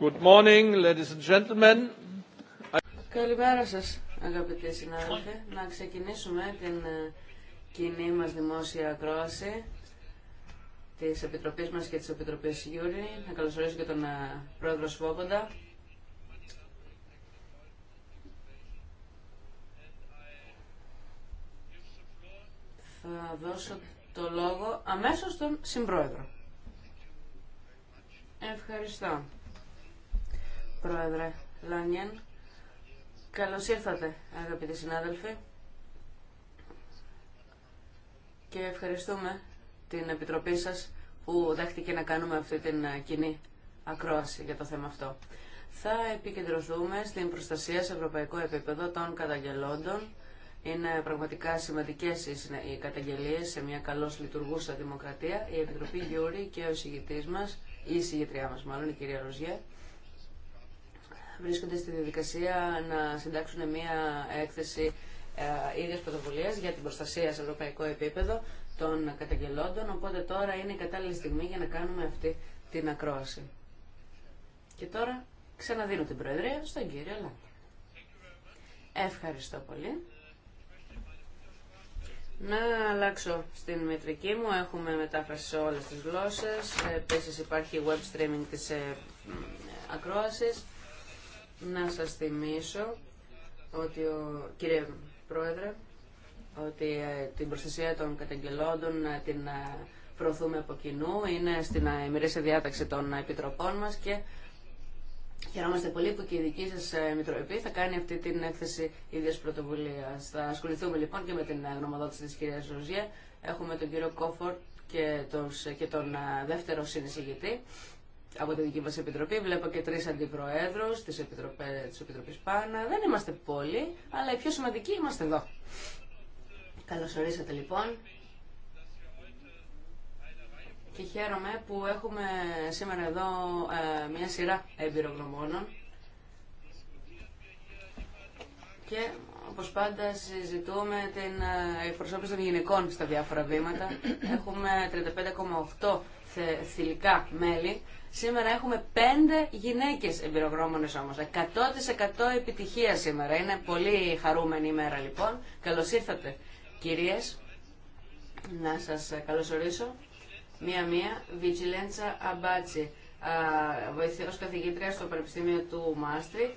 Good morning, ladies and gentlemen. Καλημέρα σας, αγαπητοί συνάδελφοι. Να ξεκινήσουμε την ε, κοινή μας δημόσια ακρόαση της Επιτροπής μας και της Επιτροπής γιουρι, Να καλωσορίσω και τον ε, Πρόεδρο Σβόποντα. Θα δώσω το λόγο αμέσως στον Συμπρόεδρο. Ευχαριστώ. Πρόεδρε Λάνιεν, καλώς ήρθατε αγαπητοί συνάδελφοι και ευχαριστούμε την Επιτροπή σας που δέχτηκε να κάνουμε αυτή την ε, κοινή ακρόαση για το θέμα αυτό. Θα επικεντρωθούμε στην προστασία σε ευρωπαϊκό επίπεδο των καταγγελόντων είναι πραγματικά σημαντικέ οι καταγγελίε σε μια καλώ λειτουργούσα δημοκρατία. Η Επιτροπή Γιούρη και ο συγητή μα, η συγγητριά μα μάλλον, η κυρία Ροζιέ, βρίσκονται στη διαδικασία να συντάξουν μια έκθεση ε, ίδια πρωτοβουλία για την προστασία σε ευρωπαϊκό επίπεδο των καταγγελόντων. Οπότε τώρα είναι η κατάλληλη στιγμή για να κάνουμε αυτή την ακρόαση. Και τώρα ξαναδίνω την Προεδρία στον κύριο Λάκη. Ευχαριστώ πολύ. Να αλλάξω στην μετρική μου. Έχουμε μετάφραση σε όλες τις γλώσσες. Επίσης υπάρχει web streaming της ε, ακρόασης. Να σας θυμίσω ότι ο κύριε Πρόεδρε, ότι ε, την προστασία των καταγγελόντων ε, την προωθούμε από κοινού. Είναι στην σε διάταξη των επιτροπών μας και Χαιρόμαστε πολύ που και η δική σα ε, Μητροεπή θα κάνει αυτή την έκθεση ίδια πρωτοβουλία. Θα ασχοληθούμε λοιπόν και με την ε, γνωμοδότηση τη κυρία Ροζιέ. Έχουμε τον κύριο Κόφορτ και ε, τον, και δεύτερο συνεισηγητή από τη δική μα επιτροπή. Βλέπω και τρει αντιπροέδρου τη Επιτροπή Πάνα. Δεν είμαστε πολλοί, αλλά οι πιο σημαντικοί είμαστε εδώ. Καλώ ορίσατε λοιπόν και χαίρομαι που έχουμε σήμερα εδώ ε, μια σειρά εμπειρογνωμόνων και όπως πάντα συζητούμε την ε, εκπροσώπηση των γυναικών στα διάφορα βήματα. Έχουμε 35,8 θηλυκά μέλη. Σήμερα έχουμε 5 γυναίκες εμπειρογνώμονες όμως. 100% επιτυχία σήμερα. Είναι πολύ χαρούμενη ημέρα λοιπόν. Καλώς ήρθατε κυρίες. Να σας καλωσορίσω μία-μία, Βιτσιλέντσα Αμπάτσι, βοηθό καθηγήτρια στο Πανεπιστήμιο του Μάστρικ,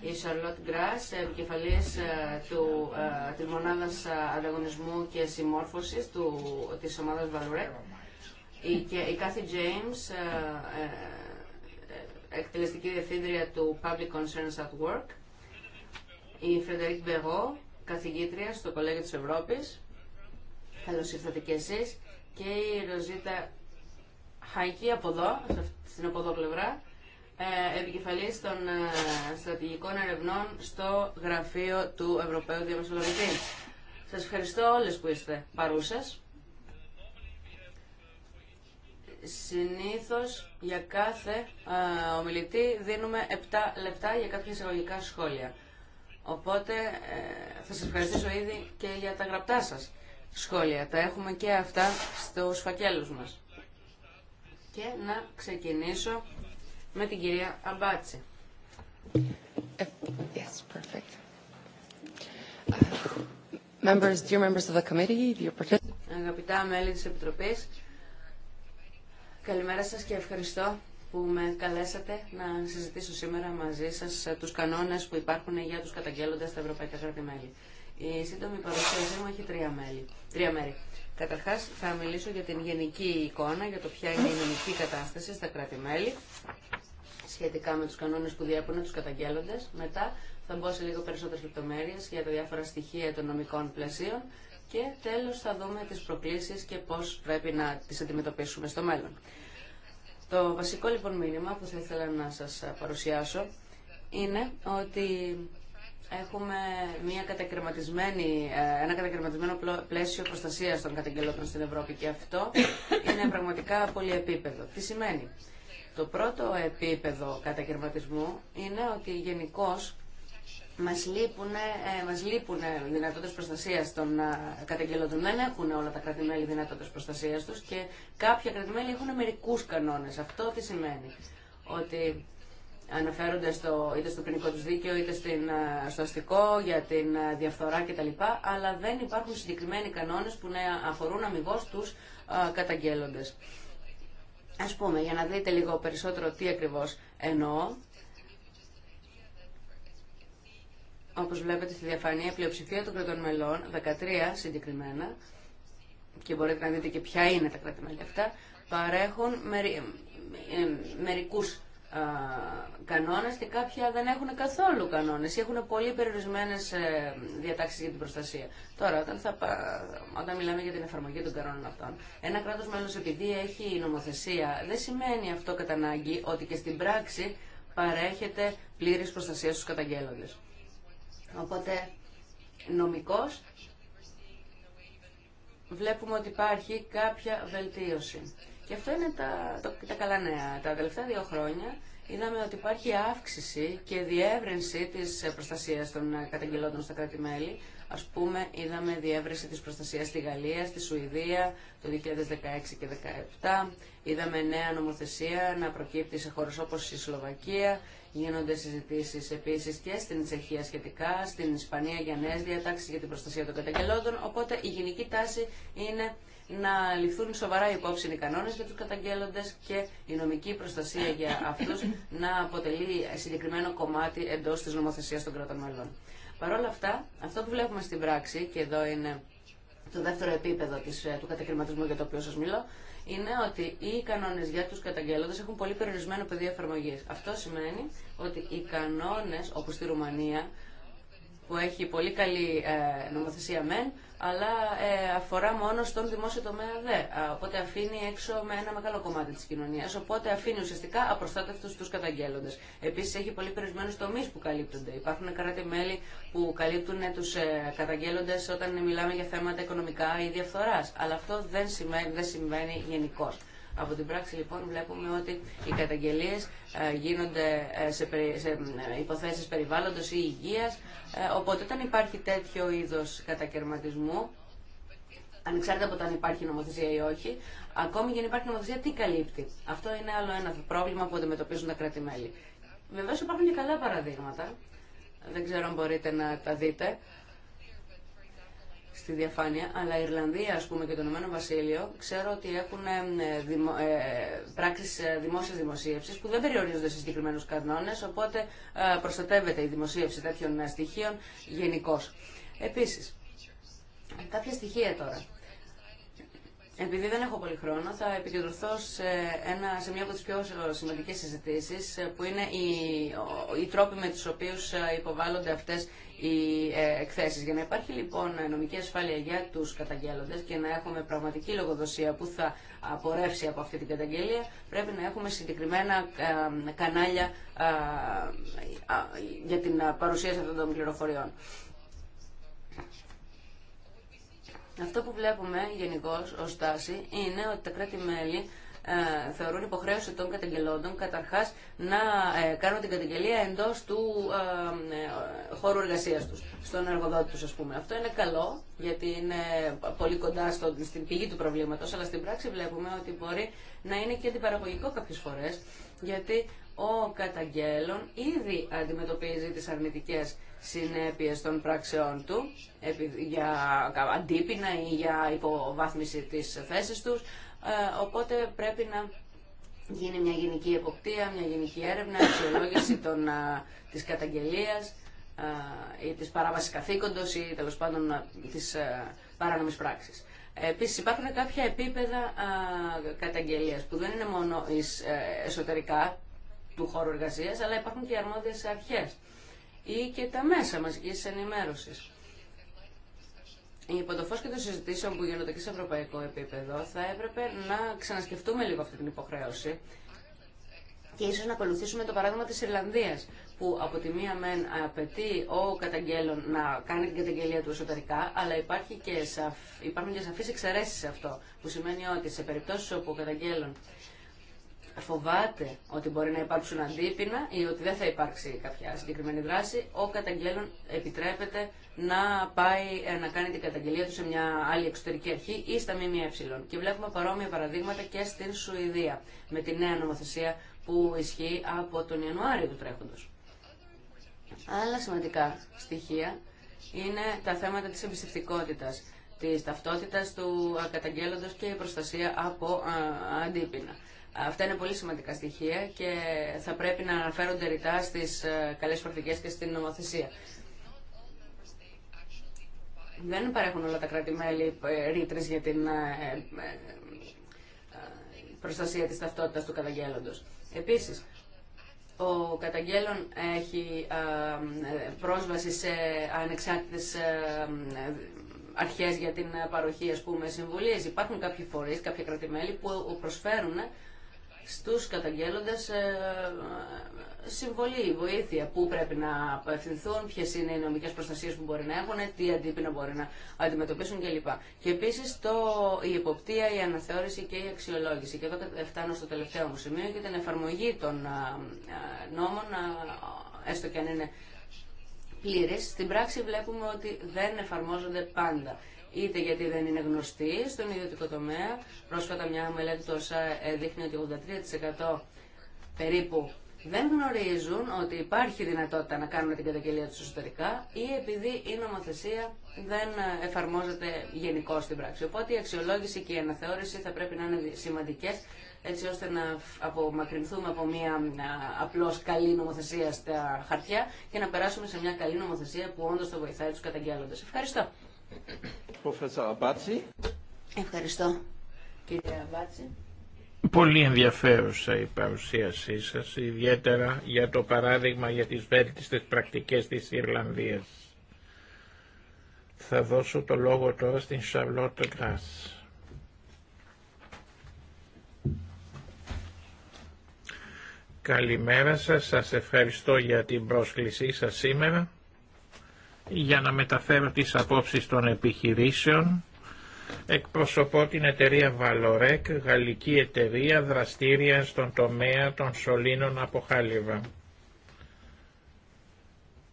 η Σαρλότ Γκράς, επικεφαλή του, ε, της μονάδας ανταγωνισμού και συμμόρφωσης του, της ομάδας βαλούρε, η, και Κάθη Τζέιμς, εκτελεστική διευθύντρια του Public Concerns at Work, η Φρεντερίκ Μπεγό, καθηγήτρια στο Κολέγιο της Ευρώπης. Καλώς ήρθατε και εσείς και η Ροζίτα Χαϊκή από εδώ, στην από εδώ πλευρά, ε, επικεφαλής των ε, στρατηγικών ερευνών στο γραφείο του Ευρωπαίου Διαμεσολογητή. Σας ευχαριστώ όλες που είστε παρούσες. Συνήθως για κάθε ε, ομιλητή δίνουμε 7 λεπτά για κάποια εισαγωγικά σχόλια. Οπότε θα σας ευχαριστήσω ήδη και για τα γραπτά σας σχόλια. Τα έχουμε και αυτά στο φακέλους μας. Και να ξεκινήσω με την κυρία Αμπάτση. Ε, yes, perfect. Ε, members, dear members of the committee, Αγαπητά μέλη της Επιτροπής, καλημέρα σας και ευχαριστώ που με καλέσατε να συζητήσω σήμερα μαζί σας τους κανόνες που υπάρχουν για τους καταγγέλλοντες στα Ευρωπαϊκά κράτη-μέλη. Η σύντομη παρουσίασή μου έχει τρία, μέλη, τρία μέρη. Καταρχά, θα μιλήσω για την γενική εικόνα, για το ποια είναι η γενική κατάσταση στα κράτη-μέλη, σχετικά με του κανόνε που διέπουν του καταγγέλλοντε. Μετά θα μπω σε λίγο περισσότερε λεπτομέρειε για τα διάφορα στοιχεία των νομικών πλαισίων. Και τέλο, θα δούμε τι προκλήσει και πώ πρέπει να τι αντιμετωπίσουμε στο μέλλον. Το βασικό λοιπόν μήνυμα που θα ήθελα να σας παρουσιάσω είναι ότι Έχουμε μια ε, ένα κατακαιρματισμένο πλαίσιο προστασίας των καταγγελόντων στην Ευρώπη και αυτό είναι πραγματικά πολυεπίπεδο. Τι σημαίνει. Το πρώτο επίπεδο κατακαιρματισμού είναι ότι γενικώ μας λείπουν, ε, μας λείπουν δυνατότητες προστασίας των ε, καταγγελόντων. Δεν έχουν όλα τα κρατημέλη δυνατότητες προστασίας τους και κάποια κρατημέλη έχουν μερικούς κανόνες. Αυτό τι σημαίνει. Ότι αναφέρονται στο, είτε στο ποινικό του δίκαιο είτε στην, ε, στο αστικό για την ε, διαφθορά κτλ. Αλλά δεν υπάρχουν συγκεκριμένοι κανόνε που να αφορούν αμοιβώ του ε, καταγγέλλοντε. Α πούμε, για να δείτε λίγο περισσότερο τι ακριβώ εννοώ, όπως βλέπετε στη διαφανή, η πλειοψηφία των κρατών μελών, 13 συγκεκριμένα, και μπορείτε να δείτε και ποια είναι τα κράτη-μέλη αυτά, παρέχουν μερι, μερικούς ε, κανόνες και κάποια δεν έχουν καθόλου κανόνες ή έχουν πολύ περιορισμένες ε, διατάξεις για την προστασία. Τώρα, όταν, θα, όταν μιλάμε για την εφαρμογή των κανόνων αυτών, ένα κράτος μέλος επειδή έχει νομοθεσία, δεν σημαίνει αυτό κατά ανάγκη ότι και στην πράξη παρέχεται πλήρης προστασία στους καταγγέλλοντες. Οπότε, νομικός, βλέπουμε ότι υπάρχει κάποια βελτίωση. Και αυτό είναι τα, τα καλά νέα. Τα τελευταία δύο χρόνια είδαμε ότι υπάρχει αύξηση και διεύρυνση τη προστασία των καταγγελόντων στα κράτη-μέλη. Α πούμε, είδαμε διεύρυνση τη προστασία στη Γαλλία, στη Σουηδία το 2016 και 2017. Είδαμε νέα νομοθεσία να προκύπτει σε χώρε όπω η Σλοβακία. Γίνονται συζητήσει επίση και στην Τσεχία σχετικά, στην Ισπανία για νέε διατάξει για την προστασία των καταγγελόντων. Οπότε η γενική τάση είναι να ληφθούν σοβαρά υπόψη οι κανόνε για του καταγγέλλοντε και η νομική προστασία για αυτού να αποτελεί συγκεκριμένο κομμάτι εντό τη νομοθεσία των κρατών μελών. Παρ' όλα αυτά, αυτό που βλέπουμε στην πράξη, και εδώ είναι το δεύτερο επίπεδο της, ε, του κατακριματισμού για το οποίο σα μιλώ, είναι ότι οι κανόνε για του καταγγέλλοντε έχουν πολύ περιορισμένο πεδίο εφαρμογή. Αυτό σημαίνει ότι οι κανόνε, όπω στη Ρουμανία, που έχει πολύ καλή ε, νομοθεσία μεν, αλλά ε, αφορά μόνο στον δημόσιο τομέα δε. Ναι. Οπότε αφήνει έξω με ένα μεγάλο κομμάτι τη κοινωνία. Οπότε αφήνει ουσιαστικά απροστάτευτο του καταγγέλλοντε. Επίση έχει πολύ περιορισμένου τομεί που καλύπτονται. Υπάρχουν κράτη-μέλη που καλύπτουν του ε, ε καταγγέλλοντε όταν μιλάμε για θέματα οικονομικά ή διαφθορά. Αλλά αυτό δεν συμβαίνει, δεν συμβαίνει γενικώ. Από την πράξη λοιπόν βλέπουμε ότι οι καταγγελίες ε, γίνονται ε, σε, σε ε, υποθέσεις περιβάλλοντος ή υγείας, οπότε όταν υπάρχει τέτοιο είδος κατακαιρματισμού, ανεξάρτητα από το αν υπάρχει νομοθεσία ή όχι, ακόμη και αν υπάρχει νομοθεσία, τι καλύπτει. Αυτό είναι άλλο ένα πρόβλημα που αντιμετωπίζουν τα κράτη-μέλη. Βεβαίω υπάρχουν και καλά παραδείγματα. Δεν ξέρω αν μπορείτε να τα δείτε στη διαφάνεια, αλλά η Ιρλανδία ας πούμε, και το Ηνωμένο Βασίλειο ξέρω ότι έχουν ε, δημο, ε, πράξεις ε, δημόσιας δημοσίευσης που δεν περιορίζονται σε συγκεκριμένους κανόνες, οπότε ε, προστατεύεται η δημοσίευση τέτοιων στοιχείων γενικώ. Επίσης, κάποια στοιχεία τώρα. Επειδή δεν έχω πολύ χρόνο, θα επικεντρωθώ σε, μια από τις πιο σημαντικές συζητήσεις, που είναι οι, οι τρόποι με τους οποίους υποβάλλονται αυτές οι ε, εκθέσεις. Για να υπάρχει λοιπόν νομική ασφάλεια για τους καταγγέλλοντες και να έχουμε πραγματική λογοδοσία που θα απορρεύσει από αυτή την καταγγελία, πρέπει να έχουμε συγκεκριμένα ε, κανάλια ε, για την παρουσίαση αυτών των πληροφοριών. Αυτό που βλέπουμε γενικώ ω τάση είναι ότι τα κράτη-μέλη ε, θεωρούν υποχρέωση των καταγγελόντων καταρχάς να ε, κάνουν την καταγγελία εντός του ε, χώρου εργασία τους, στον εργοδότη του, α πούμε. Αυτό είναι καλό γιατί είναι πολύ κοντά στην πηγή του προβλήματος, αλλά στην πράξη βλέπουμε ότι μπορεί να είναι και αντιπαραγωγικό κάποιε φορέ γιατί ο καταγγέλων ήδη αντιμετωπίζει τις αρνητικές συνέπειες των πράξεών του για αντίπεινα ή για υποβάθμιση της θέσης τους ε, οπότε πρέπει να γίνει μια γενική εποπτεία, μια γενική έρευνα, αξιολόγηση των, ε, της καταγγελίας ε, ή της παράβασης καθήκοντος ή τέλος πάντων της παράνομης πράξης. Επίσης υπάρχουν κάποια επίπεδα καταγγελίας που δεν είναι μόνο εσωτερικά του χώρου εργασίας αλλά υπάρχουν και αρμόδιες αρχές ή και τα μέσα μαζικής ενημέρωσης. Υπό το φως και των συζητήσεων που γίνονται και σε ευρωπαϊκό επίπεδο, θα έπρεπε να ξανασκεφτούμε λίγο αυτή την υποχρέωση και ίσω να ακολουθήσουμε το παράδειγμα τη Ιρλανδίας, που από τη μία μεν απαιτεί ο καταγγέλων να κάνει την καταγγελία του εσωτερικά, αλλά υπάρχει και σαφ... υπάρχουν και σαφεί εξαιρέσει σε αυτό, που σημαίνει ότι σε περιπτώσει όπου ο καταγγέλων φοβάται ότι μπορεί να υπάρξουν αντίπεινα ή ότι δεν θα υπάρξει κάποια συγκεκριμένη δράση, ο καταγγέλων επιτρέπεται να πάει ε, να κάνει την καταγγελία του σε μια άλλη εξωτερική αρχή ή στα ΜΜΕ. Και βλέπουμε παρόμοια παραδείγματα και στην Σουηδία με τη νέα νομοθεσία που ισχύει από τον Ιανουάριο του Τρέχοντο. Άλλα σημαντικά στοιχεία είναι τα θέματα της εμπιστευτικότητας, της ταυτότητας του ε, καταγγέλλοντος και η προστασία από ε, αντίπεινα. Αυτά είναι πολύ σημαντικά στοιχεία και θα πρέπει να αναφέρονται ρητά στις καλές πρακτικές και στην νομοθεσία. Δεν παρέχουν όλα τα κράτη-μέλη ε, ρήτρε για την ε, ε, προστασία της ταυτότητας του καταγγέλλοντος. Επίσης, ο καταγγέλλον έχει πρόσβαση σε ανεξάρτητες αρχές για την παροχή ας πούμε, Υπάρχουν κάποιοι φορείς, κάποια κρατημέλη που προσφέρουν στους καταγγέλλοντες συμβολή, βοήθεια, πού πρέπει να απευθυνθούν, ποιε είναι οι νομικέ προστασίε που μπορεί να έχουν, τι αντίπεινα μπορεί να αντιμετωπίσουν κλπ. Και επίση η υποπτία, η αναθεώρηση και η αξιολόγηση. Και εδώ φτάνω στο τελευταίο μου σημείο για την εφαρμογή των νόμων, έστω και αν είναι πλήρε. Στην πράξη βλέπουμε ότι δεν εφαρμόζονται πάντα είτε γιατί δεν είναι γνωστοί στον ιδιωτικό τομέα. Πρόσφατα μια μελέτη του ΩΣΑ ε, δείχνει ότι 83% περίπου δεν γνωρίζουν ότι υπάρχει δυνατότητα να κάνουν την καταγγελία του εσωτερικά ή επειδή η νομοθεσία δεν εφαρμόζεται γενικώ στην πράξη. Οπότε η αξιολόγηση και η αναθεώρηση θα πρέπει να είναι σημαντικέ, έτσι ώστε να απομακρυνθούμε από μια απλώ καλή νομοθεσία στα χαρτιά και να περάσουμε σε μια καλή νομοθεσία που όντω θα βοηθάει του καταγγέλλοντες. Ευχαριστώ. Ευχαριστώ. Κύριε Αμπάτση. Πολύ ενδιαφέρουσα η παρουσίασή σας, ιδιαίτερα για το παράδειγμα για τις βέλτιστες πρακτικές της Ιρλανδίας. Θα δώσω το λόγο τώρα στην Σαρλότα Γκράς. Καλημέρα σας, σας ευχαριστώ για την πρόσκλησή σας σήμερα για να μεταφέρω τις απόψεις των επιχειρήσεων Εκπροσωπώ την εταιρεία Valorec, γαλλική εταιρεία δραστήρια στον τομέα των σωλήνων από χάλιβα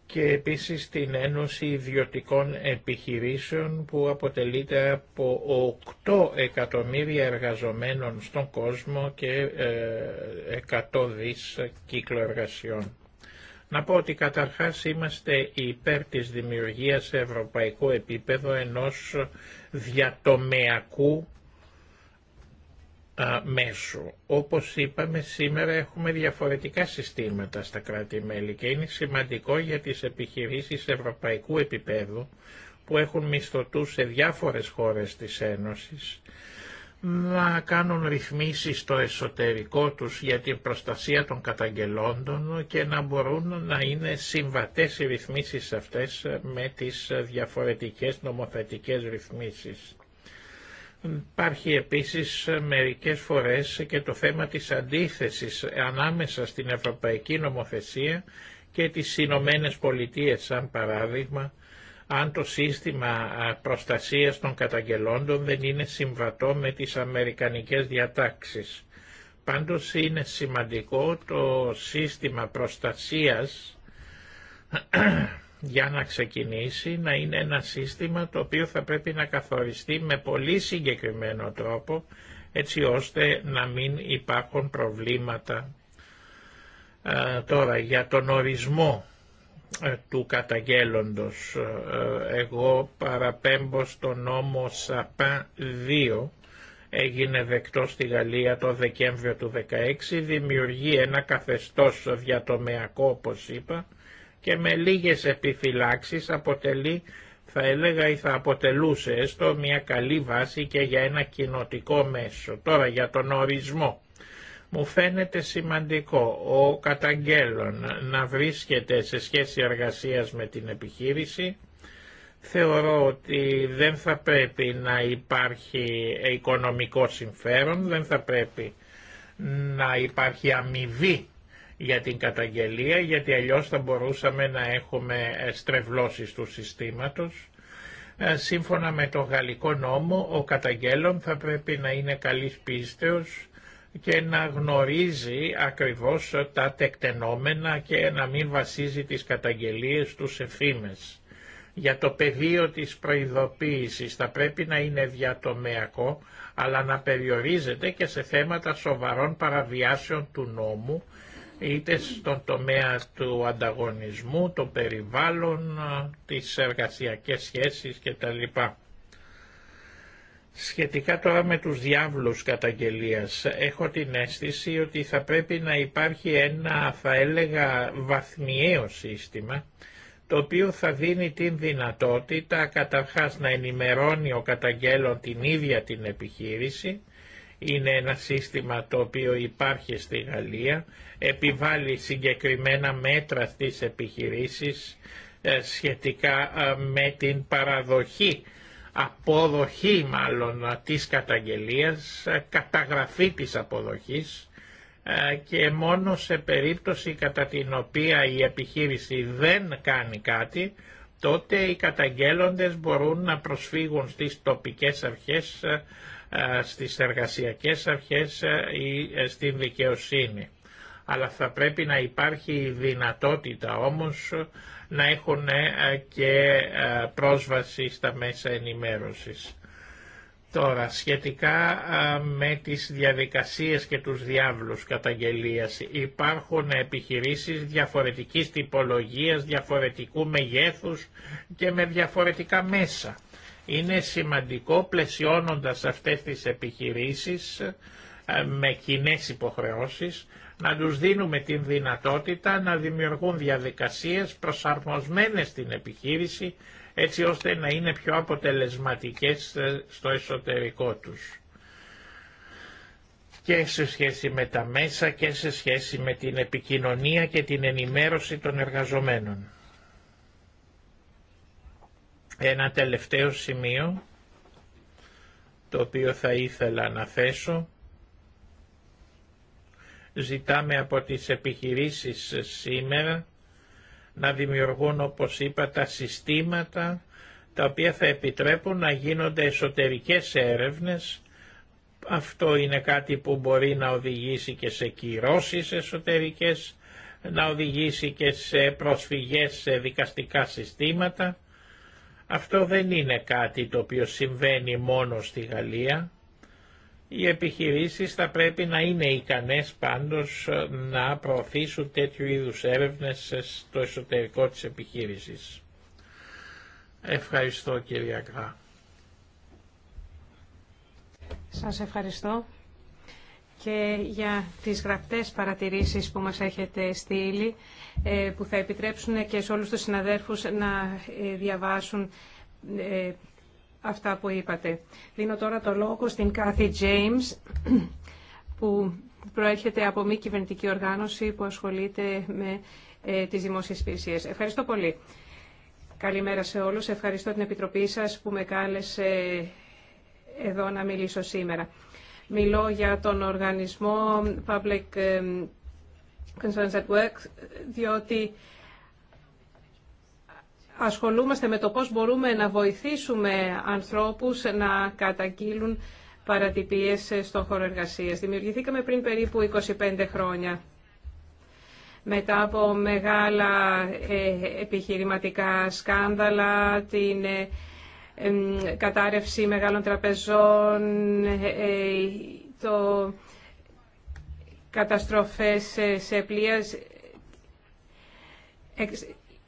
και επίσης την Ένωση Ιδιωτικών Επιχειρήσεων που αποτελείται από 8 εκατομμύρια εργαζομένων στον κόσμο και 100 ε, δις κύκλο εργασιών. Να πω ότι καταρχάς είμαστε υπέρ της δημιουργίας σε ευρωπαϊκό επίπεδο ενός διατομεακού α, μέσου. Όπως είπαμε σήμερα έχουμε διαφορετικά συστήματα στα κράτη-μέλη και είναι σημαντικό για τις επιχειρήσεις ευρωπαϊκού επίπεδου που έχουν μισθωτού σε διάφορες χώρες της Ένωσης να κάνουν ρυθμίσεις στο εσωτερικό τους για την προστασία των καταγγελόντων και να μπορούν να είναι συμβατές οι ρυθμίσεις αυτές με τις διαφορετικές νομοθετικές ρυθμίσεις. Υπάρχει επίσης μερικές φορές και το θέμα της αντίθεσης ανάμεσα στην Ευρωπαϊκή Νομοθεσία και τις Ηνωμένε Πολιτείες σαν παράδειγμα αν το σύστημα προστασίας των καταγγελόντων δεν είναι συμβατό με τις αμερικανικές διατάξεις. Πάντως είναι σημαντικό το σύστημα προστασίας για να ξεκινήσει να είναι ένα σύστημα το οποίο θα πρέπει να καθοριστεί με πολύ συγκεκριμένο τρόπο έτσι ώστε να μην υπάρχουν προβλήματα. τώρα για τον ορισμό ε, του καταγγέλλοντος. Ε, ε, εγώ παραπέμπω στο νόμο ΣΑΠΑ 2, έγινε δεκτό στη Γαλλία το Δεκέμβριο του 2016, δημιουργεί ένα καθεστώς διατομεακό όπως είπα και με λίγες επιφυλάξεις αποτελεί, θα έλεγα ή θα αποτελούσε έστω μια καλή βάση και για ένα κοινοτικό μέσο. Τώρα για τον ορισμό μου φαίνεται σημαντικό ο καταγγέλων να βρίσκεται σε σχέση εργασίας με την επιχείρηση. Θεωρώ ότι δεν θα πρέπει να υπάρχει οικονομικό συμφέρον, δεν θα πρέπει να υπάρχει αμοιβή για την καταγγελία, γιατί αλλιώς θα μπορούσαμε να έχουμε στρεβλώσεις του συστήματος. Ε, σύμφωνα με το γαλλικό νόμο, ο καταγγέλων θα πρέπει να είναι καλής πίστεως και να γνωρίζει ακριβώς τα τεκτενόμενα και να μην βασίζει τις καταγγελίες του σε φήμες. Για το πεδίο της προειδοποίησης θα πρέπει να είναι διατομεακό, αλλά να περιορίζεται και σε θέματα σοβαρών παραβιάσεων του νόμου, είτε στον τομέα του ανταγωνισμού, των περιβάλλων, τις εργασιακές σχέσεις κτλ. Σχετικά τώρα με τους διάβλους καταγγελίας, έχω την αίσθηση ότι θα πρέπει να υπάρχει ένα, θα έλεγα, βαθμιαίο σύστημα, το οποίο θα δίνει την δυνατότητα καταρχάς να ενημερώνει ο καταγγέλων την ίδια την επιχείρηση, είναι ένα σύστημα το οποίο υπάρχει στη Γαλλία, επιβάλλει συγκεκριμένα μέτρα στις επιχειρήσεις ε, σχετικά ε, με την παραδοχή αποδοχή μάλλον της καταγγελίας, καταγραφή της αποδοχής ε, και μόνο σε περίπτωση κατά την οποία η επιχείρηση δεν κάνει κάτι, τότε οι καταγγέλλοντες μπορούν να προσφύγουν στις τοπικές αρχές, ε, ε, στις εργασιακές αρχές ή στην δικαιοσύνη αλλά θα πρέπει να υπάρχει δυνατότητα όμως να έχουν ε, και ε, πρόσβαση στα μέσα ενημέρωσης. Τώρα, σχετικά ε, με τις διαδικασίες και τους διάβλους καταγγελίας, υπάρχουν επιχειρήσεις διαφορετικής τυπολογίας, διαφορετικού μεγέθους και με διαφορετικά μέσα. Είναι σημαντικό πλαισιώνοντας αυτές τις επιχειρήσεις με κοινέ υποχρεώσεις να τους δίνουμε την δυνατότητα να δημιουργούν διαδικασίες προσαρμοσμένες στην επιχείρηση έτσι ώστε να είναι πιο αποτελεσματικές ε, στο εσωτερικό τους και σε σχέση με τα μέσα και σε σχέση με την επικοινωνία και την ενημέρωση των εργαζομένων. Ένα τελευταίο σημείο το οποίο θα ήθελα να θέσω Ζητάμε από τις επιχειρήσεις σήμερα να δημιουργούν όπως είπα τα συστήματα τα οποία θα επιτρέπουν να γίνονται εσωτερικές έρευνες. Αυτό είναι κάτι που μπορεί να οδηγήσει και σε κυρώσεις εσωτερικές, να οδηγήσει και σε προσφυγές σε δικαστικά συστήματα. Αυτό δεν είναι κάτι το οποίο συμβαίνει μόνο στη Γαλλία. Οι επιχειρήσεις θα πρέπει να είναι ικανές πάντως ε, να προωθήσουν τέτοιου είδους έρευνες στο εσωτερικό της επιχείρησης. Ευχαριστώ κύριε Κρά. Σας ευχαριστώ και για τις γραπτές παρατηρήσεις που μας έχετε στείλει ε, που θα επιτρέψουν και σε όλους τους συναδέρφους να ε, διαβάσουν αυτά που είπατε. Δίνω τώρα το λόγο στην Κάθη James, που προέρχεται από μη κυβερνητική οργάνωση που ασχολείται με ε, τις δημόσιες υπηρεσίες. Ευχαριστώ πολύ. Καλημέρα σε όλους. Ευχαριστώ την Επιτροπή σας που με κάλεσε ε, εδώ να μιλήσω σήμερα. Μιλώ για τον οργανισμό Public ε, Concerns at Work, διότι ασχολούμαστε με το πώς μπορούμε να βοηθήσουμε ανθρώπους να καταγγείλουν παρατυπίες στον χώρο εργασίας. Δημιουργηθήκαμε πριν περίπου 25 χρόνια. Μετά από μεγάλα ε, επιχειρηματικά σκάνδαλα, την ε, κατάρρευση μεγάλων τραπεζών, ε, το καταστροφές σε πλοία,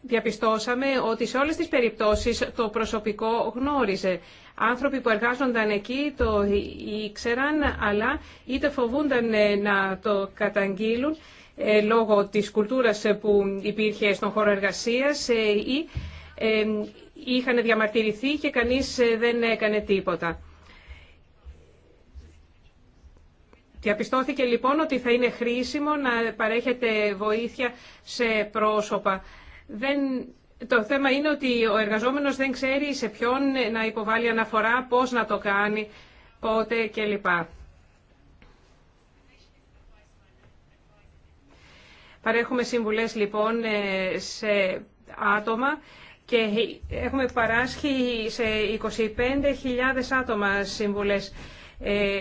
διαπιστώσαμε ότι σε όλες τις περιπτώσεις το προσωπικό γνώριζε. Άνθρωποι που εργάζονταν εκεί το ήξεραν, αλλά είτε φοβούνταν ε, να το καταγγείλουν ε, λόγω της κουλτούρας ε, που υπήρχε στον χώρο εργασίας ή είχαν διαμαρτυρηθεί και κανείς δεν έκανε τίποτα. Διαπιστώθηκε λοιπόν ότι θα είναι χρήσιμο να παρέχετε βοήθεια σε πρόσωπα δεν... Το θέμα είναι ότι ο εργαζόμενος δεν ξέρει σε ποιον να υποβάλει αναφορά, πώς να το κάνει, πότε κλπ. Παρέχουμε συμβουλές λοιπόν ε, σε άτομα και έχουμε παράσχει σε 25.000 άτομα συμβουλές ε,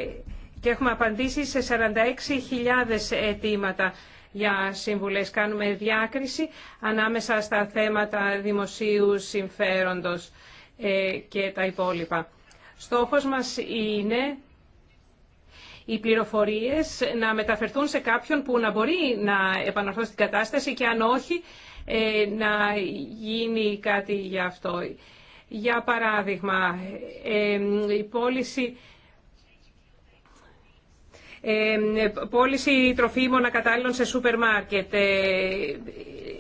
και έχουμε απαντήσει σε 46.000 αιτήματα για σύμβουλες. Κάνουμε διάκριση ανάμεσα στα θέματα δημοσίου συμφέροντος ε, και τα υπόλοιπα. Στόχος μας είναι οι πληροφορίες να μεταφερθούν σε κάποιον που να μπορεί να επαναρθώσει την κατάσταση και αν όχι ε, να γίνει κάτι για αυτό. Για παράδειγμα, ε, η πώληση πώληση τροφίμων ακατάλληλων σε σούπερ μάρκετ, ε,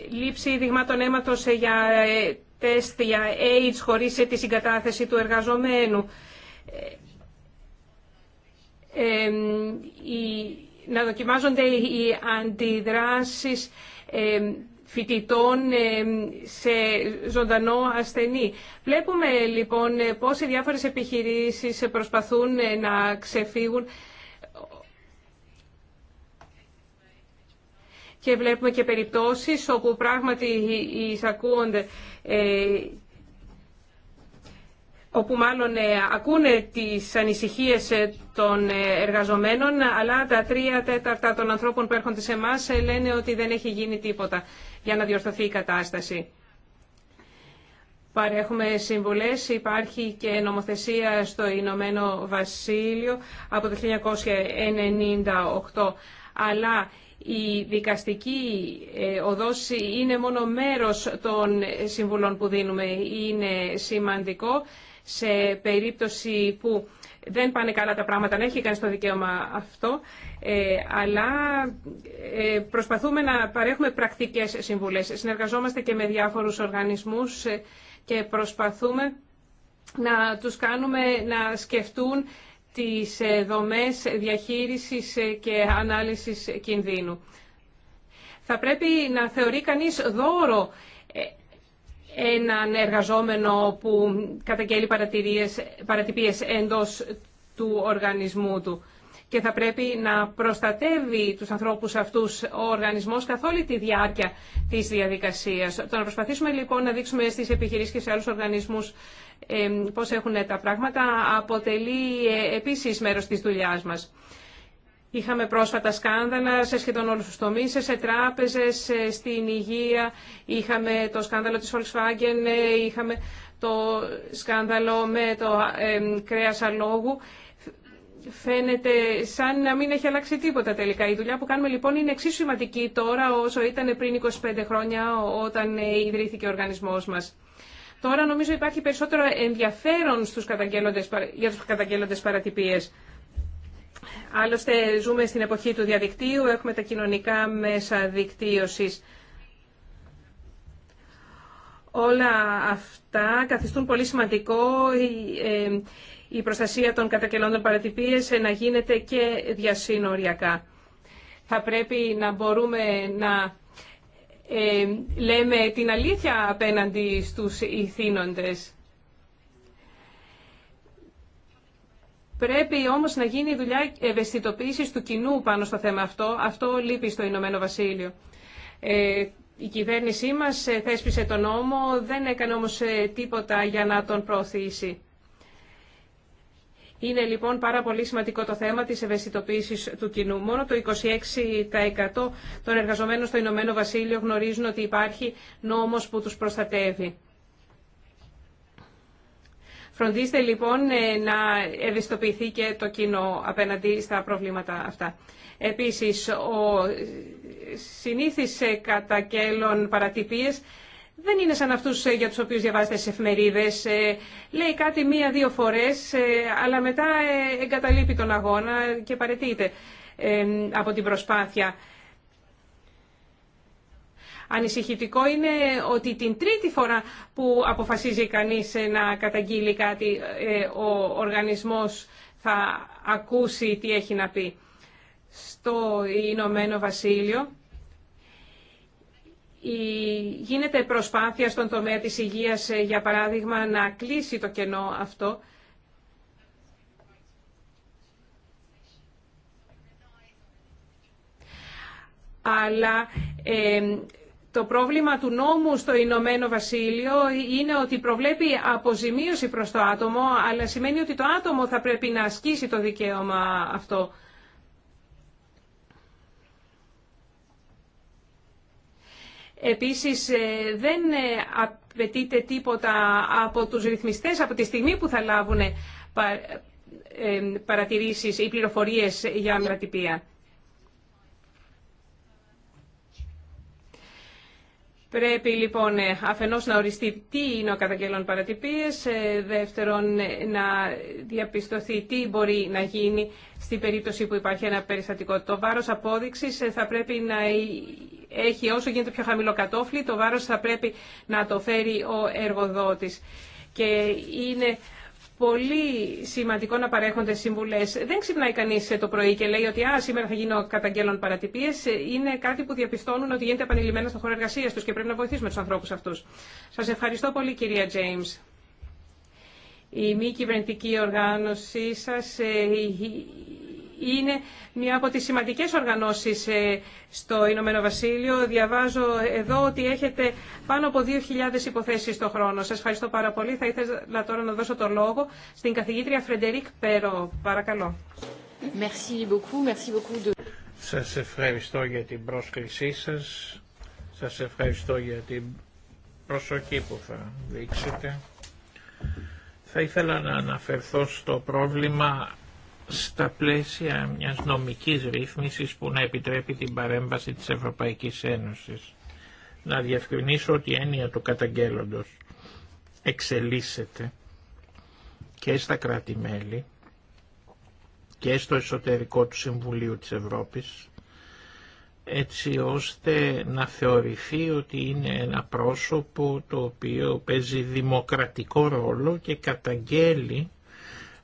λήψη δειγμάτων αίματος ε, για ε, τεστ για AIDS χωρίς τη συγκατάθεση του εργαζομένου, να δοκιμάζονται οι αντιδράσεις φοιτητών σε ζωντανό ασθενή. Βλέπουμε λοιπόν πώς οι διάφορες επιχειρήσεις προσπαθούν να ξεφύγουν και βλέπουμε και περιπτώσεις όπου πράγματι εισακούονται ε, όπου μάλλον ε, ακούνε τις ανησυχίες ε, των εργαζομένων, αλλά τα τρία τέταρτα των ανθρώπων που έρχονται σε εμά λένε ότι δεν έχει γίνει τίποτα για να διορθωθεί η κατάσταση. Παρέχουμε συμβουλές, υπάρχει και νομοθεσία στο Ηνωμένο Βασίλειο από το 1998, αλλά η δικαστική ε, οδόση είναι μόνο μέρος των συμβουλών που δίνουμε. Είναι σημαντικό σε περίπτωση που δεν πάνε καλά τα πράγματα, να έχει κανεί το δικαίωμα αυτό, ε, αλλά ε, προσπαθούμε να παρέχουμε πρακτικές συμβουλές. Συνεργαζόμαστε και με διάφορους οργανισμούς και προσπαθούμε να τους κάνουμε να σκεφτούν τις ε, δομές διαχείρισης ε, και ανάλυσης κινδύνου. Θα πρέπει να θεωρεί κανείς δώρο ε, έναν εργαζόμενο που καταγγέλει παρατυπίες εντός του οργανισμού του. Και θα πρέπει να προστατεύει τους ανθρώπους αυτούς ο οργανισμός καθ' όλη τη διάρκεια της διαδικασίας. Το να προσπαθήσουμε λοιπόν να δείξουμε στις επιχειρήσεις και σε άλλους οργανισμούς πώς έχουν τα πράγματα αποτελεί ε, επίσης μέρος της δουλειάς μας. Είχαμε πρόσφατα σκάνδαλα σε σχεδόν όλους τους τομείς, σε τράπεζες, στην υγεία, είχαμε το σκάνδαλο της Volkswagen, ε, είχαμε το σκάνδαλο με το κρέας αλόγου. Φαίνεται σαν να μην έχει αλλάξει τίποτα τελικά. Η δουλειά που κάνουμε λοιπόν είναι εξίσου σημαντική τώρα όσο ήταν πριν 25 χρόνια όταν ε, ιδρύθηκε ο οργανισμός μας. Τώρα νομίζω υπάρχει περισσότερο ενδιαφέρον στους καταγγέλλοντες, για τους καταγγέλλοντες παρατυπίες. Άλλωστε ζούμε στην εποχή του διαδικτύου, έχουμε τα κοινωνικά μέσα δικτύωσης. Όλα αυτά καθιστούν πολύ σημαντικό ε, ε, η προστασία των καταγγελόντων παρατυπίες ε, να γίνεται και διασύνοριακά. Θα πρέπει να μπορούμε να ε, λέμε την αλήθεια απέναντι στους ηθήνοντες. Πρέπει όμως να γίνει δουλειά ευαισθητοποίησης του κοινού πάνω στο θέμα αυτό. Αυτό λείπει στο Ηνωμένο Βασίλειο. Ε, η κυβέρνησή μας ε, θέσπισε τον νόμο, δεν έκανε όμως ε, τίποτα για να τον προωθήσει. Είναι λοιπόν πάρα πολύ σημαντικό το θέμα της ευαισθητοποίησης του κοινού. Μόνο το 26% των εργαζομένων στο Ηνωμένο Βασίλειο γνωρίζουν ότι υπάρχει νόμος που τους προστατεύει. Φροντίστε λοιπόν ε, να ευαισθητοποιηθεί και το κοινό απέναντι στα προβλήματα αυτά. Επίσης, ο ε, ε, κατά κέλων παρατυπίες δεν είναι σαν αυτούς ε, για τους οποίους διαβάζετε σε εφημερίδες. Ε, λέει κάτι μία-δύο φορές, ε, αλλά μετά εγκαταλείπει τον αγώνα και παρετείται από την προσπάθεια. Ανησυχητικό είναι ότι την τρίτη φορά που αποφασίζει κανείς να καταγγείλει κάτι, ο οργανισμός θα ακούσει τι έχει να πει. Στο Ηνωμένο Βασίλειο Γίνεται προσπάθεια στον τομέα της υγείας, ε, για παράδειγμα, να κλείσει το κενό αυτό. Αλλά το πρόβλημα του νόμου στο Ηνωμένο Βασίλειο είναι ότι προβλέπει αποζημίωση προς το άτομο, αλλά σημαίνει ότι το άτομο θα πρέπει να ασκήσει το δικαίωμα αυτό. Επίσης ε, δεν ε, απαιτείται τίποτα από τους ρυθμιστές από τη στιγμή που θα λάβουν ε, παρατηρήσεις ή πληροφορίες για αμυρατυπία. Πρέπει λοιπόν αφενός να οριστεί τι είναι ο καταγγελόν παρατυπίες, δεύτερον να διαπιστωθεί τι μπορεί να γίνει στην περίπτωση που υπάρχει ένα περιστατικό. Το βάρος απόδειξης θα πρέπει να έχει όσο γίνεται πιο χαμηλό κατόφλι, το βάρος θα πρέπει να το φέρει ο εργοδότης. Και είναι πολύ σημαντικό να παρέχονται συμβουλέ. Δεν ξυπνάει κανεί το πρωί και λέει ότι Α, σήμερα θα γίνω καταγγέλων παρατυπίε. Είναι κάτι που διαπιστώνουν ότι γίνεται επανειλημμένα στον χώρο εργασία του και πρέπει να βοηθήσουμε του ανθρώπου αυτού. Σα ευχαριστώ πολύ, κυρία Τζέιμ. Η μη κυβερνητική οργάνωσή σα ε, είναι μια από τις σημαντικές οργανώσεις ε, στο Ηνωμένο Βασίλειο. Διαβάζω εδώ ότι έχετε πάνω από 2.000 υποθέσεις το χρόνο. Σας ευχαριστώ πάρα πολύ. Θα ήθελα τώρα να δώσω το λόγο στην καθηγήτρια Φρεντερίκ Πέρο. Παρακαλώ. Merci beaucoup. Merci beaucoup de... Σας ευχαριστώ για την πρόσκλησή σας. Σας ευχαριστώ για την προσοχή που θα δείξετε. Θα ήθελα να αναφερθώ στο πρόβλημα στα πλαίσια μιας νομικής ρύθμισης που να επιτρέπει την παρέμβαση της Ευρωπαϊκής Ένωσης. Να διευκρινίσω ότι η έννοια του καταγγέλλοντος εξελίσσεται και στα κράτη-μέλη και στο εσωτερικό του Συμβουλίου της Ευρώπης έτσι ώστε να θεωρηθεί ότι είναι ένα πρόσωπο το οποίο παίζει δημοκρατικό ρόλο και καταγγέλει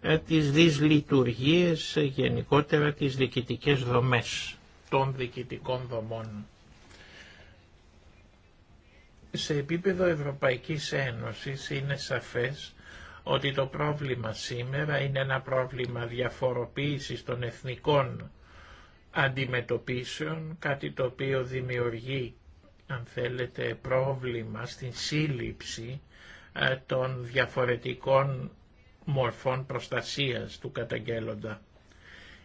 ε, τις δυσλειτουργίες ε, γενικότερα τις διοικητικές δομές των διοικητικών δομών. Σε επίπεδο Ευρωπαϊκής Ένωσης είναι σαφές ότι το πρόβλημα σήμερα είναι ένα πρόβλημα διαφοροποίησης των εθνικών αντιμετωπίσεων, κάτι το οποίο δημιουργεί, αν θέλετε, πρόβλημα στην σύλληψη ε, των διαφορετικών μορφών προστασίας του καταγγέλλοντα.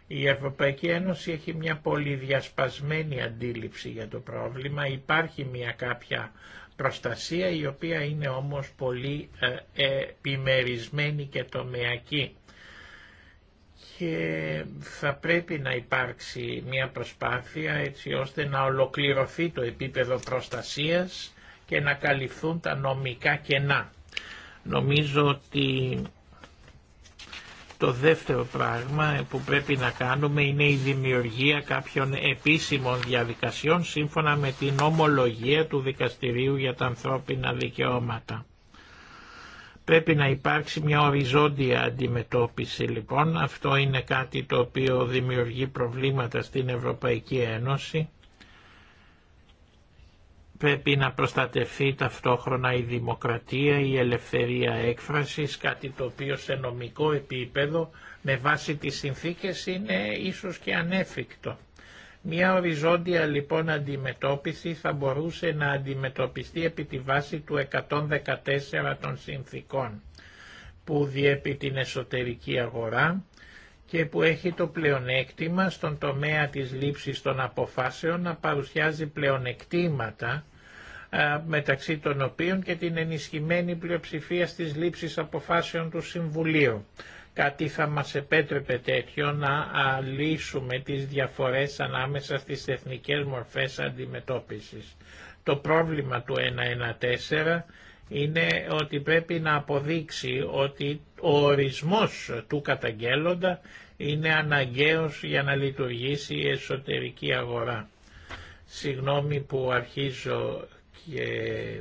Η Ευρωπαϊκή Ένωση έχει μια πολύ διασπασμένη αντίληψη για το πρόβλημα. Υπάρχει μια κάποια προστασία η οποία είναι όμως πολύ ε, ε, επιμερισμένη και τομεακή και θα πρέπει να υπάρξει μια προσπάθεια έτσι ώστε να ολοκληρωθεί το επίπεδο προστασίας και να καλυφθούν τα νομικά κενά. Νομίζω ότι το δεύτερο πράγμα που πρέπει να κάνουμε είναι η δημιουργία κάποιων επίσημων διαδικασιών σύμφωνα με την ομολογία του Δικαστηρίου για τα ανθρώπινα δικαιώματα. Πρέπει να υπάρξει μια οριζόντια αντιμετώπιση λοιπόν. Αυτό είναι κάτι το οποίο δημιουργεί προβλήματα στην Ευρωπαϊκή Ένωση πρέπει να προστατευτεί ταυτόχρονα η δημοκρατία, η ελευθερία έκφρασης, κάτι το οποίο σε νομικό επίπεδο με βάση τις συνθήκες είναι ίσως και ανέφικτο. Μια οριζόντια λοιπόν αντιμετώπιση θα μπορούσε να αντιμετωπιστεί επί τη βάση του 114 των συνθήκων που διέπει την εσωτερική αγορά και που έχει το πλεονέκτημα στον τομέα της λήψης των αποφάσεων να παρουσιάζει πλεονεκτήματα ε, μεταξύ των οποίων και την ενισχυμένη πλειοψηφία στις λήψεις αποφάσεων του Συμβουλίου. Κάτι θα μας επέτρεπε τέτοιο να λύσουμε τις διαφορές ανάμεσα στις εθνικές μορφές αντιμετώπισης. Το πρόβλημα του 114 είναι ότι πρέπει να αποδείξει ότι ο ορισμός του καταγγέλλοντα είναι αναγκαίος για να λειτουργήσει η εσωτερική αγορά. Συγγνώμη που αρχίζω και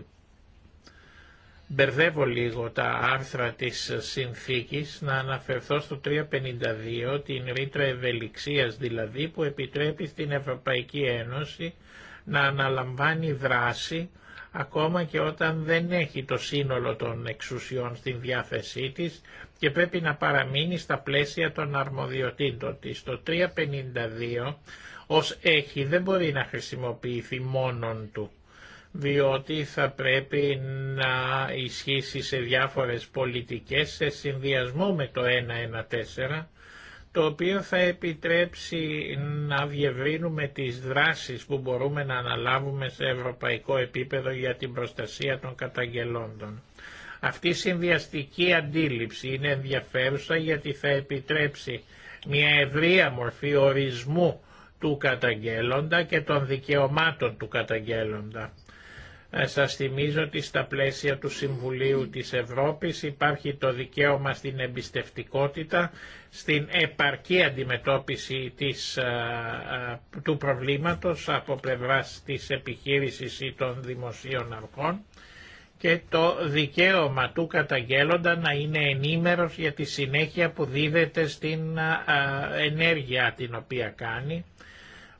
μπερδεύω λίγο τα άρθρα της συνθήκης να αναφερθώ στο 352 την ρήτρα ευελιξίας δηλαδή που επιτρέπει στην Ευρωπαϊκή Ένωση να αναλαμβάνει δράση ακόμα και όταν δεν έχει το σύνολο των εξουσιών στην διάθεσή της και πρέπει να παραμείνει στα πλαίσια των αρμοδιοτήτων της. Το 352 ως έχει δεν μπορεί να χρησιμοποιηθεί μόνον του διότι θα πρέπει να ισχύσει σε διάφορες πολιτικές σε συνδυασμό με το 114, το οποίο θα επιτρέψει να διευρύνουμε τις δράσεις που μπορούμε να αναλάβουμε σε ευρωπαϊκό επίπεδο για την προστασία των καταγγελόντων. Αυτή η συνδυαστική αντίληψη είναι ενδιαφέρουσα γιατί θα επιτρέψει μια ευρεία μορφή ορισμού του καταγγέλλοντα και των δικαιωμάτων του καταγγέλλοντα. Ε, σας θυμίζω ότι στα πλαίσια του Συμβουλίου της Ευρώπης υπάρχει το δικαίωμα στην εμπιστευτικότητα, στην επαρκή αντιμετώπιση ε, ε, του προβλήματος από πλευράς της επιχείρησης ή των δημοσίων αρχών και το δικαίωμα του καταγγέλλοντα να είναι ενήμερος για τη συνέχεια που δίδεται στην ενέργεια την οποία κάνει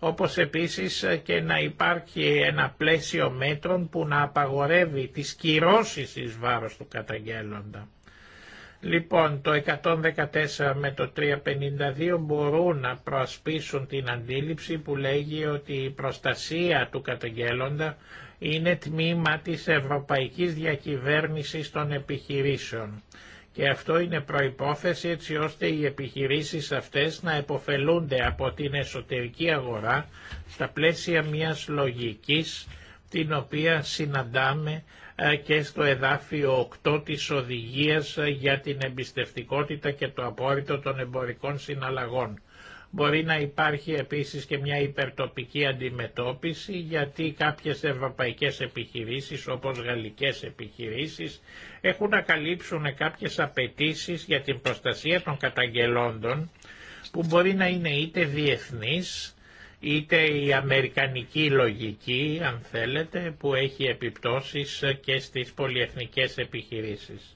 όπως επίσης και να υπάρχει ένα πλαίσιο μέτρων που να απαγορεύει τις κυρώσεις εις βάρος του καταγγέλλοντα. Λοιπόν, το 114 με το 352 μπορούν να προασπίσουν την αντίληψη που λέγει ότι η προστασία του καταγγέλλοντα είναι τμήμα της ευρωπαϊκής διακυβέρνησης των επιχειρήσεων. Και αυτό είναι προϋπόθεση έτσι ώστε οι επιχειρήσεις αυτές να εποφελούνται από την εσωτερική αγορά στα πλαίσια μιας λογικής την οποία συναντάμε ε, και στο εδάφιο 8 της οδηγίας ε, για την εμπιστευτικότητα και το απόρριτο των εμπορικών συναλλαγών. Μπορεί να υπάρχει επίσης και μια υπερτοπική αντιμετώπιση γιατί κάποιες ευρωπαϊκές επιχειρήσεις όπως γαλλικές επιχειρήσεις έχουν να καλύψουν κάποιες απαιτήσεις για την προστασία των καταγγελόντων που μπορεί να είναι είτε διεθνής είτε η αμερικανική λογική αν θέλετε που έχει επιπτώσεις και στις πολυεθνικές επιχειρήσεις.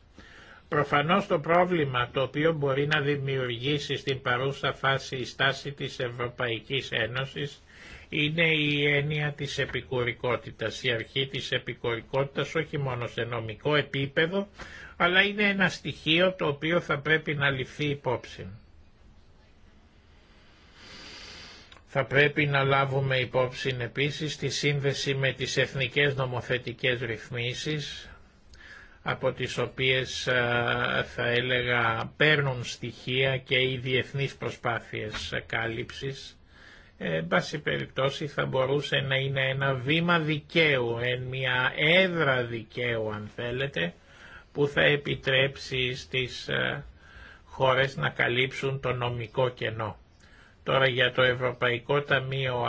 Προφανώς το πρόβλημα το οποίο μπορεί να δημιουργήσει στην παρούσα φάση η στάση της Ευρωπαϊκής Ένωσης είναι η έννοια της επικουρικότητας, η αρχή της επικουρικότητας όχι μόνο σε νομικό επίπεδο, αλλά είναι ένα στοιχείο το οποίο θα πρέπει να ληφθεί υπόψη. Θα πρέπει να λάβουμε υπόψη επίσης τη σύνδεση με τις εθνικές νομοθετικές ρυθμίσεις, από τις οποίες θα έλεγα παίρνουν στοιχεία και οι διεθνείς προσπάθειες κάλυψης. Ε, εν πάση περιπτώσει θα μπορούσε να είναι ένα βήμα δικαίου, μια έδρα δικαίου αν θέλετε, που θα επιτρέψει στις ε, χώρες να καλύψουν το νομικό κενό. Τώρα για το Ευρωπαϊκό Ταμείο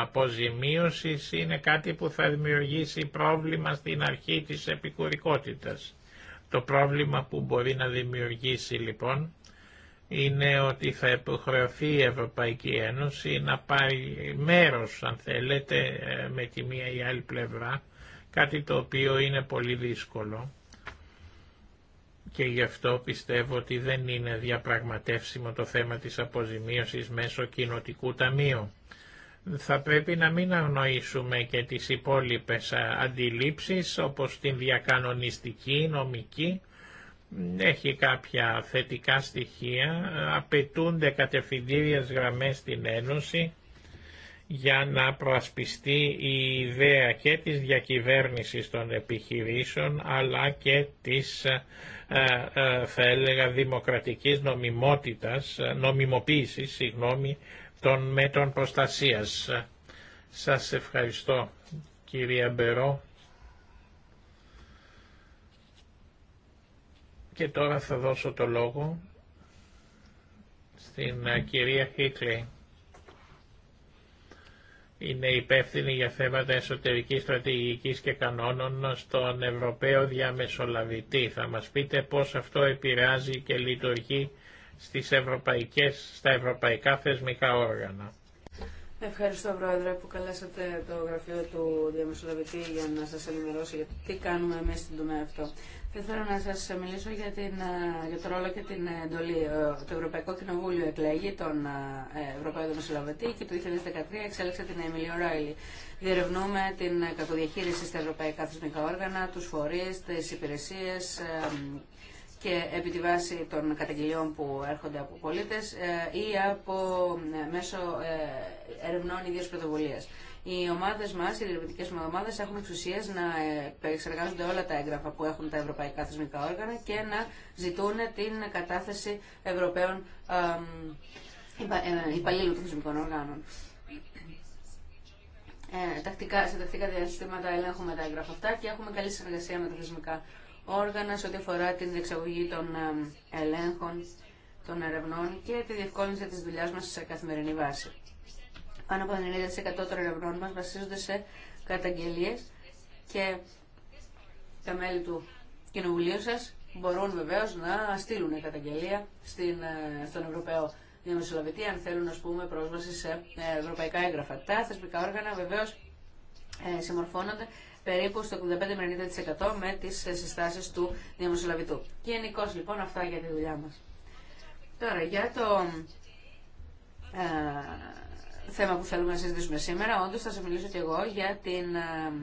Αποζημίωσης είναι κάτι που θα δημιουργήσει πρόβλημα στην αρχή της επικουρικότητας. Το πρόβλημα που μπορεί να δημιουργήσει λοιπόν είναι ότι θα υποχρεωθεί η Ευρωπαϊκή Ένωση να πάρει μέρος, αν θέλετε, ε, με τη μία ή άλλη πλευρά, κάτι το οποίο είναι πολύ δύσκολο και γι' αυτό πιστεύω ότι δεν είναι διαπραγματεύσιμο το θέμα της αποζημίωσης μέσω κοινοτικού ταμείου. Θα πρέπει να μην αγνοήσουμε και τις υπόλοιπες αντιλήψεις όπως την διακανονιστική, νομική, έχει κάποια θετικά στοιχεία, απαιτούνται κατευθυντήριες γραμμές στην Ένωση, για να προασπιστεί η ιδέα και της διακυβέρνησης των επιχειρήσεων αλλά και της ε, ε, θα έλεγα δημοκρατικής νομιμότητας, ε, νομιμοποίησης συγγνώμη, των μέτρων προστασίας. Σας ευχαριστώ κυρία Μπερό. Και τώρα θα δώσω το λόγο στην κυρία Χίτλη είναι υπεύθυνη για θέματα εσωτερικής στρατηγικής και κανόνων στον Ευρωπαίο Διαμεσολαβητή. Θα μας πείτε πώς αυτό επηρεάζει και λειτουργεί στις ευρωπαϊκές, στα ευρωπαϊκά θεσμικά όργανα. Ευχαριστώ, Πρόεδρε, που καλέσατε το γραφείο του Διαμεσολαβητή για να σας ενημερώσει για τι κάνουμε εμείς στην τομέα αυτό. Θέλω θέλω να σας μιλήσω για, την, ε, για το ρόλο και την εντολή. Ε, το Ευρωπαϊκό Κοινοβούλιο εκλέγει τον ε, Ευρωπαϊκό Δημοσιολαβητή και το 2013 εξέλεξε την Εμιλία Ράιλι. Διερευνούμε την κακοδιαχείριση στα ευρωπαϊκά θεσμικά όργανα, τους φορείς, τις υπηρεσίες, και επί τη βάση των καταγγελιών που έρχονται από πολίτες ή από μέσω ερευνών ιδίως πρωτοβουλίας. Οι ομάδε μα, οι διερευνητικέ ομάδε, έχουν εξουσία να ε, εξεργάζονται όλα τα έγγραφα που έχουν τα ευρωπαϊκά θεσμικά όργανα και να ζητούν την κατάθεση Ευρωπαίων ε, υπαλλήλων των θεσμικών οργάνων. Ε, τακτικά, σε τακτικά διαστήματα ελέγχουμε τα έγγραφα αυτά και έχουμε καλή συνεργασία με τα θεσμικά όργανα σε ό,τι αφορά την εξαγωγή των ελέγχων, των ερευνών και τη διευκόλυνση της δουλειάς μας σε καθημερινή βάση. Πάνω από 90% των ερευνών μας βασίζονται σε καταγγελίες και τα μέλη του κοινοβουλίου σας μπορούν βεβαίως να στείλουν καταγγελία στην, ε, στον Ευρωπαίο Διαμεσολαβητή αν θέλουν ας πούμε, πρόσβαση σε ε, ευρωπαϊκά έγγραφα. Τα θεσμικά όργανα βεβαίως ε, συμμορφώνονται περίπου στο 85-90% με τις συστάσεις του Διαμεσολαβητού. Γενικώ λοιπόν αυτά για τη δουλειά μας. Τώρα για το θέμα που θέλουμε να συζητήσουμε σήμερα. Όντω θα σα μιλήσω και εγώ για την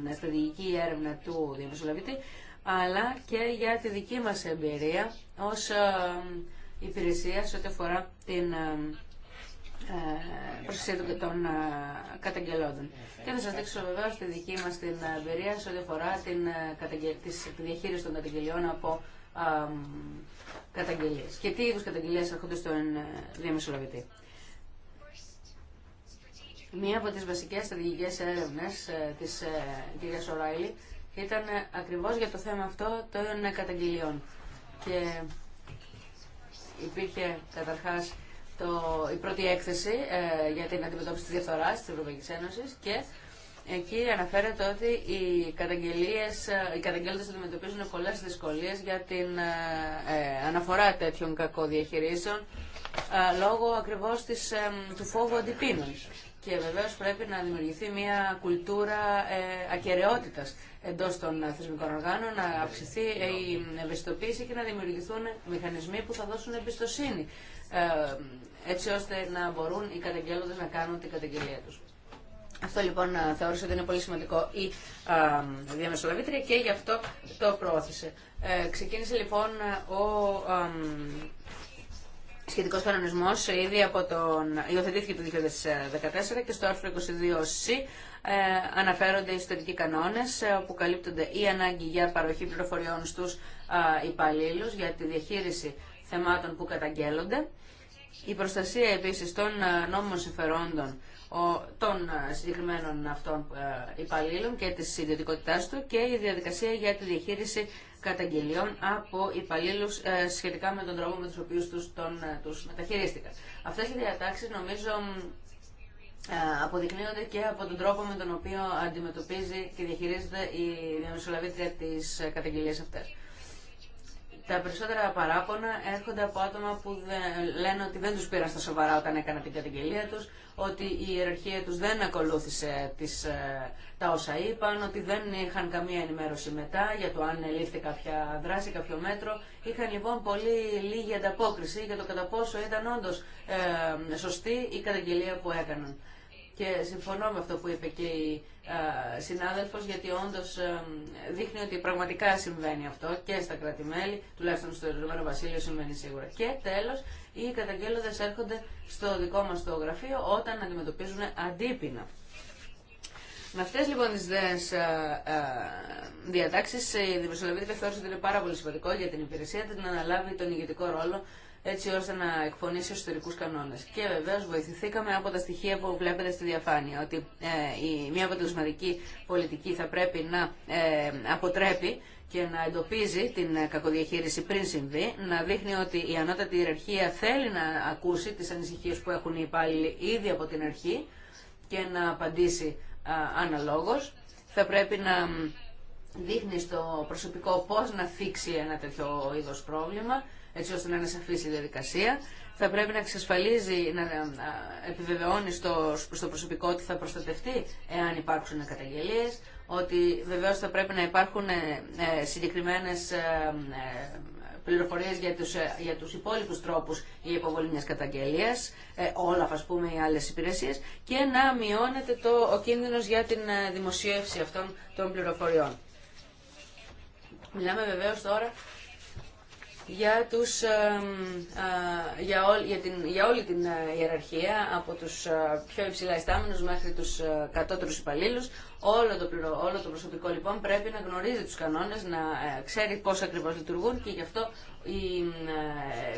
ε, στρατηγική έρευνα του Διαμεσολαβητή, αλλά και για τη δική μα εμπειρία ω ε, υπηρεσία σε ό,τι αφορά την ε, προστασία των καταγγελόντων. Και θα σα δείξω βεβαίω τη δική μα την εμπειρία σε ό,τι αφορά τη διαχείριση των καταγγελιών από καταγγελίε. Και τι είδου καταγγελίε έρχονται στον διαμεσολαβητή. Μία από τις βασικές στρατηγικές έρευνες ε, της ε, κυρίας Οράιλη ήταν ε, ακριβώς για το θέμα αυτό των καταγγελιών. Και υπήρχε καταρχάς το, η πρώτη έκθεση για την αντιμετώπιση της διαφθοράς της Ευρωπαϊκής Ένωσης και εκεί αναφέρεται ότι οι, καταγγελίες, οι καταγγέλλοντες αντιμετωπίζουν πολλές δυσκολίες για την αναφορά τέτοιων κακών διαχειρήσεων λόγω ακριβώς της, του φόβου αντιπίνων. Και βεβαίω πρέπει να δημιουργηθεί μια κουλτούρα ε, ακαιρεότητας εντός των θεσμικών οργάνων, να αυξηθεί ναι, η ναι. ευαισθητοποίηση και να δημιουργηθούν μηχανισμοί που θα δώσουν εμπιστοσύνη, ε, έτσι ώστε να μπορούν οι καταγγέλλοντε να κάνουν την καταγγελία τους. Αυτό λοιπόν θεώρησε ότι είναι πολύ σημαντικό η α, διαμεσολαβήτρια και γι' αυτό το προώθησε. Ε, ξεκίνησε λοιπόν ο σχετικό κανονισμό, ήδη από τον... υιοθετήθηκε το 2014 και στο άρθρο 22C ε, αναφέρονται οι ιστορικοί κανόνες ε, που καλύπτονται η ανάγκη για παροχή πληροφοριών στους ε, υπαλλήλου, για τη διαχείριση θεμάτων που καταγγέλλονται. Η προστασία επίσης των νόμιμων συμφερόντων των συγκεκριμένων αυτών υπαλλήλων και τη ιδιωτικότητά του και η διαδικασία για τη διαχείριση καταγγελιών από υπαλλήλου ε, σχετικά με τον τρόπο με τον οποίου ε, τους, τους μεταχειρίστηκαν. Αυτές οι διατάξεις νομίζω ε, αποδεικνύονται και από τον τρόπο με τον οποίο αντιμετωπίζει και διαχειρίζεται η διαμεσολαβήτρια της καταγγελίας αυτέ. Τα περισσότερα παράπονα έρχονται από άτομα που δεν, λένε ότι δεν τους πήραν στα σοβαρά όταν έκαναν την καταγγελία τους, ότι η ιεραρχία τους δεν ακολούθησε τις, ε, τα όσα είπαν, ότι δεν είχαν καμία ενημέρωση μετά για το αν ελήφθη κάποια δράση, κάποιο μέτρο. Είχαν λοιπόν πολύ λίγη ανταπόκριση για το κατά πόσο ήταν όντως ε, σωστή η καταγγελία που έκαναν. Και συμφωνώ με αυτό που είπε και η ε, συνάδελφος γιατί όντως ε, δείχνει ότι πραγματικά συμβαίνει αυτό και στα κρατη τουλάχιστον στο Ηνωμένο Βασίλειο συμβαίνει σίγουρα. Και τέλος, οι καταγγέλλοντες έρχονται στο δικό μας το γραφείο όταν αντιμετωπίζουν αντίπεινα. Με αυτές λοιπόν τι ε, διατάξεις η δημοσιογραφική ότι είναι πάρα πολύ σημαντικό για την υπηρεσία την αναλάβει τον ηγετικό ρόλο έτσι ώστε να εκπονήσει εσωτερικού κανόνε. Και βεβαίω βοηθηθήκαμε από τα στοιχεία που βλέπετε στη διαφάνεια, ότι ε, η, μια αποτελεσματική πολιτική θα πρέπει να ε, αποτρέπει και να εντοπίζει την ε, κακοδιαχείριση πριν συμβεί, να δείχνει ότι η ανώτατη ιεραρχία θέλει να ακούσει τι ανησυχίε που έχουν οι υπάλληλοι ήδη από την αρχή και να απαντήσει α, αναλόγως. Θα πρέπει να δείχνει στο προσωπικό πώς να θίξει ένα τέτοιο είδος πρόβλημα έτσι ώστε να είναι σαφή η διαδικασία. Θα πρέπει να εξασφαλίζει, να ε, επιβεβαιώνει στο, στο προσωπικό ότι θα προστατευτεί εάν υπάρξουν καταγγελίε, ότι βεβαίω θα πρέπει να υπάρχουν ε, ε, συγκεκριμένε πληροφορίε για του τους υπόλοιπου τρόπου η υποβολή μια καταγγελία, όλα α πούμε οι άλλε υπηρεσίε, και να μειώνεται το, ο κίνδυνο για την δημοσίευση αυτών των πληροφοριών. Μιλάμε βεβαίω τώρα για, τους, για, την, όλη την ε, ιεραρχία, από τους ε, πιο υψηλά ιστάμενους μέχρι τους ε, κατώτερους υπαλλήλους, Όλο το, όλο το προσωπικό λοιπόν πρέπει να γνωρίζει τους κανόνες, να ε, ξέρει πώς ακριβώς λειτουργούν και γι' αυτό η,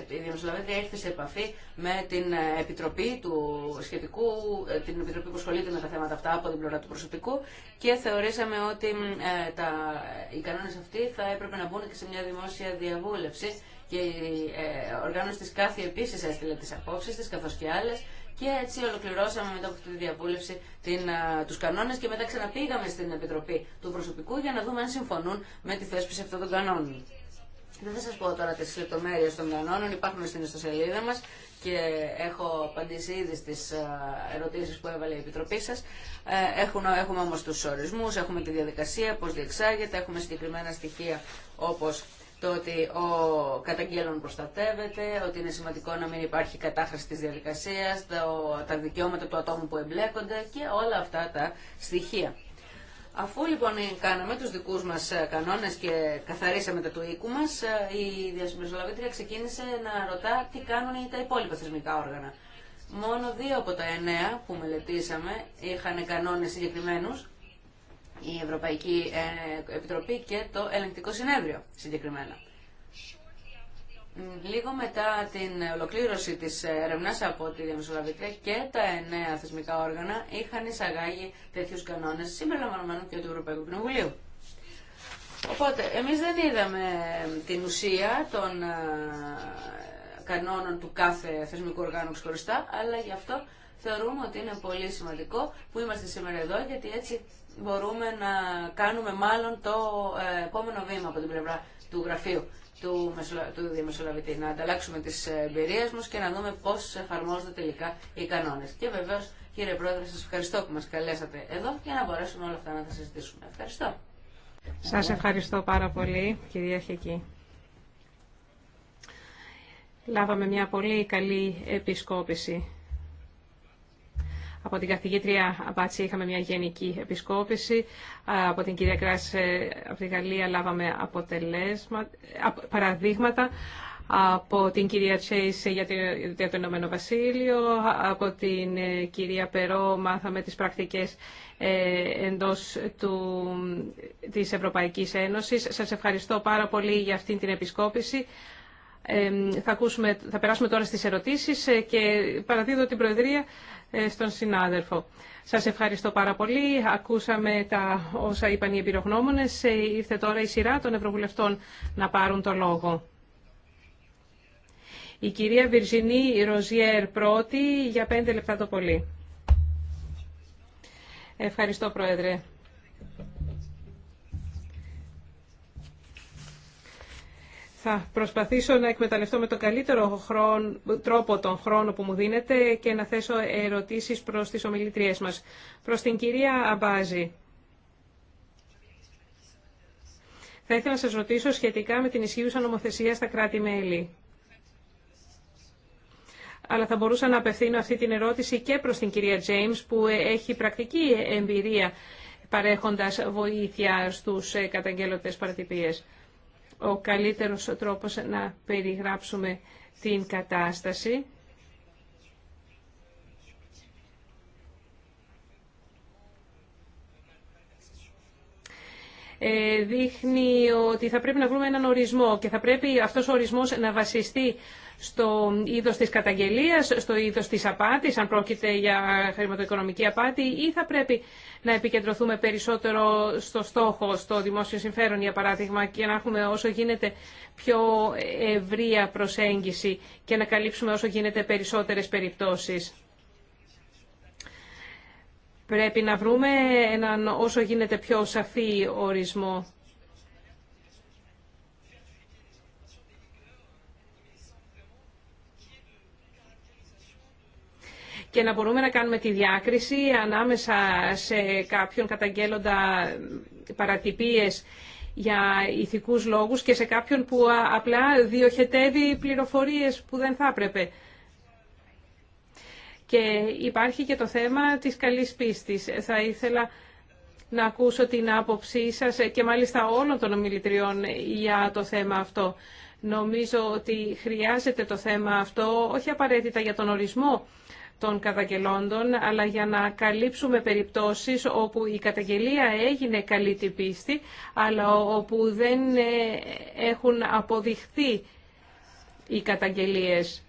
ε, η έρθει σε επαφή με την ε, Επιτροπή του σχετικού, την Επιτροπή που ασχολείται με τα θέματα αυτά από την πλευρά του προσωπικού και θεωρήσαμε ότι τα, οι κανόνες αυτοί θα έπρεπε να μπουν και σε μια δημόσια διαβούλευση και η ε, οργάνωση της κάθε επίσης έστειλε τις απόψεις της καθώς και άλλες και έτσι ολοκληρώσαμε μετά από αυτή τη διαβούλευση την, α, τους κανόνες και μετά ξαναπήγαμε στην Επιτροπή του Προσωπικού για να δούμε αν συμφωνούν με τη θέσπιση αυτών των κανόνων. Δεν θα σας πω τώρα τις λεπτομέρειε των κανόνων, υπάρχουν στην ιστοσελίδα μας και έχω απαντήσει ήδη στις ερωτήσεις που έβαλε η Επιτροπή σας. Ε, έχουμε, έχουμε όμως τους ορισμούς, έχουμε τη διαδικασία, πώς διεξάγεται, έχουμε συγκεκριμένα στοιχεία όπως το ότι ο καταγγέλων προστατεύεται, ότι είναι σημαντικό να μην υπάρχει κατάχρηση της διαδικασίας, τα δικαιώματα του ατόμου που εμπλέκονται και όλα αυτά τα στοιχεία. Αφού λοιπόν κάναμε τους δικούς μας ε, κανόνες και καθαρίσαμε τα του οίκου μας, ε, η διαμεσολαβήτρια ξεκίνησε να ρωτά τι κάνουν τα υπόλοιπα θεσμικά όργανα. Μόνο δύο από τα εννέα που μελετήσαμε είχαν κανόνες συγκεκριμένους η Ευρωπαϊκή ε, Επιτροπή και το Ελεγκτικό Συνέδριο συγκεκριμένα. Λίγο μετά την ολοκλήρωση της ερευνάς από τη Διαμεσολαβήτρια και τα εννέα θεσμικά όργανα είχαν εισαγάγει τέτοιους κανόνες συμπεριλαμβανομένου και του Ευρωπαϊκού Κοινοβουλίου. Οπότε, εμείς δεν είδαμε την ουσία των ε, κανόνων του κάθε θεσμικού οργάνου ξεχωριστά, αλλά γι' αυτό θεωρούμε ότι είναι πολύ σημαντικό που είμαστε σήμερα εδώ, γιατί έτσι μπορούμε να κάνουμε μάλλον το ε, επόμενο βήμα από την πλευρά του γραφείου του, του να ανταλλάξουμε τις εμπειρίε μας και να δούμε πώς εφαρμόζονται τελικά οι κανόνες. Και βεβαίως, κύριε Πρόεδρε, σας ευχαριστώ που μας καλέσατε εδώ για να μπορέσουμε όλα αυτά να τα συζητήσουμε. Ευχαριστώ. Σας ευχαριστώ πάρα πολύ, κυρία Χεκή. Λάβαμε μια πολύ καλή επισκόπηση. Από την καθηγήτρια Απάτση είχαμε μια γενική επισκόπηση. Από την κυρία Κράς από τη Γαλλία λάβαμε αποτελέσματα, παραδείγματα. Από την κυρία Τσέις για το Ηνωμένο Βασίλειο, από την ε, κυρία Περό μάθαμε τις πρακτικές ε, εντός του, της Ευρωπαϊκής Ένωσης. Σας ευχαριστώ πάρα πολύ για αυτή την επισκόπηση. Θα, ακούσουμε, θα περάσουμε τώρα στις ερωτήσεις ε, και παραδίδω την Προεδρία ε, στον συνάδελφο. Σας ευχαριστώ πάρα πολύ. Ακούσαμε τα όσα είπαν οι εμπειρογνώμονες. Ε, ήρθε τώρα η σειρά των Ευρωβουλευτών να πάρουν το λόγο. Η κυρία Βιρζινή Ροζιέρ πρώτη για πέντε λεπτά το πολύ. Ευχαριστώ, Πρόεδρε. Θα προσπαθήσω να εκμεταλλευτώ με τον καλύτερο τρόπο τον χρόνο που μου δίνεται και να θέσω ερωτήσεις προς τις ομιλητριές μας. Προς την κυρία Αμπάζη. Θα ήθελα να σας ρωτήσω σχετικά με την ισχύουσα νομοθεσία στα κράτη-μέλη. Αλλά θα μπορούσα να απευθύνω αυτή την ερώτηση και προς την κυρία Τζέιμς που έχει πρακτική εμπειρία παρέχοντας βοήθεια στους καταγγέλλοντες παρατυπίες ο καλύτερος τρόπος να περιγράψουμε την κατάσταση. Ε, δείχνει ότι θα πρέπει να βρούμε έναν ορισμό και θα πρέπει αυτός ο ορισμός να βασιστεί στο είδος της καταγγελίας, στο είδος της απάτης, αν πρόκειται για χρηματοοικονομική απάτη ή θα πρέπει να επικεντρωθούμε περισσότερο στο στόχο, στο δημόσιο συμφέρον για παράδειγμα και να έχουμε όσο γίνεται πιο ευρεία προσέγγιση και να καλύψουμε όσο γίνεται περισσότερες περιπτώσεις. Πρέπει να βρούμε έναν όσο γίνεται πιο σαφή ορισμό. και να μπορούμε να κάνουμε τη διάκριση ανάμεσα σε κάποιον καταγγέλλοντα παρατυπίες για ηθικούς λόγους και σε κάποιον που απλά διοχετεύει πληροφορίες που δεν θα έπρεπε. Και υπάρχει και το θέμα της καλής πίστης. Θα ήθελα να ακούσω την άποψή σας και μάλιστα όλων των ομιλητριών για το θέμα αυτό. Νομίζω ότι χρειάζεται το θέμα αυτό όχι απαραίτητα για τον ορισμό των καταγγελόντων, αλλά για να καλύψουμε περιπτώσεις όπου η καταγγελία έγινε καλή την πίστη, αλλά όπου δεν ε, έχουν αποδειχθεί οι καταγγελίες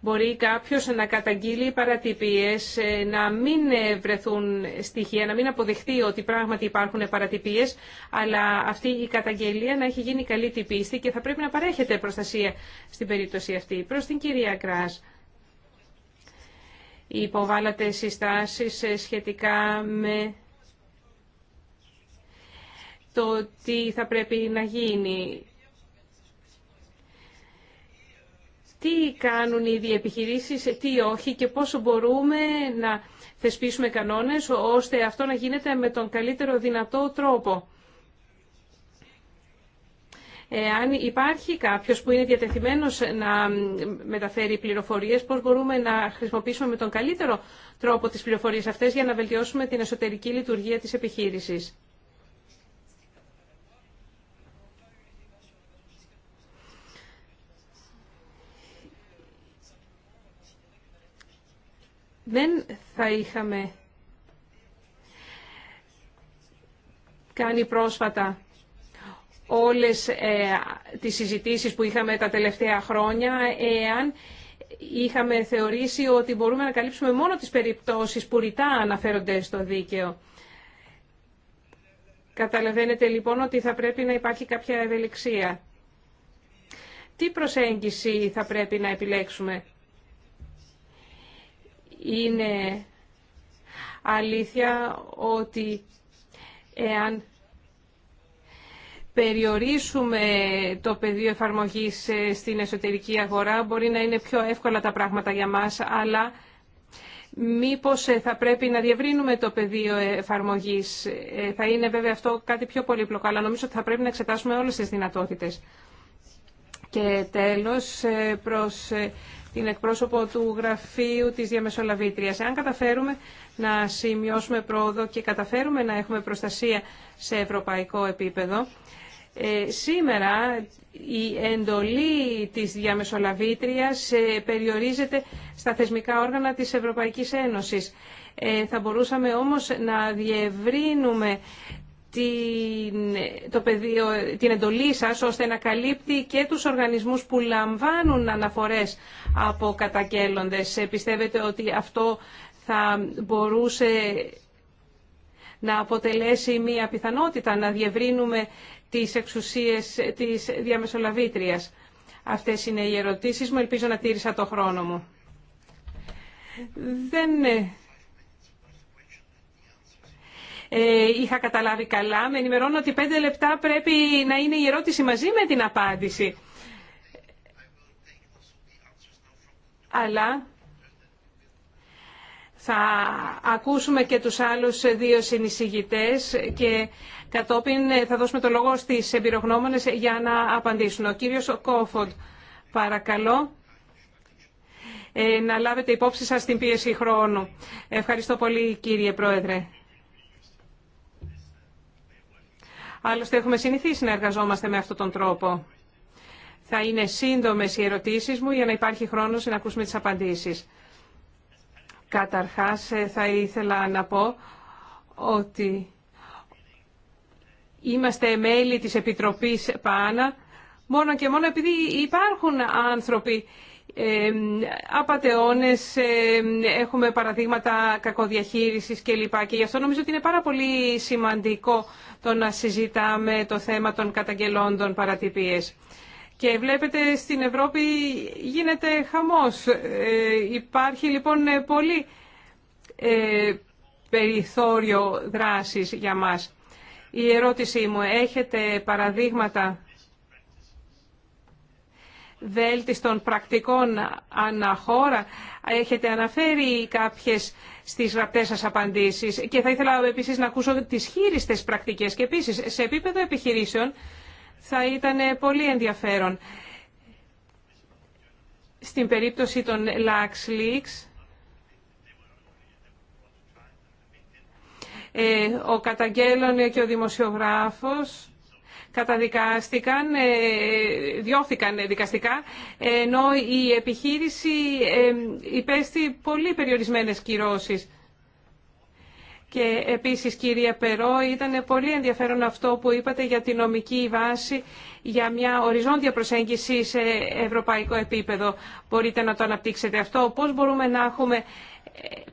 μπορεί κάποιος να καταγγείλει παρατυπίες, ε, να μην ε, βρεθούν στοιχεία, να μην αποδεχτεί ότι πράγματι υπάρχουν παρατυπίες, αλλά αυτή η καταγγελία να έχει γίνει καλή τυπίστη και θα πρέπει να παρέχεται προστασία στην περίπτωση αυτή. Προς την κυρία Κράς. Υποβάλλατε συστάσεις ε, σχετικά με το τι θα πρέπει να γίνει. τι κάνουν οι διεπιχειρήσεις, τι όχι και πόσο μπορούμε να θεσπίσουμε κανόνες ώστε αυτό να γίνεται με τον καλύτερο δυνατό τρόπο. Αν υπάρχει κάποιος που είναι διατεθειμένος να μεταφέρει πληροφορίες, πώς μπορούμε να χρησιμοποιήσουμε με τον καλύτερο τρόπο τις πληροφορίες αυτές για να βελτιώσουμε την εσωτερική λειτουργία της επιχείρησης. δεν θα είχαμε κάνει πρόσφατα όλες ε, τις συζητήσεις που είχαμε τα τελευταία χρόνια, εάν είχαμε θεωρήσει ότι μπορούμε να καλύψουμε μόνο τις περιπτώσεις που ρητά αναφέρονται στο δίκαιο. Καταλαβαίνετε λοιπόν ότι θα πρέπει να υπάρχει κάποια ευελιξία. Τι προσέγγιση θα πρέπει να επιλέξουμε. Είναι αλήθεια ότι εάν περιορίσουμε το πεδίο εφαρμογής ε, στην εσωτερική αγορά μπορεί να είναι πιο εύκολα τα πράγματα για μας, αλλά μήπως ε, θα πρέπει να διευρύνουμε το πεδίο εφαρμογής. Ε, θα είναι βέβαια αυτό κάτι πιο πολύπλοκο, αλλά νομίζω ότι θα πρέπει να εξετάσουμε όλες τις δυνατότητες. Και τέλος, προς την εκπρόσωπο του γραφείου της διαμεσολαβήτριας. Αν καταφέρουμε να σημειώσουμε πρόοδο και καταφέρουμε να έχουμε προστασία σε ευρωπαϊκό επίπεδο, ε, σήμερα η εντολή της διαμεσολαβήτριας ε, περιορίζεται στα θεσμικά όργανα της Ευρωπαϊκής Ένωσης. Ε, θα μπορούσαμε όμως να διευρύνουμε την, το πεδίο, την εντολή σας ώστε να καλύπτει και τους οργανισμούς που λαμβάνουν αναφορές από κατακέλλοντες. Ε, πιστεύετε ότι αυτό θα μπορούσε να αποτελέσει μια πιθανότητα να διευρύνουμε τις εξουσίες της διαμεσολαβήτριας. Αυτές είναι οι ερωτήσεις μου. Ελπίζω να τήρησα το χρόνο μου. Δεν ε, ε, είχα καταλάβει καλά. Με ενημερώνω ότι πέντε λεπτά πρέπει να είναι η ερώτηση μαζί με την απάντηση. Αλλά θα ακούσουμε και τους άλλους δύο συνεισηγητές και κατόπιν θα δώσουμε το λόγο στις εμπειρογνώμονες για να απαντήσουν. Ο κύριος Κόφοντ, παρακαλώ ε, να λάβετε υπόψη σας την πίεση χρόνου. Ευχαριστώ πολύ κύριε Πρόεδρε. Άλλωστε έχουμε συνηθίσει να εργαζόμαστε με αυτόν τον τρόπο. Θα είναι σύντομες οι ερωτήσεις μου για να υπάρχει χρόνος να ακούσουμε τις απαντήσεις. Καταρχάς ε, θα ήθελα να πω ότι είμαστε μέλη της Επιτροπής ΠΑΝΑ μόνο και μόνο επειδή υπάρχουν άνθρωποι απατεώνες, έχουμε παραδείγματα κακοδιαχείρισης κλπ. Και γι' αυτό νομίζω ότι είναι πάρα πολύ σημαντικό το να συζητάμε το θέμα των καταγγελόντων παρατυπίες. Και βλέπετε στην Ευρώπη γίνεται χαμός. Ε, υπάρχει λοιπόν πολύ ε, περιθώριο δράσης για μας. Η ερώτησή μου, έχετε παραδείγματα των πρακτικών αναχώρα. Έχετε αναφέρει κάποιες στις γραπτές σας απαντήσεις και θα ήθελα επίσης να ακούσω τις χείριστες πρακτικές και επίσης σε επίπεδο επιχειρήσεων θα ήταν πολύ ενδιαφέρον. Στην περίπτωση των Lux Leaks, ε, ο καταγγέλων και ο δημοσιογράφος καταδικάστηκαν, ε, διώθηκαν δικαστικά, ενώ η επιχείρηση ε, υπέστη πολύ περιορισμένες κυρώσεις. Και επίσης κυρία Περό, ήταν πολύ ενδιαφέρον αυτό που είπατε για τη νομική βάση για μια οριζόντια προσέγγιση σε ευρωπαϊκό επίπεδο. Μπορείτε να το αναπτύξετε αυτό. Πώς μπορούμε να έχουμε ε,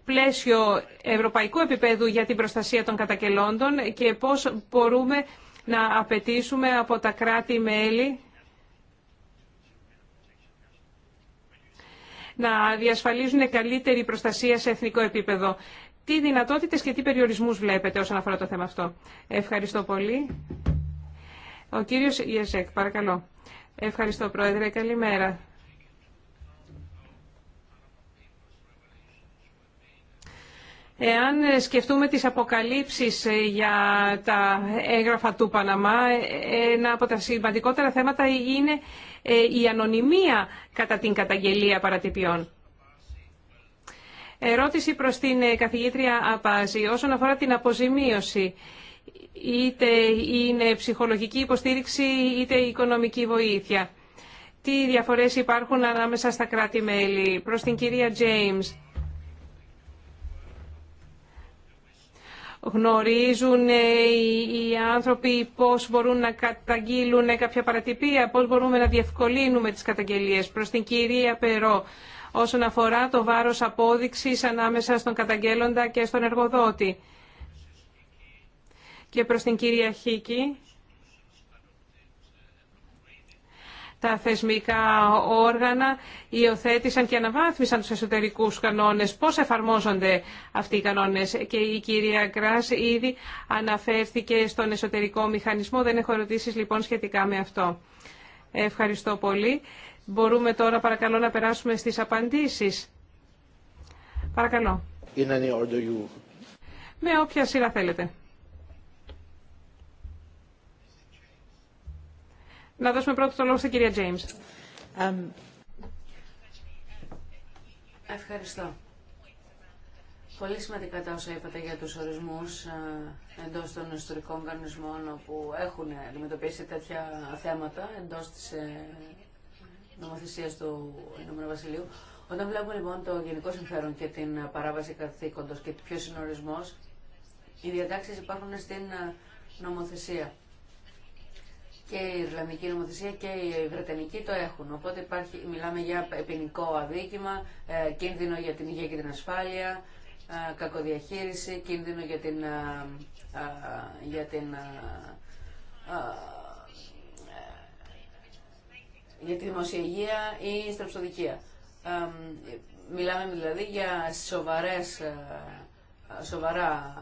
πλαίσιο ευρωπαϊκού επίπεδου για την προστασία των κατακελώντων και πώς μπορούμε να απαιτήσουμε από τα κράτη-μέλη να διασφαλίζουν καλύτερη προστασία σε εθνικό επίπεδο. Τι δυνατότητες και τι περιορισμούς βλέπετε όσον αφορά το θέμα αυτό. Ευχαριστώ πολύ. Ο κύριος Ιεζέκ, παρακαλώ. Ευχαριστώ, Πρόεδρε. Καλημέρα. Εάν ε, σκεφτούμε τις αποκαλύψεις ε, για τα έγγραφα του Παναμά, ε, ένα από τα σημαντικότερα θέματα είναι η ανωνυμία κατά την καταγγελία παρατυπιών. Ερώτηση προς την καθηγήτρια Απάζη όσον αφορά την αποζημίωση. Είτε είναι ψυχολογική υποστήριξη είτε οικονομική βοήθεια. Τι διαφορές υπάρχουν ανάμεσα στα κράτη-μέλη. Προς την κυρία James. γνωρίζουν ε, οι άνθρωποι πώς μπορούν να καταγγείλουν κάποια παρατυπία, πώς μπορούμε να διευκολύνουμε τις καταγγελίες. Προς την κυρία Περό, όσον αφορά το βάρος απόδειξης ανάμεσα στον καταγγέλλοντα και στον εργοδότη. Και προς την κυρία Χίκη, τα θεσμικά όργανα υιοθέτησαν και αναβάθμισαν τους εσωτερικούς κανόνες. Πώς εφαρμόζονται αυτοί οι κανόνες. Και η κυρία Κράς ήδη αναφέρθηκε στον εσωτερικό μηχανισμό. Δεν έχω ερωτήσει λοιπόν σχετικά με αυτό. Ευχαριστώ πολύ. Μπορούμε τώρα παρακαλώ να περάσουμε στις απαντήσεις. Παρακαλώ. Με όποια σειρά θέλετε. Να δώσουμε πρώτο το λόγο στην κυρία James. Ευχαριστώ. Πολύ σημαντικά τα όσα είπατε για τους ορισμούς ε, εντός των ιστορικών κανονισμών που έχουν αντιμετωπίσει τέτοια θέματα εντός της ε, νομοθεσίας του Ηνωμένου Βασιλείου. Όταν βλέπουμε λοιπόν το γενικό συμφέρον και την παράβαση καθήκοντος και ποιος είναι ο ορισμός, οι διατάξεις υπάρχουν στην ε, νομοθεσία και η Ιρλανδική νομοθεσία και η Βρετανική το έχουν. Οπότε υπάρχει, μιλάμε για ποινικό αδίκημα, ε, κίνδυνο για την υγεία και την ασφάλεια, ε, κακοδιαχείριση, κίνδυνο για την, ε, για την για τη δημόσια υγεία ή στραψοδικία. Μιλάμε δηλαδή για σοβαρές, σοβαρά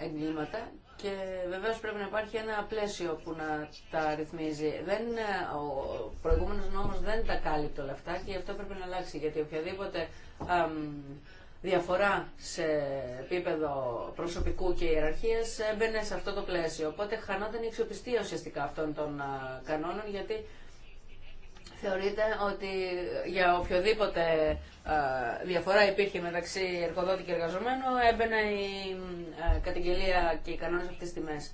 εγκλήματα και βεβαίως πρέπει να υπάρχει ένα πλαίσιο που να τα ρυθμίζει. Δεν, ε, ο προηγούμενος νόμος δεν τα κάλυπτε όλα αυτά και αυτό πρέπει να αλλάξει γιατί οποιαδήποτε διαφορά σε επίπεδο προσωπικού και ιεραρχίας έμπαινε σε αυτό το πλαίσιο. Οπότε χανόταν η αξιοπιστία ουσιαστικά αυτών των ε, κανόνων γιατί θεωρείται ότι για οποιοδήποτε ε, διαφορά υπήρχε μεταξύ εργοδότη και εργαζομένου έμπαινε η ε, καταγγελία και οι κανόνες αυτές τις τιμές.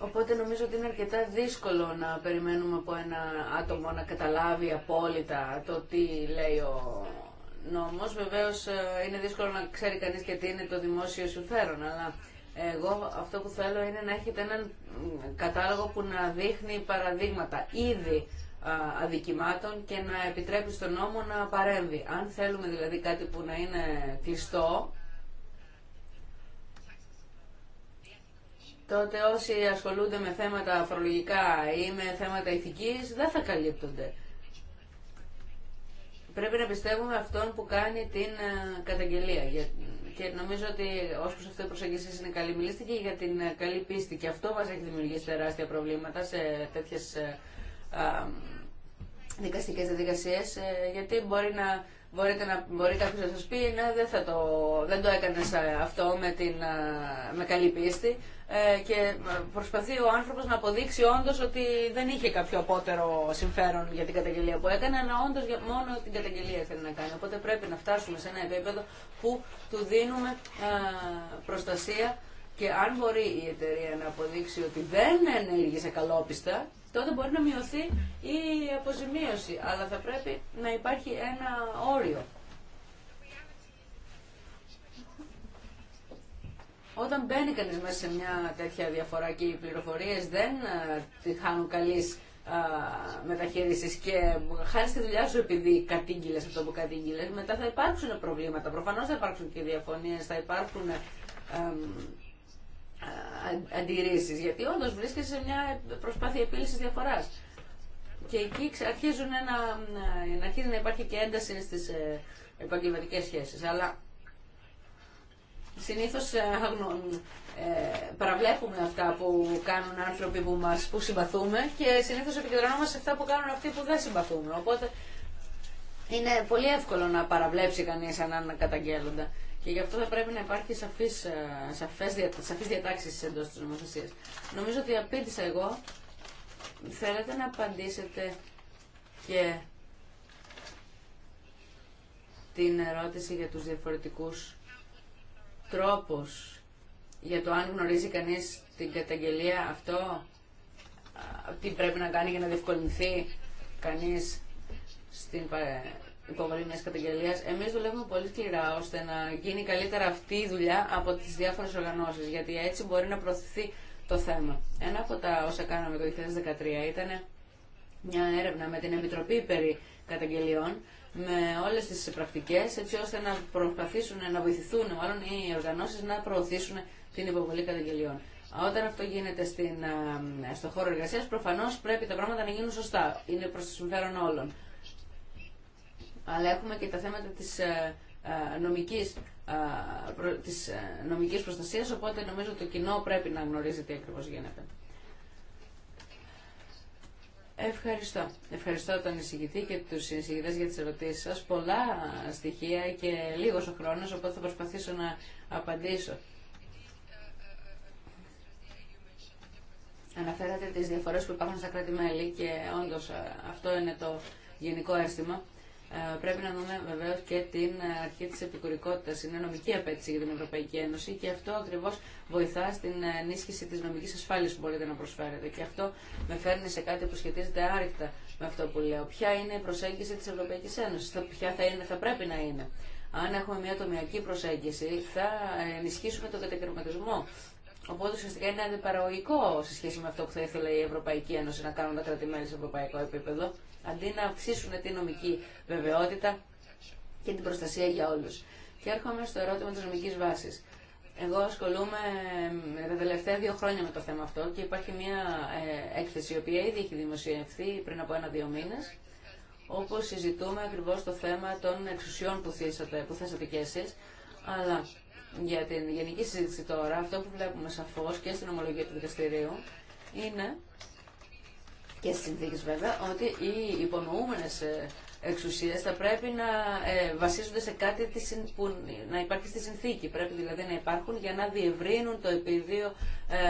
Οπότε νομίζω ότι είναι αρκετά δύσκολο να περιμένουμε από ένα άτομο να καταλάβει απόλυτα το τι λέει ο νόμος. Βεβαίως ε, είναι δύσκολο να ξέρει κανείς και τι είναι το δημόσιο συμφέρον, αλλά εγώ αυτό που θέλω είναι να έχετε έναν κατάλογο που να δείχνει παραδείγματα ήδη αδικημάτων και να επιτρέπει στον νόμο να παρέμβει. Αν θέλουμε δηλαδή κάτι που να είναι κλειστό, τότε όσοι ασχολούνται με θέματα αφρολογικά ή με θέματα ηθικής δεν θα καλύπτονται. Πρέπει να πιστεύουμε αυτόν που κάνει την ε, καταγγελία. Και νομίζω ότι ω προ αυτό η προσέγγιση είναι καλή. Μιλήστε και για την ε, καλή πίστη. Και αυτό μα έχει δημιουργήσει τεράστια προβλήματα σε τέτοιε ε, δικαστικές διαδικασίες, ε, γιατί μπορεί να μπορείτε να, μπορεί κάποιος να σας πει ναι, δεν, θα το, δεν το έκανε ε, αυτό με, την, ε, με καλή πίστη και προσπαθεί ο άνθρωπος να αποδείξει όντως ότι δεν είχε κάποιο απότερο συμφέρον για την καταγγελία που έκανε, αλλά όντως μόνο την καταγγελία θέλει να κάνει. Οπότε πρέπει να φτάσουμε σε ένα επίπεδο που του δίνουμε προστασία και αν μπορεί η εταιρεία να αποδείξει ότι δεν ενέργησε καλόπιστα, τότε μπορεί να μειωθεί η αποζημίωση. Αλλά θα πρέπει να υπάρχει ένα όριο. Όταν μπαίνει κανείς μέσα σε μια τέτοια διαφορά και οι πληροφορίες δεν ε, τη χάνουν καλής μεταχείρισης και χάρη τη δουλειά σου επειδή κατήγγειλε αυτό που κατήγγειλε, μετά θα υπάρξουν προβλήματα. Προφανώ θα υπάρξουν και διαφωνίε, θα υπάρχουν γιατί όντω βρίσκεσαι σε μια προσπάθεια επίλυσης διαφοράς. Και εκεί αρχίζουν να, να, ε, να υπάρχει και ένταση στις ε, επαγγελματικέ σχέσεις. Αλλά συνήθως ε, ε, παραβλέπουμε αυτά που κάνουν άνθρωποι που, μας, που συμπαθούμε και συνήθως επικεντρωνόμαστε σε αυτά που κάνουν αυτοί που δεν συμπαθούμε. Οπότε είναι πολύ εύκολο να παραβλέψει κανεί αν καταγγέλλοντα. Και γι' αυτό θα πρέπει να υπάρχει σαφής, ε, σαφές, εντό σαφής διατάξεις εντός της Νομίζω ότι απήντησα εγώ. Θέλετε να απαντήσετε και την ερώτηση για τους διαφορετικούς τρόπους για το αν γνωρίζει κανείς την καταγγελία αυτό, τι πρέπει να κάνει για να διευκολυνθεί κανείς στην, υποβολή μια καταγγελία. Εμεί δουλεύουμε πολύ σκληρά ώστε να γίνει καλύτερα αυτή η δουλειά από τι διάφορε οργανώσει, γιατί έτσι μπορεί να προωθηθεί το θέμα. Ένα από τα όσα κάναμε το 2013 ήταν μια έρευνα με την Επιτροπή περί καταγγελιών, με όλες τις πρακτικές, έτσι ώστε να προσπαθήσουν να βοηθηθούν, μάλλον οι οργανώσεις να προωθήσουν την υποβολή καταγγελιών. Όταν αυτό γίνεται στην, στο χώρο εργασίας, προφανώς πρέπει τα πράγματα να γίνουν σωστά. Είναι προ το συμφέρον όλων αλλά έχουμε και τα θέματα της ε, ε, νομικής, ε, της νομικής προστασίας, οπότε νομίζω το κοινό πρέπει να γνωρίζει τι ακριβώς γίνεται. Ευχαριστώ. Ευχαριστώ τον εισηγητή και τους εισηγητές για τις ερωτήσεις σας. Πολλά στοιχεία και λίγος ο χρόνο, οπότε θα προσπαθήσω να απαντήσω. Αναφέρατε τις διαφορές που υπάρχουν στα κράτη-μέλη και όντως αυτό είναι το γενικό αίσθημα. Ε, πρέπει να δούμε βεβαίω και την ε, αρχή τη επικουρικότητα. Είναι νομική απέτηση για την Ευρωπαϊκή Ένωση και αυτό ακριβώ βοηθά στην ε, ενίσχυση τη νομική ασφάλεια που μπορείτε να προσφέρετε. Και αυτό με φέρνει σε κάτι που σχετίζεται άρρηκτα με αυτό που λέω. Ποια είναι η προσέγγιση τη Ευρωπαϊκή Ένωση, ποια θα, είναι, θα πρέπει να είναι. Αν έχουμε μια τομιακή προσέγγιση, θα ενισχύσουμε τον κατακαιρματισμό Οπότε ουσιαστικά είναι αντιπαραγωγικό σε σχέση με αυτό που θα ήθελε η Ευρωπαϊκή Ένωση να κάνουν τα κρατημένα σε ευρωπαϊκό επίπεδο αντί να αυξήσουν την νομική βεβαιότητα και την προστασία για όλους. Και έρχομαι στο ερώτημα της νομικής βάσης. Εγώ ασχολούμαι τα τελευταία δύο χρόνια με το θέμα αυτό και υπάρχει μια ε, έκθεση η οποία ήδη έχει δημοσιευθεί πριν από ένα-δύο μήνες όπου συζητούμε ακριβώς το θέμα των εξουσιών που, θέσατε, που θέσατε και εσείς αλλά για την γενική συζήτηση τώρα αυτό που βλέπουμε σαφώς και στην ομολογία του δικαστηρίου είναι και συνθήκε βέβαια ότι οι υπονοούμενε ε, εξουσίε θα πρέπει να ε, βασίζονται σε κάτι που να υπάρχει στη συνθήκη. Πρέπει δηλαδή να υπάρχουν για να διευρύνουν το επίδειο ε,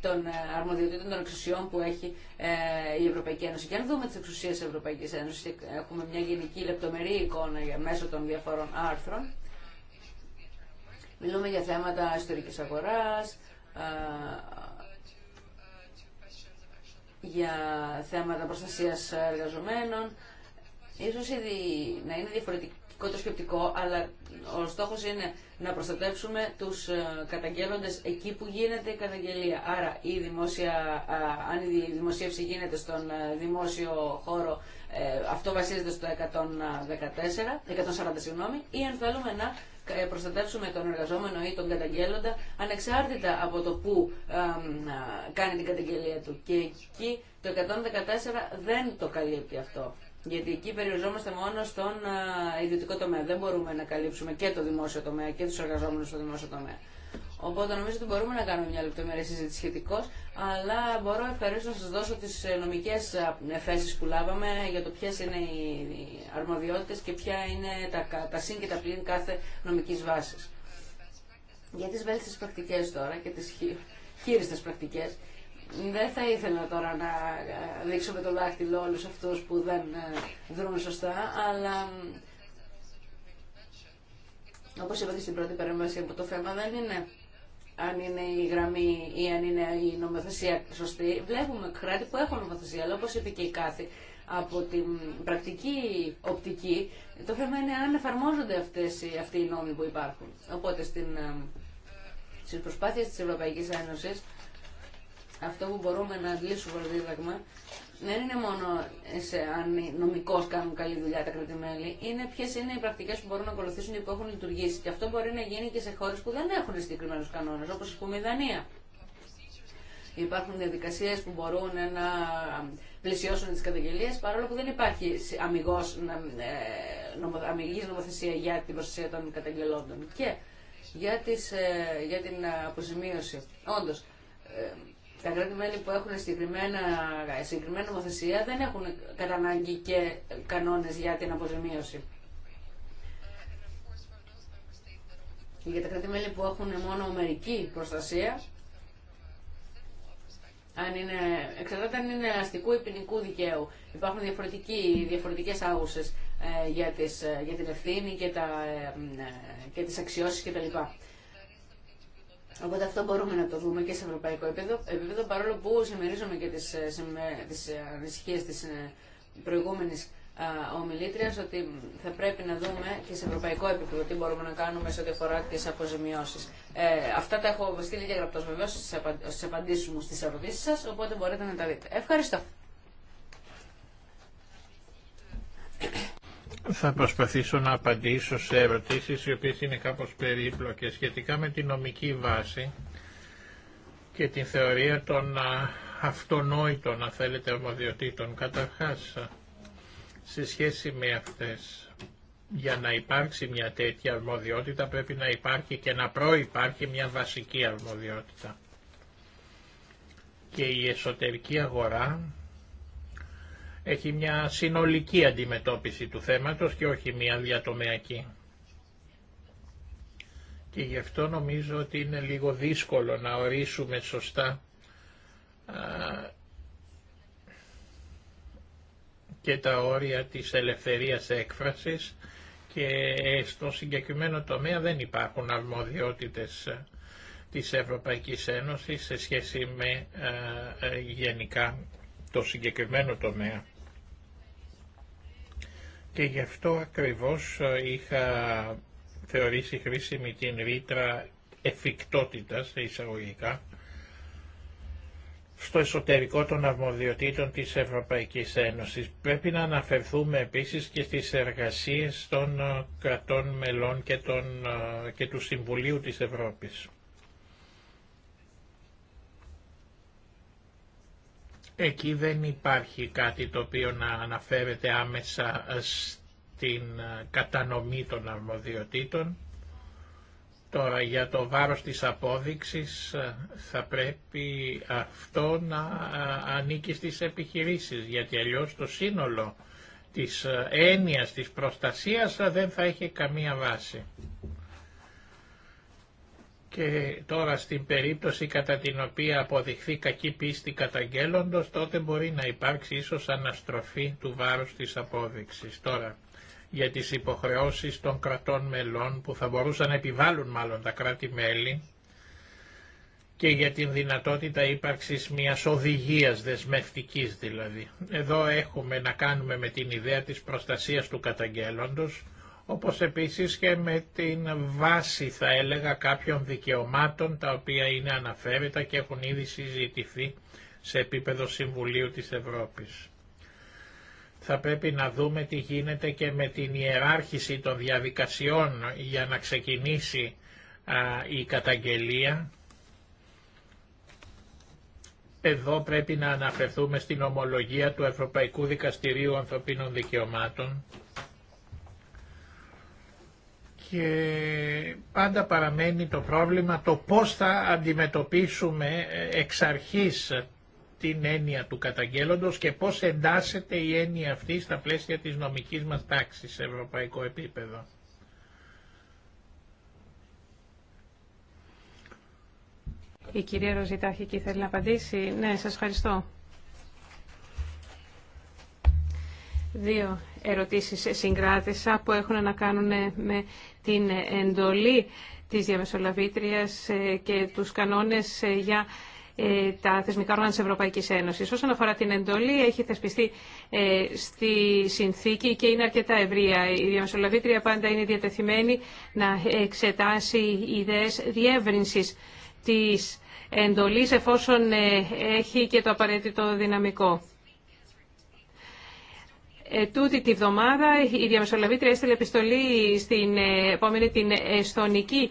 των αρμοδιοτήτων των εξουσιών που έχει η Ευρωπαϊκή Ένωση. Και αν δούμε τι εξουσίε τη Ευρωπαϊκής Ένωση, έχουμε μια γενική λεπτομερή εικόνα μέσω των διαφορών άρθρων. Μιλούμε για θέματα ιστορική αγορά για θέματα προστασίας εργαζομένων. Ίσως ήδη να είναι διαφορετικό το σκεπτικό, αλλά ο στόχος είναι να προστατεύσουμε τους ε, καταγγέλλοντες εκεί που γίνεται η καταγγελία. Άρα η δημόσια, αν η δημοσίευση γίνεται στον ε, δημόσιο χώρο, ε, αυτό βασίζεται στο 114, 140 συγγνώμη, ή αν θέλουμε να ε, προστατεύσουμε τον εργαζόμενο ή τον καταγγέλλοντα ανεξάρτητα από το που κάνει την καταγγελία του. Και εκεί το 114 δεν το καλύπτει αυτό. Γιατί εκεί περιοριζόμαστε μόνο στον ιδιωτικό τομέα. Δεν μπορούμε να καλύψουμε και το δημόσιο τομέα και τους εργαζόμενους στο δημόσιο τομέα. Οπότε νομίζω ότι μπορούμε να κάνουμε μια λεπτομερή συζήτηση σχετικώ, αλλά μπορώ ευχαρίστω να σα δώσω τι ε, νομικέ εφέσει που λάβαμε για το ποιε είναι οι αρμοδιότητε και ποια είναι τα, τα συν και τα πλήν κάθε νομική βάση. Για τι βέλτιστε πρακτικέ τώρα και τι χείριστε πρακτικέ, δεν θα ήθελα τώρα να δείξω με το δάχτυλο όλους αυτούς που δεν ε, δρούν σωστά, αλλά όπως είπατε στην πρώτη παρέμβαση, από το θέμα δεν είναι αν είναι η γραμμή ή αν είναι η νομοθεσία σωστή. Βλέπουμε κράτη που έχουν νομοθεσία, αλλά όπως είπε και η Κάθη, από την πρακτική οπτική, το θέμα είναι αν εφαρμόζονται αυτές, αυτοί οι νόμοι που υπάρχουν. Οπότε στην, ε, στις προσπάθειες της Ευρωπαϊκής Ένωσης, αυτό που μπορούμε να αντλήσουμε το δίδαγμα δεν είναι μόνο σε αν νομικώ κάνουν καλή δουλειά τα κρατημέλη, είναι ποιε είναι οι πρακτικέ που μπορούν να ακολουθήσουν και που έχουν λειτουργήσει. Και αυτό μπορεί να γίνει και σε χώρε που δεν έχουν συγκεκριμένου κανόνε, όπω α πούμε η Δανία. Υπάρχουν διαδικασίε που μπορούν να πλησιώσουν τι καταγγελίε, παρόλο που δεν υπάρχει ε, αμυγή νομοθεσία για την προστασία των καταγγελόντων. Και για, τις, ε, για την αποζημίωση. Όντω, ε, τα κρατη που έχουν συγκεκριμένα, συγκεκριμένη νομοθεσία δεν έχουν κατά ανάγκη και κανόνες για την αποζημίωση. Και για τα κρατη που έχουν μόνο μερική προστασία, αν είναι, εξαρτάται αν είναι αστικού ή ποινικού δικαίου. Υπάρχουν διαφορετικές άγουσες ε, για, ε, για την ευθύνη και, τα, ε, ε και τις αξιώσεις κτλ. Οπότε αυτό μπορούμε να το δούμε και σε ευρωπαϊκό επίπεδο, επίπεδο παρόλο που συμμερίζομαι και τις, ε, τις ε, ανησυχίες της ε, προηγούμενης ομιλήτριας ότι θα πρέπει να δούμε και σε ευρωπαϊκό επίπεδο τι μπορούμε να κάνουμε σε ό,τι αφορά τις αποζημιώσεις. Ε, αυτά τα έχω στείλει και γραπτός βεβαίως στις απαντήσεις μου στις ερωτήσεις σας, οπότε μπορείτε να τα δείτε. Ευχαριστώ. Θα προσπαθήσω να απαντήσω σε ερωτήσεις οι οποίες είναι κάπως περίπλοκες σχετικά με τη νομική βάση και την θεωρία των αυτονόητων, αν θέλετε, αρμοδιοτήτων. Καταρχάς, σε σχέση με αυτές, για να υπάρξει μια τέτοια αρμοδιότητα πρέπει να υπάρχει και να προϋπάρχει μια βασική αρμοδιότητα. Και η εσωτερική αγορά έχει μια συνολική αντιμετώπιση του θέματος και όχι μια διατομεακή. Και γι' αυτό νομίζω ότι είναι λίγο δύσκολο να ορίσουμε σωστά και τα όρια της ελευθερίας έκφρασης και στο συγκεκριμένο τομέα δεν υπάρχουν αρμοδιότητες της Ευρωπαϊκής Ένωσης σε σχέση με γενικά το συγκεκριμένο τομέα. Και γι' αυτό ακριβώς ε, είχα θεωρήσει χρήσιμη την ρήτρα εφικτότητας εισαγωγικά στο εσωτερικό των αρμοδιοτήτων της Ευρωπαϊκής Ένωσης. Πρέπει να αναφερθούμε επίσης και στις εργασίες των ε, κρατών μελών και, των, ε, και του Συμβουλίου της Ευρώπης. Εκεί δεν υπάρχει κάτι το οποίο να αναφέρεται άμεσα ε, στην ε, κατανομή των αρμοδιοτήτων. Τώρα για το βάρος της απόδειξης ε, θα πρέπει αυτό να ανήκει στις επιχειρήσεις, γιατί αλλιώς το σύνολο της έννοιας της προστασίας δεν θα έχει καμία βάση και τώρα στην περίπτωση κατά την οποία αποδειχθεί κακή πίστη καταγγέλλοντος, τότε μπορεί να υπάρξει ίσως αναστροφή του βάρους της απόδειξης. Τώρα, για τις υποχρεώσεις των κρατών μελών που θα μπορούσαν να επιβάλλουν μάλλον τα κράτη-μέλη και για την δυνατότητα ύπαρξης μιας οδηγίας δεσμευτικής δηλαδή. Εδώ έχουμε να κάνουμε με την ιδέα της προστασίας του καταγγέλλοντος, όπως επίσης και με την βάση θα έλεγα κάποιων δικαιωμάτων τα οποία είναι αναφέρετα και έχουν ήδη συζητηθεί σε επίπεδο Συμβουλίου της Ευρώπης. Θα πρέπει να δούμε τι γίνεται και με την ιεράρχηση των διαδικασιών για να ξεκινήσει η καταγγελία. Εδώ πρέπει να αναφερθούμε στην ομολογία του Ευρωπαϊκού Δικαστηρίου Ανθρωπίνων Δικαιωμάτων και πάντα παραμένει το πρόβλημα το πώς θα αντιμετωπίσουμε ε, εξ αρχής την έννοια του καταγγέλλοντος και πώς εντάσσεται η έννοια αυτή στα πλαίσια της νομικής μας τάξης σε ευρωπαϊκό επίπεδο. Η κυρία Ροζιτάχη και θέλει να απαντήσει. Ναι, σας ευχαριστώ. Δύο ερωτήσεις συγκράτησα που έχουν να κάνουν με την εντολή της διαμεσολαβήτριας ε, και τους κανόνες ε, για ε, τα θεσμικά όργανα της Ευρωπαϊκής Ένωσης. Όσον αφορά την εντολή, έχει θεσπιστεί στη συνθήκη και είναι αρκετά ευρεία. Η διαμεσολαβήτρια πάντα είναι διατεθειμένη να εξετάσει ιδέες διεύρυνσης της εντολής εφόσον έχει και το απαραίτητο δυναμικό. Ε, τούτη τη βδομάδα η διαμεσολαβήτρια έστειλε επιστολή στην ε, επόμενη την Εσθονική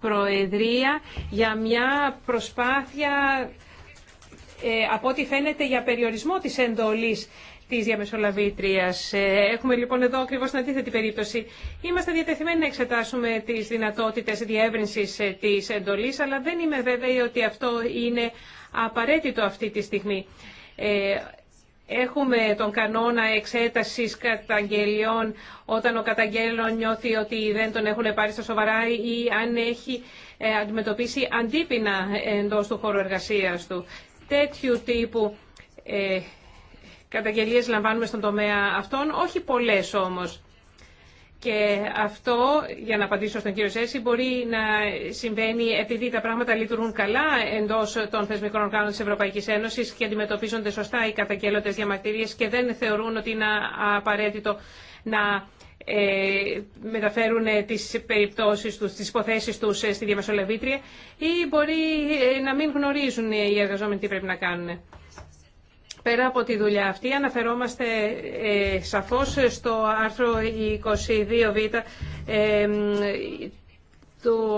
Προεδρία για μια προσπάθεια ε, από ό,τι φαίνεται για περιορισμό της εντολής της διαμεσολαβήτριας. Ε, έχουμε λοιπόν εδώ ακριβώς την αντίθετη περίπτωση. Είμαστε διατεθειμένοι να εξετάσουμε τις δυνατότητες διεύρυνσης της εντολής, αλλά δεν είμαι βέβαιη ότι αυτό είναι απαραίτητο αυτή τη στιγμή. Ε, Έχουμε τον κανόνα εξέτασης καταγγελιών όταν ο καταγγέλλον νιώθει ότι δεν τον έχουν πάρει στα σοβαρά ή αν έχει ε, αντιμετωπίσει αντίπεινα εντός του χώρου εργασίας του. Τέτοιου τύπου ε, καταγγελίες λαμβάνουμε στον τομέα αυτών, όχι πολλές όμως. Και αυτό, για να απαντήσω στον κύριο Σέση, μπορεί να συμβαίνει επειδή τα πράγματα λειτουργούν καλά εντό των θεσμικών οργάνων τη Ευρωπαϊκή Ένωση και αντιμετωπίζονται σωστά οι καταγγέλλοντε διαμαρτυρίε και δεν θεωρούν ότι είναι απαραίτητο να ε, μεταφέρουν τις περιπτώσεις τους, τις υποθέσεις τους στη διαμεσολαβήτρια ή μπορεί ε, να μην γνωρίζουν οι εργαζόμενοι τι πρέπει να κάνουν. Πέρα από τη δουλειά αυτή αναφερόμαστε ε, σαφώς στο άρθρο 22β ε, του,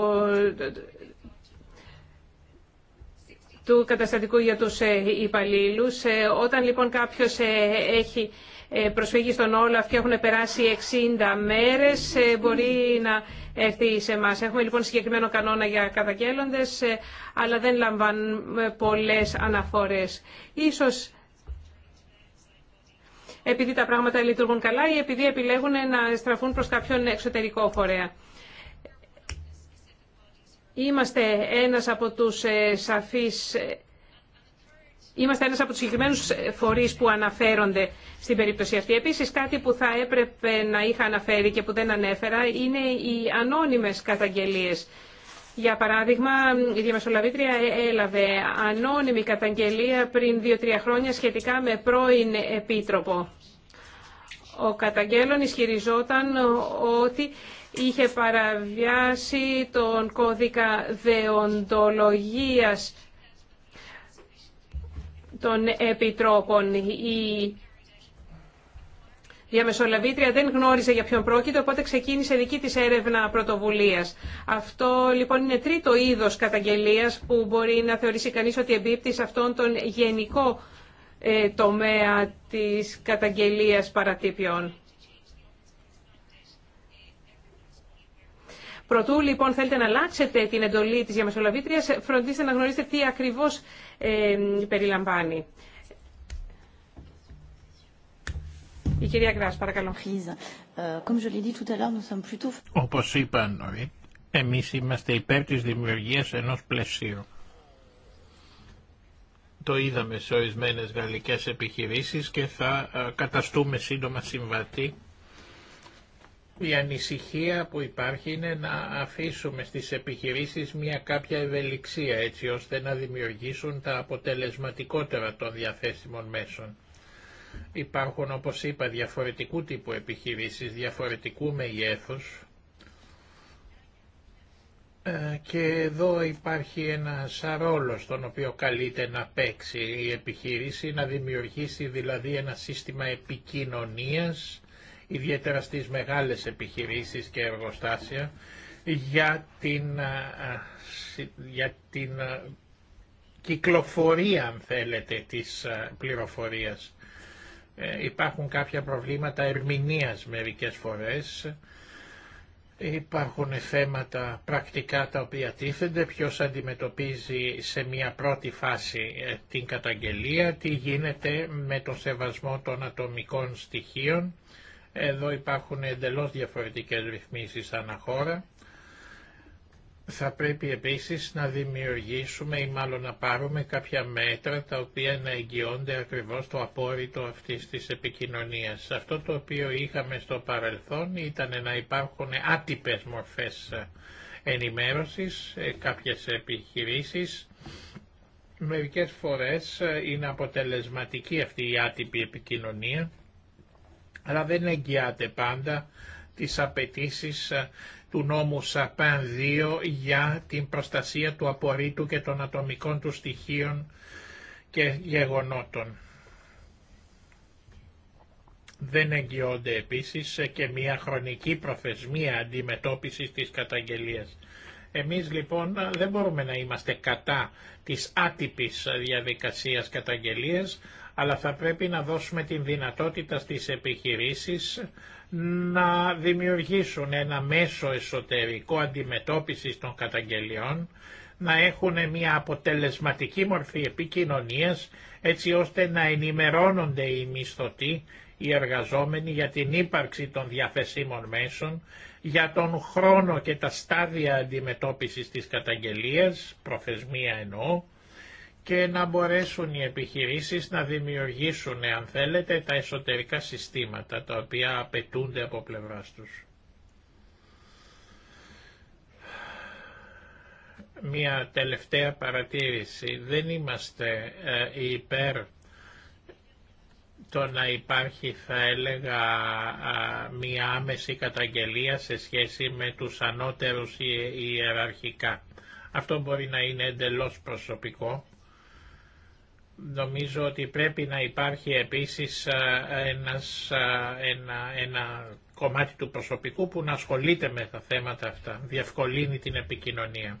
του καταστατικού για τους ε, υπαλλήλους. Όταν λοιπόν κάποιος έχει προσφύγει στον Όλαφ και έχουν περάσει 60 μέρες, μπορεί να έρθει σε εμά. Έχουμε λοιπόν συγκεκριμένο κανόνα για καταγγέλλοντες, αλλά δεν λαμβάνουμε πολλές αναφορές. Ίσως επειδή τα πράγματα λειτουργούν καλά ή επειδή επιλέγουν να στραφούν προς κάποιον εξωτερικό φορέα. Είμαστε ένας από τους ε, σαφείς ε, Είμαστε ένας από τους συγκεκριμένους φορείς που αναφέρονται στην περίπτωση αυτή. Επίσης, κάτι που θα έπρεπε να είχα αναφέρει και που δεν ανέφερα είναι οι ανώνυμες καταγγελίες. Για παράδειγμα, η διαμεσολαβήτρια έλαβε ανώνυμη καταγγελία πριν δύο-τρία χρόνια σχετικά με πρώην επίτροπο. Ο καταγγέλων ισχυριζόταν ότι είχε παραβιάσει τον κώδικα δεοντολογίας των επιτρόπων. Η διαμεσολαβήτρια δεν γνώριζε για ποιον πρόκειται, οπότε ξεκίνησε δική της έρευνα πρωτοβουλίας. Αυτό λοιπόν είναι τρίτο είδος καταγγελίας που μπορεί να θεωρήσει κανείς ότι εμπίπτει σε αυτόν τον γενικό ε, τομέα της καταγγελίας παρατύπιων. Προτού λοιπόν θέλετε να αλλάξετε την εντολή της διαμεσολαβήτριας, φροντίστε να γνωρίσετε τι ακριβώς ε, περιλαμβάνει. Η κυρία Γκράς, παρακαλώ. Ε, Όπως είπα νωρί, εμείς είμαστε υπέρ της δημιουργίας ενός πλαισίου. Το είδαμε σε ορισμένε γαλλικές επιχειρήσεις και θα ε, καταστούμε σύντομα συμβατή. Η ανησυχία που υπάρχει είναι να αφήσουμε στις επιχειρήσεις μια κάποια ευελιξία έτσι ώστε να δημιουργήσουν τα αποτελεσματικότερα των διαθέσιμων μέσων. Υπάρχουν όπως είπα διαφορετικού τύπου επιχειρήσεις, διαφορετικού μεγέθους ε, και εδώ υπάρχει ένα ρόλος τον οποίο καλείται να παίξει η επιχείρηση, να δημιουργήσει δηλαδή ένα σύστημα επικοινωνίας, ιδιαίτερα στις μεγάλες επιχειρήσεις και εργοστάσια, για την, ε, ε, για την κυκλοφορία αν θέλετε της πληροφορίας. Ε, υπάρχουν κάποια προβλήματα ερμηνείας μερικές φορές, υπάρχουν θέματα πρακτικά τα οποία τίθενται, ποιος αντιμετωπίζει σε μια πρώτη φάση ε, την καταγγελία, τι γίνεται με τον σεβασμό των ατομικών στοιχείων, εδώ υπάρχουν εντελώς διαφορετικές ρυθμίσεις ανά χώρα θα πρέπει επίσης να δημιουργήσουμε ή μάλλον να πάρουμε κάποια μέτρα τα οποία να εγγυώνται ακριβώς το απόρριτο αυτής της επικοινωνίας. Αυτό το οποίο είχαμε στο παρελθόν ήταν να υπάρχουν άτυπες μορφές ενημέρωσης, ε, κάποιες επιχειρήσεις. Μερικές φορές ε, είναι αποτελεσματική αυτή η άτυπη επικοινωνία, αλλά δεν εγγυάται πάντα τις απαιτήσει ε, του νόμου ΣΑΠΑΝ 2 για την προστασία του απορρίτου και των ατομικών του στοιχείων και γεγονότων. Δεν εγγυώνται επίσης και μια χρονική προθεσμία αντιμετώπισης της καταγγελίας. Εμείς λοιπόν δεν μπορούμε να είμαστε κατά της άτυπης διαδικασίας καταγγελίας, αλλά θα πρέπει να δώσουμε την δυνατότητα στις επιχειρήσεις να δημιουργήσουν ένα μέσο εσωτερικό αντιμετώπισης των καταγγελιών, να έχουν μια αποτελεσματική μορφή επικοινωνίας έτσι ώστε να ενημερώνονται οι μισθωτοί, οι εργαζόμενοι για την ύπαρξη των διαθεσίμων μέσων, για τον χρόνο και τα στάδια αντιμετώπισης της καταγγελίας, προθεσμία εννοώ, και να μπορέσουν οι επιχειρήσεις να δημιουργήσουν, αν θέλετε, τα εσωτερικά συστήματα τα οποία απαιτούνται από πλευράς τους. Μια τελευταία παρατήρηση. Δεν είμαστε ε, υπέρ το να υπάρχει θα έλεγα μία άμεση καταγγελία σε σχέση με τους ανώτερους ιεραρχικά. Αυτό μπορεί να είναι εντελώς προσωπικό Νομίζω ότι πρέπει να υπάρχει επίσης ε, ένας, ε, ένα, ένα κομμάτι του προσωπικού που να ασχολείται με τα θέματα αυτά, διευκολύνει την επικοινωνία.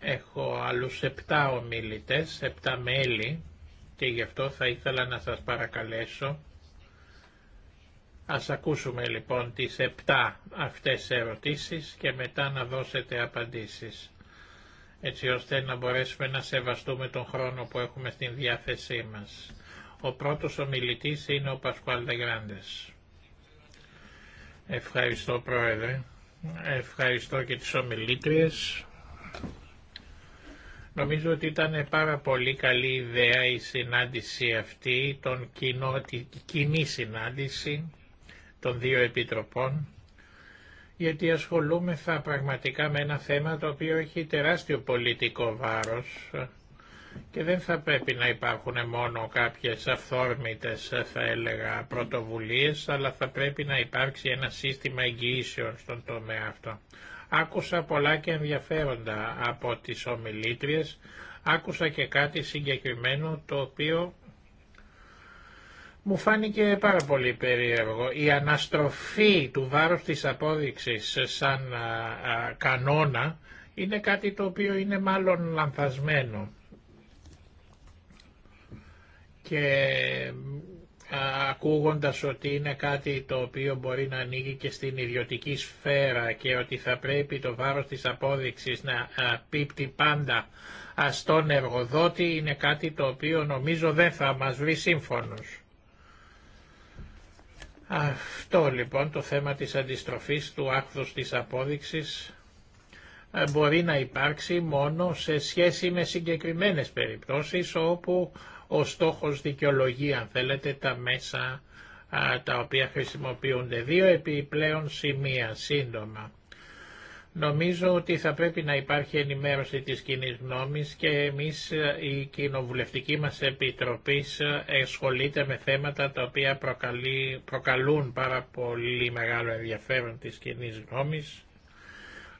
Έχω άλλους 7 ομιλητές, 7 μέλη και γι' αυτό θα ήθελα να σας παρακαλέσω. Ας ακούσουμε λοιπόν τις 7 αυτές ερωτήσεις και μετά να δώσετε απαντήσεις έτσι ώστε να μπορέσουμε να σεβαστούμε τον χρόνο που έχουμε στην διάθεσή μας. Ο πρώτος ομιλητής είναι ο Πασκουάλ Δεγράντες. Ευχαριστώ Πρόεδρε. Ευχαριστώ και τις ομιλήτριες. Νομίζω ότι ήταν πάρα πολύ καλή ιδέα η συνάντηση αυτή, τον κοινό, την κοινή συνάντηση των δύο επιτροπών γιατί ασχολούμεθα πραγματικά με ένα θέμα το οποίο έχει τεράστιο πολιτικό βάρος και δεν θα πρέπει να υπάρχουν μόνο κάποιες αυθόρμητες θα έλεγα πρωτοβουλίες αλλά θα πρέπει να υπάρξει ένα σύστημα εγγυήσεων στον τομέα αυτό. Άκουσα πολλά και ενδιαφέροντα από τις ομιλήτριες, άκουσα και κάτι συγκεκριμένο το οποίο μου φάνηκε πάρα πολύ περίεργο. Η αναστροφή του βάρους της απόδειξης σαν κανόνα είναι κάτι το οποίο είναι μάλλον λανθασμένο. Και α, ακούγοντας ότι είναι κάτι το οποίο μπορεί να ανοίγει και στην ιδιωτική σφαίρα και ότι θα πρέπει το βάρος της απόδειξης να πίπτει πάντα στον εργοδότη είναι κάτι το οποίο νομίζω δεν θα μας βρει σύμφωνος. Αυτό λοιπόν το θέμα της αντιστροφής του άκθους της απόδειξης ε, μπορεί να υπάρξει μόνο σε σχέση με συγκεκριμένες περιπτώσεις όπου ο στόχος δικαιολογεί αν θέλετε τα μέσα τα οποία χρησιμοποιούνται. Δύο επιπλέον σημεία σύντομα. Νομίζω ότι θα πρέπει να υπάρχει ενημέρωση της κοινή γνώμης και εμείς ε, η κοινοβουλευτική μας επιτροπή ε, ασχολείται με θέματα τα οποία προκαλούν πάρα πολύ μεγάλο ενδιαφέρον της κοινή γνώμης.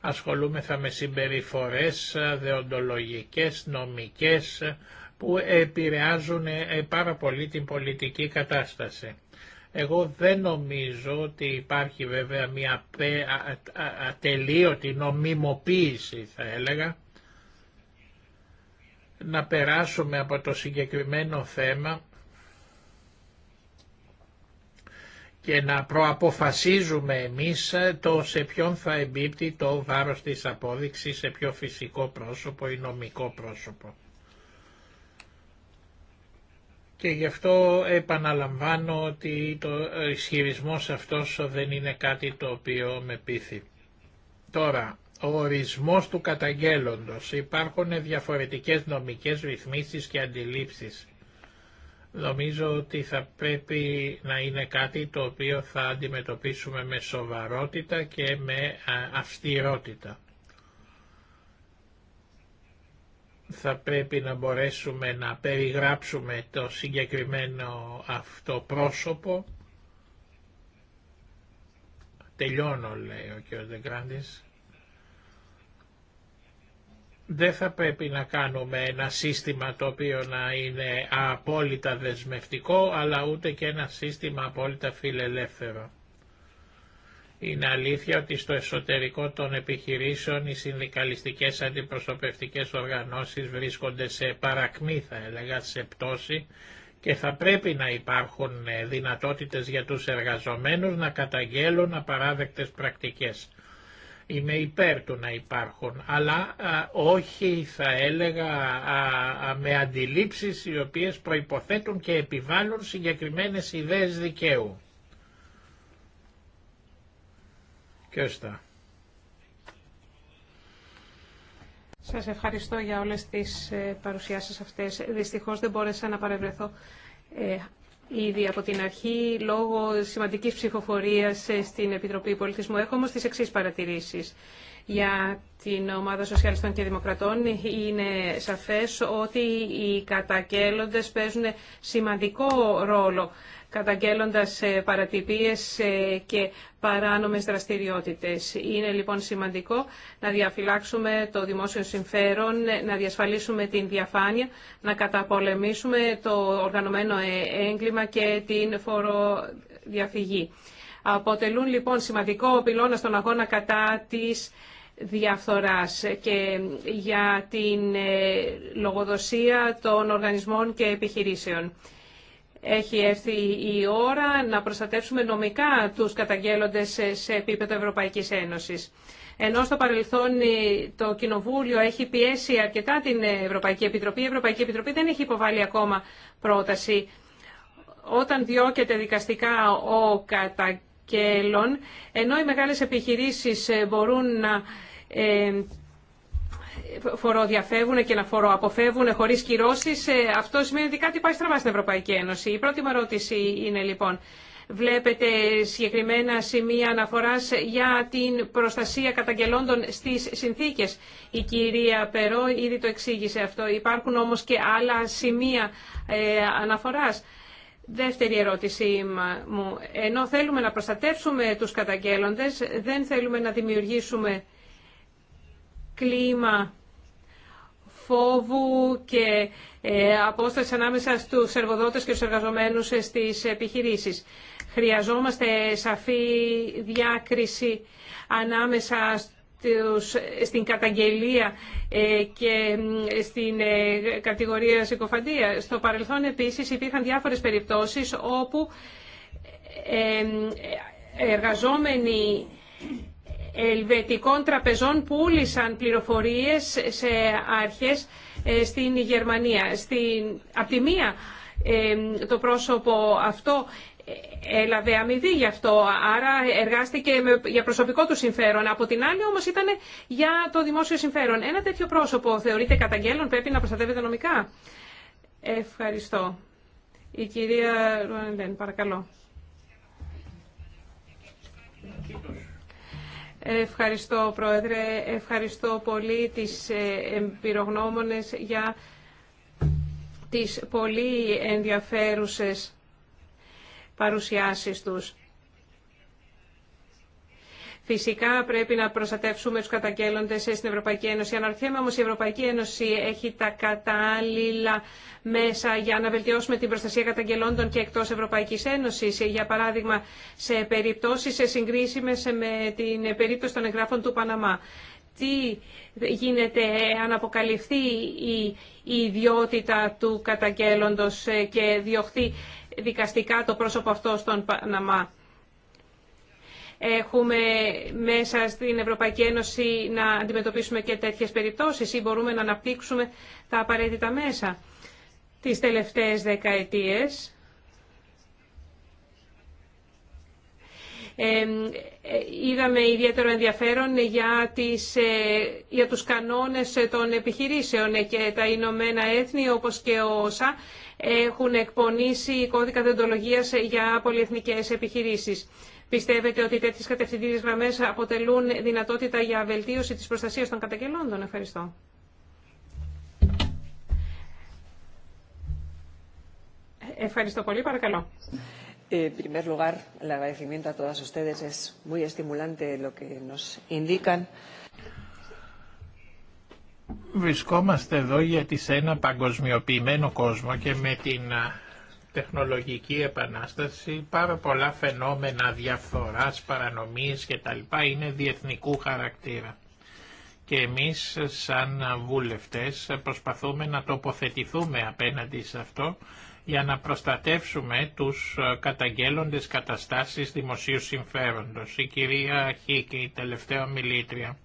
Ασχολούμεθα με συμπεριφορές ε, δεοντολογικές, νομικές που επηρεάζουν πάρα πολύ την πολιτική κατάσταση. Εγώ δεν νομίζω ότι υπάρχει βέβαια μια ατελείωτη νομιμοποίηση θα έλεγα να περάσουμε από το συγκεκριμένο θέμα και να προαποφασίζουμε εμείς το σε ποιον θα εμπίπτει το βάρος της απόδειξης, σε ποιο φυσικό πρόσωπο ή νομικό πρόσωπο. Και γι' αυτό επαναλαμβάνω ότι το ισχυρισμό αυτός δεν είναι κάτι το οποίο με πείθει. Τώρα, ο ορισμός του καταγγέλλοντος. Υπάρχουν διαφορετικές νομικές ρυθμίσεις και αντιλήψεις. Νομίζω ότι θα πρέπει να είναι κάτι το οποίο θα αντιμετωπίσουμε με σοβαρότητα και με αυστηρότητα. θα πρέπει να μπορέσουμε να περιγράψουμε το συγκεκριμένο αυτό πρόσωπο. Τελειώνω λέει ο κ. Δεγκράντης. Δεν θα πρέπει να κάνουμε ένα σύστημα το οποίο να είναι απόλυτα δεσμευτικό, αλλά ούτε και ένα σύστημα απόλυτα φιλελεύθερο. Είναι αλήθεια ότι στο εσωτερικό των επιχειρήσεων οι συνδικαλιστικές αντιπροσωπευτικές οργανώσεις βρίσκονται σε παρακμή θα έλεγα, σε πτώση και θα πρέπει να υπάρχουν ε, δυνατότητες για τους εργαζομένους να καταγγέλουν απαράδεκτες πρακτικές. Είμαι υπέρ του να υπάρχουν, αλλά όχι θα έλεγα με αντιλήψεις οι οποίες προϋποθέτουν και επιβάλλουν συγκεκριμένες ιδέες δικαίου. και Σας ευχαριστώ για όλες τις ε, παρουσιάσεις αυτές. Δυστυχώς δεν μπόρεσα να παρευρεθώ ε, ήδη από την αρχή λόγω σημαντικής ψυχοφορίας ε, στην Επιτροπή Πολιτισμού. Έχω όμως τις εξής παρατηρήσεις. Για την ομάδα Σοσιαλιστών και Δημοκρατών είναι σαφές ότι οι κατακέλλοντες παίζουν σημαντικό ρόλο καταγγέλλοντας ε, παρατυπίες ε, και παράνομες δραστηριότητες. Είναι λοιπόν σημαντικό να διαφυλάξουμε το δημόσιο συμφέρον, να διασφαλίσουμε την διαφάνεια, να καταπολεμήσουμε το οργανωμένο ε, έγκλημα και την φοροδιαφυγή. Αποτελούν λοιπόν σημαντικό πυλώνα στον αγώνα κατά της διαφθοράς και για την λογοδοσία των οργανισμών και επιχειρήσεων έχει έρθει η ώρα να προστατεύσουμε νομικά τους καταγγέλλοντες σε επίπεδο Ευρωπαϊκής Ένωσης. Ενώ στο παρελθόν ε, το Κοινοβούλιο έχει πιέσει αρκετά την Ευρωπαϊκή Επιτροπή, η Ευρωπαϊκή Επιτροπή δεν έχει υποβάλει ακόμα πρόταση. Όταν διώκεται δικαστικά ο καταγγέλλον, ενώ οι μεγάλες επιχειρήσεις ε, μπορούν να ε, φοροδιαφεύγουν και να φοροαποφεύγουν χωρίς κυρώσεις, ε, αυτό σημαίνει ότι κάτι πάει στραβά στην Ευρωπαϊκή Ένωση. Η πρώτη μου ερώτηση είναι λοιπόν, βλέπετε συγκεκριμένα σημεία αναφοράς για την προστασία καταγγελόντων στις συνθήκες. Η κυρία Περό ήδη το εξήγησε αυτό. Υπάρχουν όμως και άλλα σημεία ε, αναφοράς. Δεύτερη ερώτησή μου. Ενώ θέλουμε να προστατεύσουμε τους καταγγέλλοντες, δεν θέλουμε να δημιουργήσουμε κλίμα φόβου και ε, απόσταση ανάμεσα στους εργοδότες και τους εργαζομένους ε, στις επιχειρήσεις. Χρειαζόμαστε σαφή διάκριση ανάμεσα στην καταγγελία ε, και στην κατηγορία συκοφαντία. Στο παρελθόν επίσης υπήρχαν διάφορες περιπτώσεις όπου εργαζόμενοι ελβετικών τραπεζών πούλησαν πληροφορίες σε αρχές ε, στην Γερμανία. Στην... Απ' τη μία ε, το πρόσωπο αυτό ε, έλαβε αμοιβή γι' αυτό, άρα εργάστηκε για προσωπικό του συμφέρον. Από την άλλη όμως ήταν για το δημόσιο συμφέρον. Ένα τέτοιο πρόσωπο θεωρείται καταγγέλων, πρέπει να προστατεύεται νομικά. Ευχαριστώ. Η κυρία Ρουανελέν, παρακαλώ. Ευχαριστώ, Πρόεδρε. Ευχαριστώ πολύ τις ε, εμπειρογνώμονες για τις πολύ ενδιαφέρουσες παρουσιάσεις τους. Φυσικά πρέπει να προστατεύσουμε του καταγγέλλοντε στην Ευρωπαϊκή Ένωση. Αναρωτιέμαι όμω η Ευρωπαϊκή Ένωση έχει τα κατάλληλα μέσα για να βελτιώσουμε την προστασία καταγγελόντων και εκτό Ευρωπαϊκή Ένωση, Για παράδειγμα, σε περιπτώσει συγκρίσιμε με την περίπτωση των εγγράφων του Παναμά τι γίνεται αν αποκαλυφθεί η, η ιδιότητα του καταγγέλλοντος και διωχθεί δικαστικά το πρόσωπο αυτό στον Παναμά. Έχουμε μέσα στην Ευρωπαϊκή Ένωση να αντιμετωπίσουμε και τέτοιες περιπτώσεις ή μπορούμε να αναπτύξουμε τα απαραίτητα μέσα. Τις τελευταίες δεκαετίες ε, είδαμε ιδιαίτερο ενδιαφέρον για, τις, ε, για τους κανόνες των επιχειρήσεων και τα Ηνωμένα Έθνη όπως και όσα έχουν εκπονήσει κώδικα δεντολογίας για πολυεθνικές επιχειρήσεις. Πιστεύετε ότι τέτοιες κατευθυντήριες γραμμέ αποτελούν δυνατότητα για βελτίωση τη προστασία των καταγγελόντων. Ευχαριστώ. Ευχαριστώ πολύ. Παρακαλώ. Ε, en primer lugar, el agradecimiento a todas ustedes. Βρισκόμαστε εδώ γιατί σε ένα παγκοσμιοποιημένο κόσμο και με την τεχνολογική επανάσταση, πάρα πολλά φαινόμενα διαφθοράς, παρανομίες κτλ. είναι διεθνικού χαρακτήρα. Και εμείς σαν βουλευτές προσπαθούμε να τοποθετηθούμε απέναντι σε αυτό για να προστατεύσουμε τους καταγγέλλοντες καταστάσεις δημοσίου συμφέροντος. Η κυρία Χίκη, η τελευταία μιλήτρια,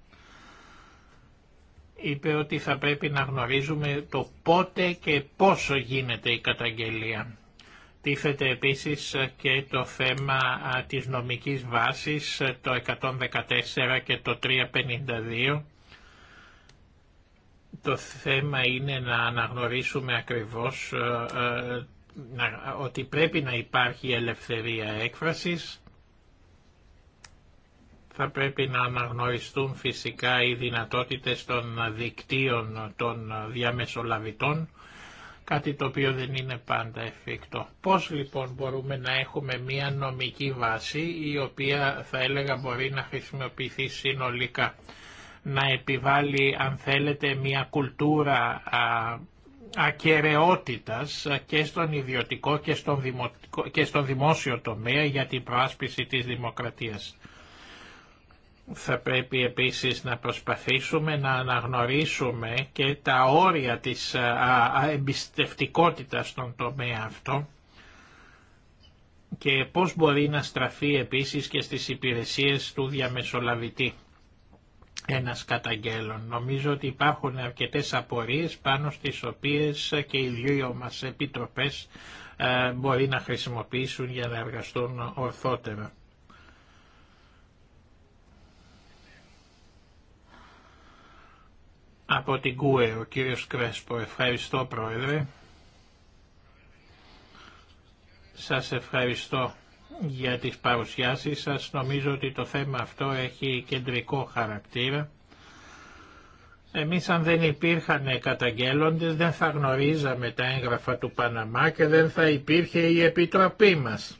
είπε ότι θα πρέπει να γνωρίζουμε το πότε και πόσο γίνεται η καταγγελία. Τίθεται επίσης και το θέμα της νομικής βάσης, το 114 και το 352. Το θέμα είναι να αναγνωρίσουμε ακριβώς ότι πρέπει να υπάρχει ελευθερία έκφρασης. Θα πρέπει να αναγνωριστούν φυσικά οι δυνατότητες των δικτύων των διαμεσολαβητών κάτι το οποίο δεν είναι πάντα εφικτό. Πώς λοιπόν μπορούμε να έχουμε μία νομική βάση η οποία θα έλεγα μπορεί να χρησιμοποιηθεί συνολικά. Να επιβάλλει αν θέλετε μία κουλτούρα α, και στον ιδιωτικό και στον, και στον δημόσιο τομέα για την προάσπιση της δημοκρατίας. Θα πρέπει επίσης να προσπαθήσουμε να αναγνωρίσουμε και τα όρια της εμπιστευτικότητας στον τομέα αυτό και πώς μπορεί να στραφεί επίσης και στις υπηρεσίες του διαμεσολαβητή ένας καταγγέλων. Νομίζω ότι υπάρχουν αρκετές απορίες πάνω στις οποίες και οι δύο μας επιτροπές μπορεί να χρησιμοποιήσουν για να εργαστούν ορθότερα. Από την ΚΟΕ, ο κύριος Κρέσπο. Ευχαριστώ, Πρόεδρε. Σας ευχαριστώ για τις παρουσιάσεις σας. Νομίζω ότι το θέμα αυτό έχει κεντρικό χαρακτήρα. Εμείς αν δεν υπήρχαν καταγγέλλοντες δεν θα γνωρίζαμε τα έγγραφα του Παναμά και δεν θα υπήρχε η Επιτροπή μας.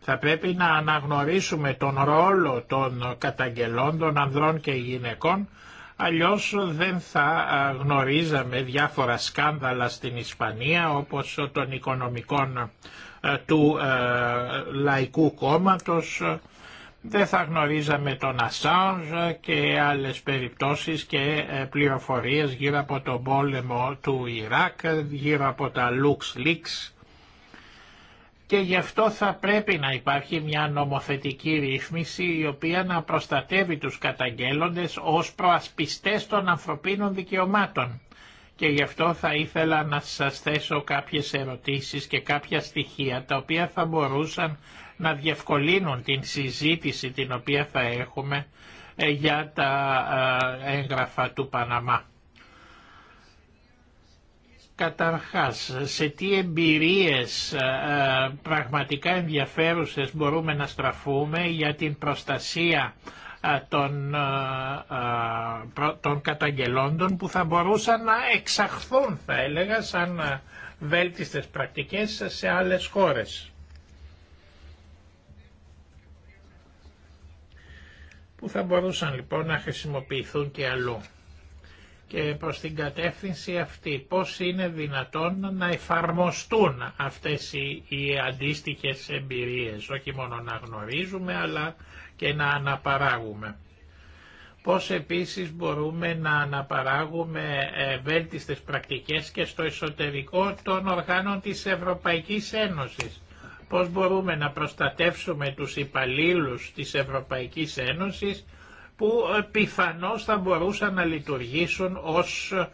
Θα πρέπει να αναγνωρίσουμε τον ρόλο των καταγγελών, των ανδρών και γυναικών Αλλιώς δεν θα γνωρίζαμε διάφορα σκάνδαλα στην Ισπανία όπως των οικονομικών του Λαϊκού Κόμματος, δεν θα γνωρίζαμε τον Ασάνζ και άλλες περιπτώσεις και ε, πληροφορίες γύρω από τον πόλεμο του Ιράκ, γύρω από τα Λουξ λίξ και γι' αυτό θα πρέπει να υπάρχει μια νομοθετική ρύθμιση η οποία να προστατεύει τους καταγγέλλοντες ως προασπιστές των ανθρωπίνων δικαιωμάτων. Και γι' αυτό θα ήθελα να σας θέσω κάποιες ερωτήσεις και κάποια στοιχεία τα οποία θα μπορούσαν να διευκολύνουν την συζήτηση την οποία θα έχουμε ε, για τα ε, έγγραφα του Παναμά. Καταρχάς, σε τι εμπειρίες ε, ε, πραγματικά ενδιαφέρουσες μπορούμε να στραφούμε για την προστασία ε, των, των καταγγελόντων που θα μπορούσαν να εξαχθούν, θα έλεγα, σαν βέλτιστες πρακτικές σε άλλες χώρες. Που θα μπορούσαν λοιπόν να χρησιμοποιηθούν και αλλού και προς την κατεύθυνση αυτή πώς είναι δυνατόν να εφαρμοστούν αυτές οι, οι αντίστοιχες εμπειρίες, όχι μόνο να γνωρίζουμε αλλά και να αναπαράγουμε. Πώς επίσης μπορούμε να αναπαράγουμε ε, βέλτιστες πρακτικές και στο εσωτερικό των οργάνων της Ευρωπαϊκής Ένωσης. Πώς μπορούμε να προστατεύσουμε τους υπαλλήλους της Ευρωπαϊκής Ένωσης που ε, πιθανώς θα μπορούσαν να λειτουργήσουν ως ε,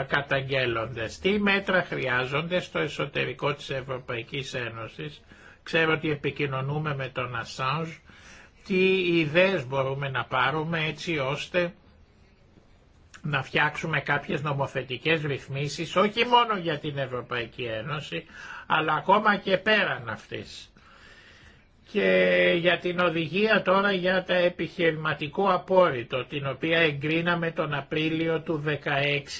ε, καταγγέλλοντες. Τι μέτρα χρειάζονται στο εσωτερικό της Ευρωπαϊκής Ένωσης. Ξέρω ότι επικοινωνούμε με τον Ασάνζ. Τι ιδέες μπορούμε να πάρουμε έτσι ώστε να φτιάξουμε κάποιες νομοθετικές ρυθμίσεις όχι μόνο για την Ευρωπαϊκή Ένωση αλλά ακόμα και πέραν αυτής και για την οδηγία τώρα για τα επιχειρηματικό απόρριτο, την οποία εγκρίναμε τον Απρίλιο του 2016,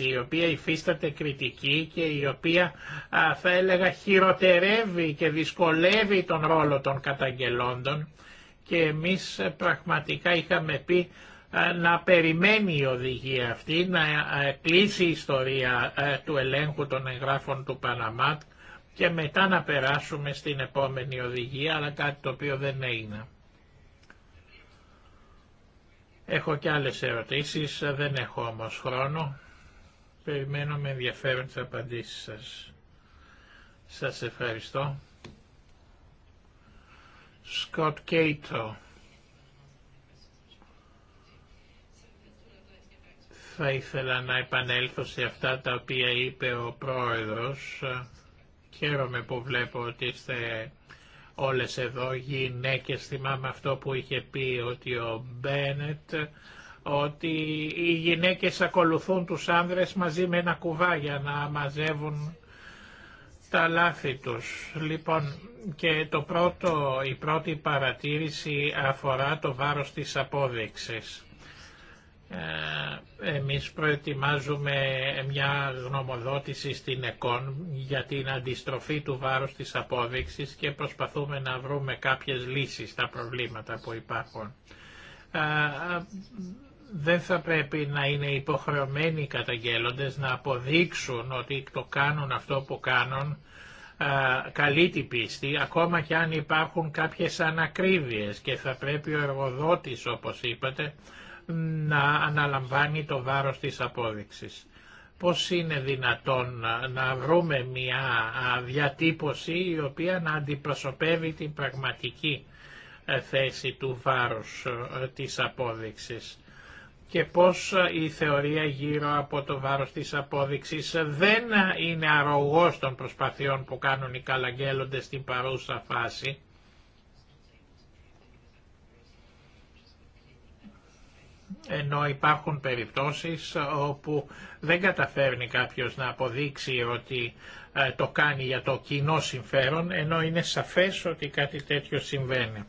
η οποία υφίσταται κριτική και η οποία θα έλεγα χειροτερεύει και δυσκολεύει τον ρόλο των καταγγελόντων και εμείς ε, πραγματικά είχαμε πει ε, να περιμένει η οδηγία αυτή, να ε, κλείσει η ιστορία του ελέγχου των εγγράφων του Παναμάτ και μετά να περάσουμε στην επόμενη οδηγία, αλλά κάτι το οποίο δεν έγινε. Έχω και άλλες ερωτήσεις, δεν έχω όμως χρόνο. Περιμένω με ενδιαφέρον τις απαντήσεις σας. Σας ευχαριστώ. Σκοτ Κέιτο. Θα ήθελα να επανέλθω σε αυτά τα οποία είπε ο πρόεδρος Χαίρομαι που βλέπω ότι είστε όλες εδώ γυναίκες. Θυμάμαι αυτό που είχε πει ότι ο Μπένετ, ότι οι γυναίκες ακολουθούν τους άνδρες μαζί με ένα κουβά για να μαζεύουν τα λάθη τους. Λοιπόν, και το πρώτο, η πρώτη παρατήρηση αφορά το βάρος της απόδειξης. Ε, εμείς προετοιμάζουμε μια γνωμοδότηση στην ΕΚΟΝ για την αντιστροφή του βάρους της απόδειξης και προσπαθούμε να βρούμε κάποιες λύσεις στα προβλήματα που υπάρχουν. Δεν θα πρέπει να είναι υποχρεωμένοι οι καταγγέλλοντες να αποδείξουν ότι το κάνουν αυτό που κάνουν καλή την πίστη, ακόμα και αν υπάρχουν κάποιες ανακρίβειες και θα πρέπει ο εργοδότης, όπως είπατε, να αναλαμβάνει το βάρος της απόδειξης. Πώς είναι δυνατόν να βρούμε μια διατύπωση η οποία να αντιπροσωπεύει την πραγματική ε, θέση του βάρους ε, της απόδειξης και πώς ε, η θεωρία γύρω από το βάρος της απόδειξης δεν είναι αρρωγός των προσπαθειών που κάνουν οι καλαγγέλλοντες στην παρούσα φάση ενώ υπάρχουν περιπτώσεις όπου δεν καταφέρνει κάποιος να αποδείξει ότι ε, το κάνει για το κοινό συμφέρον, ενώ είναι σαφές ότι κάτι τέτοιο συμβαίνει.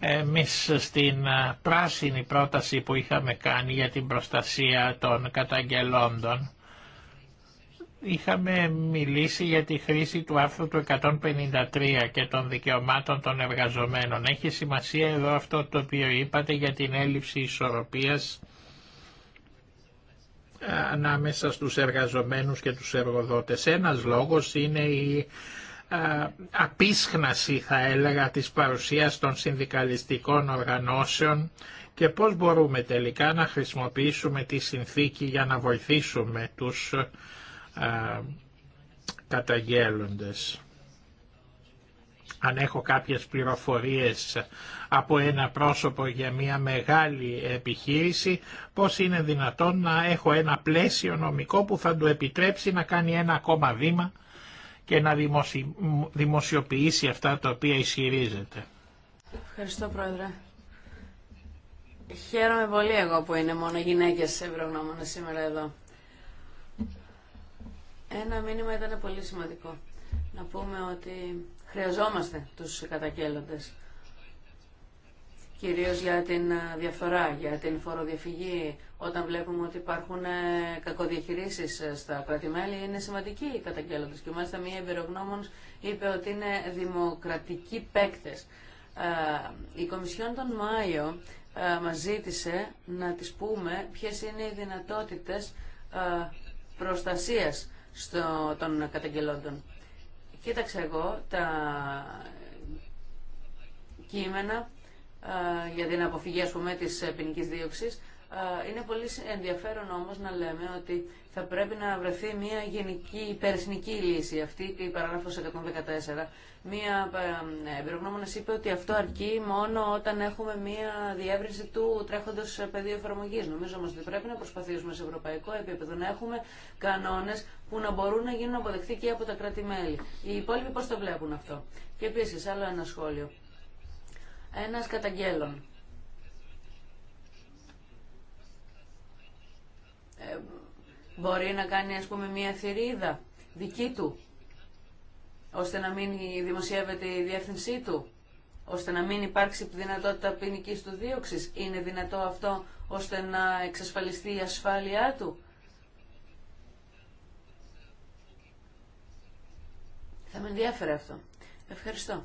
Εμείς στην ε, πράσινη πρόταση που είχαμε κάνει για την προστασία των καταγγελόντων, είχαμε μιλήσει για τη χρήση του άρθρου του 153 και των δικαιωμάτων των εργαζομένων. Έχει σημασία εδώ αυτό το οποίο είπατε για την έλλειψη ισορροπίας ε, ανάμεσα στους εργαζομένους και τους εργοδότες. Ένας λόγος είναι η ε, απίσχναση θα έλεγα της παρουσίας των συνδικαλιστικών οργανώσεων και πώς μπορούμε τελικά να χρησιμοποιήσουμε τη συνθήκη για να βοηθήσουμε τους καταγγέλλοντες. Αν έχω κάποιες πληροφορίες από ένα πρόσωπο για μια μεγάλη επιχείρηση, πώς είναι δυνατόν να έχω ένα πλαίσιο νομικό που θα του επιτρέψει να κάνει ένα ακόμα βήμα και να δημοσιοποιήσει αυτά τα οποία ισχυρίζεται. Ευχαριστώ Πρόεδρε. Χαίρομαι πολύ εγώ που είναι μόνο γυναίκες ευρωγνώμονες σήμερα εδώ. Ένα μήνυμα ήταν πολύ σημαντικό. Να πούμε ότι χρειαζόμαστε τους κατακέλλοντες. Κυρίως για την ε, διαφορά, για την φοροδιαφυγή. Όταν βλέπουμε ότι υπάρχουν ε, κακοδιαχειρήσεις ε, στα κρατημέλη, είναι σημαντικοί οι καταγγέλλοντες. Και μάλιστα μία εμπειρογνώμων είπε ότι είναι δημοκρατικοί παίκτες. Η Κομισιόν τον Μάιο μας ζήτησε να τις πούμε ποιες είναι οι δυνατότητες προστασίας στο, των καταγγελόντων. Κοίταξα εγώ τα κείμενα ε, για την αποφυγή ας πούμε της ποινικής δίωξης είναι πολύ ενδιαφέρον όμως να λέμε ότι θα πρέπει να βρεθεί μια γενική υπερεθνική λύση. Αυτή η παράγραφος 114. Μία μα ε, είπε ότι αυτό αρκεί μόνο όταν έχουμε μία διεύρυνση του τρέχοντο πεδίου εφαρμογή. Νομίζω όμω ότι πρέπει να προσπαθήσουμε σε ευρωπαϊκό επίπεδο να έχουμε κανόνες που να μπορούν να γίνουν αποδεκτοί και από τα κράτη-μέλη. Οι υπόλοιποι πώ το βλέπουν αυτό. Και επίση, άλλο ένα σχόλιο. Ένα καταγγέλων μπορεί να κάνει ας πούμε μια θηρίδα δική του ώστε να μην δημοσιεύεται η διεύθυνσή του ώστε να μην υπάρξει δυνατότητα ποινική του δίωξη. Είναι δυνατό αυτό ώστε να εξασφαλιστεί η ασφάλειά του. Θα με ενδιαφέρει αυτό. Ευχαριστώ.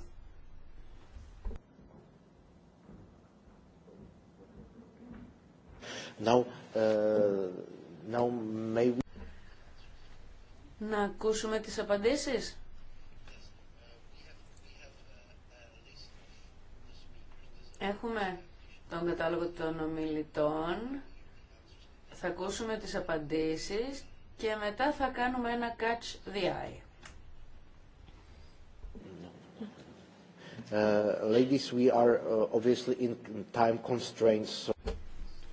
Now, ε, να ακούσουμε τις απαντήσεις. Έχουμε τον κατάλογο των ομιλητών. Θα ακούσουμε τις απαντήσεις και μετά θα κάνουμε ένα catch the eye. Uh, we are uh,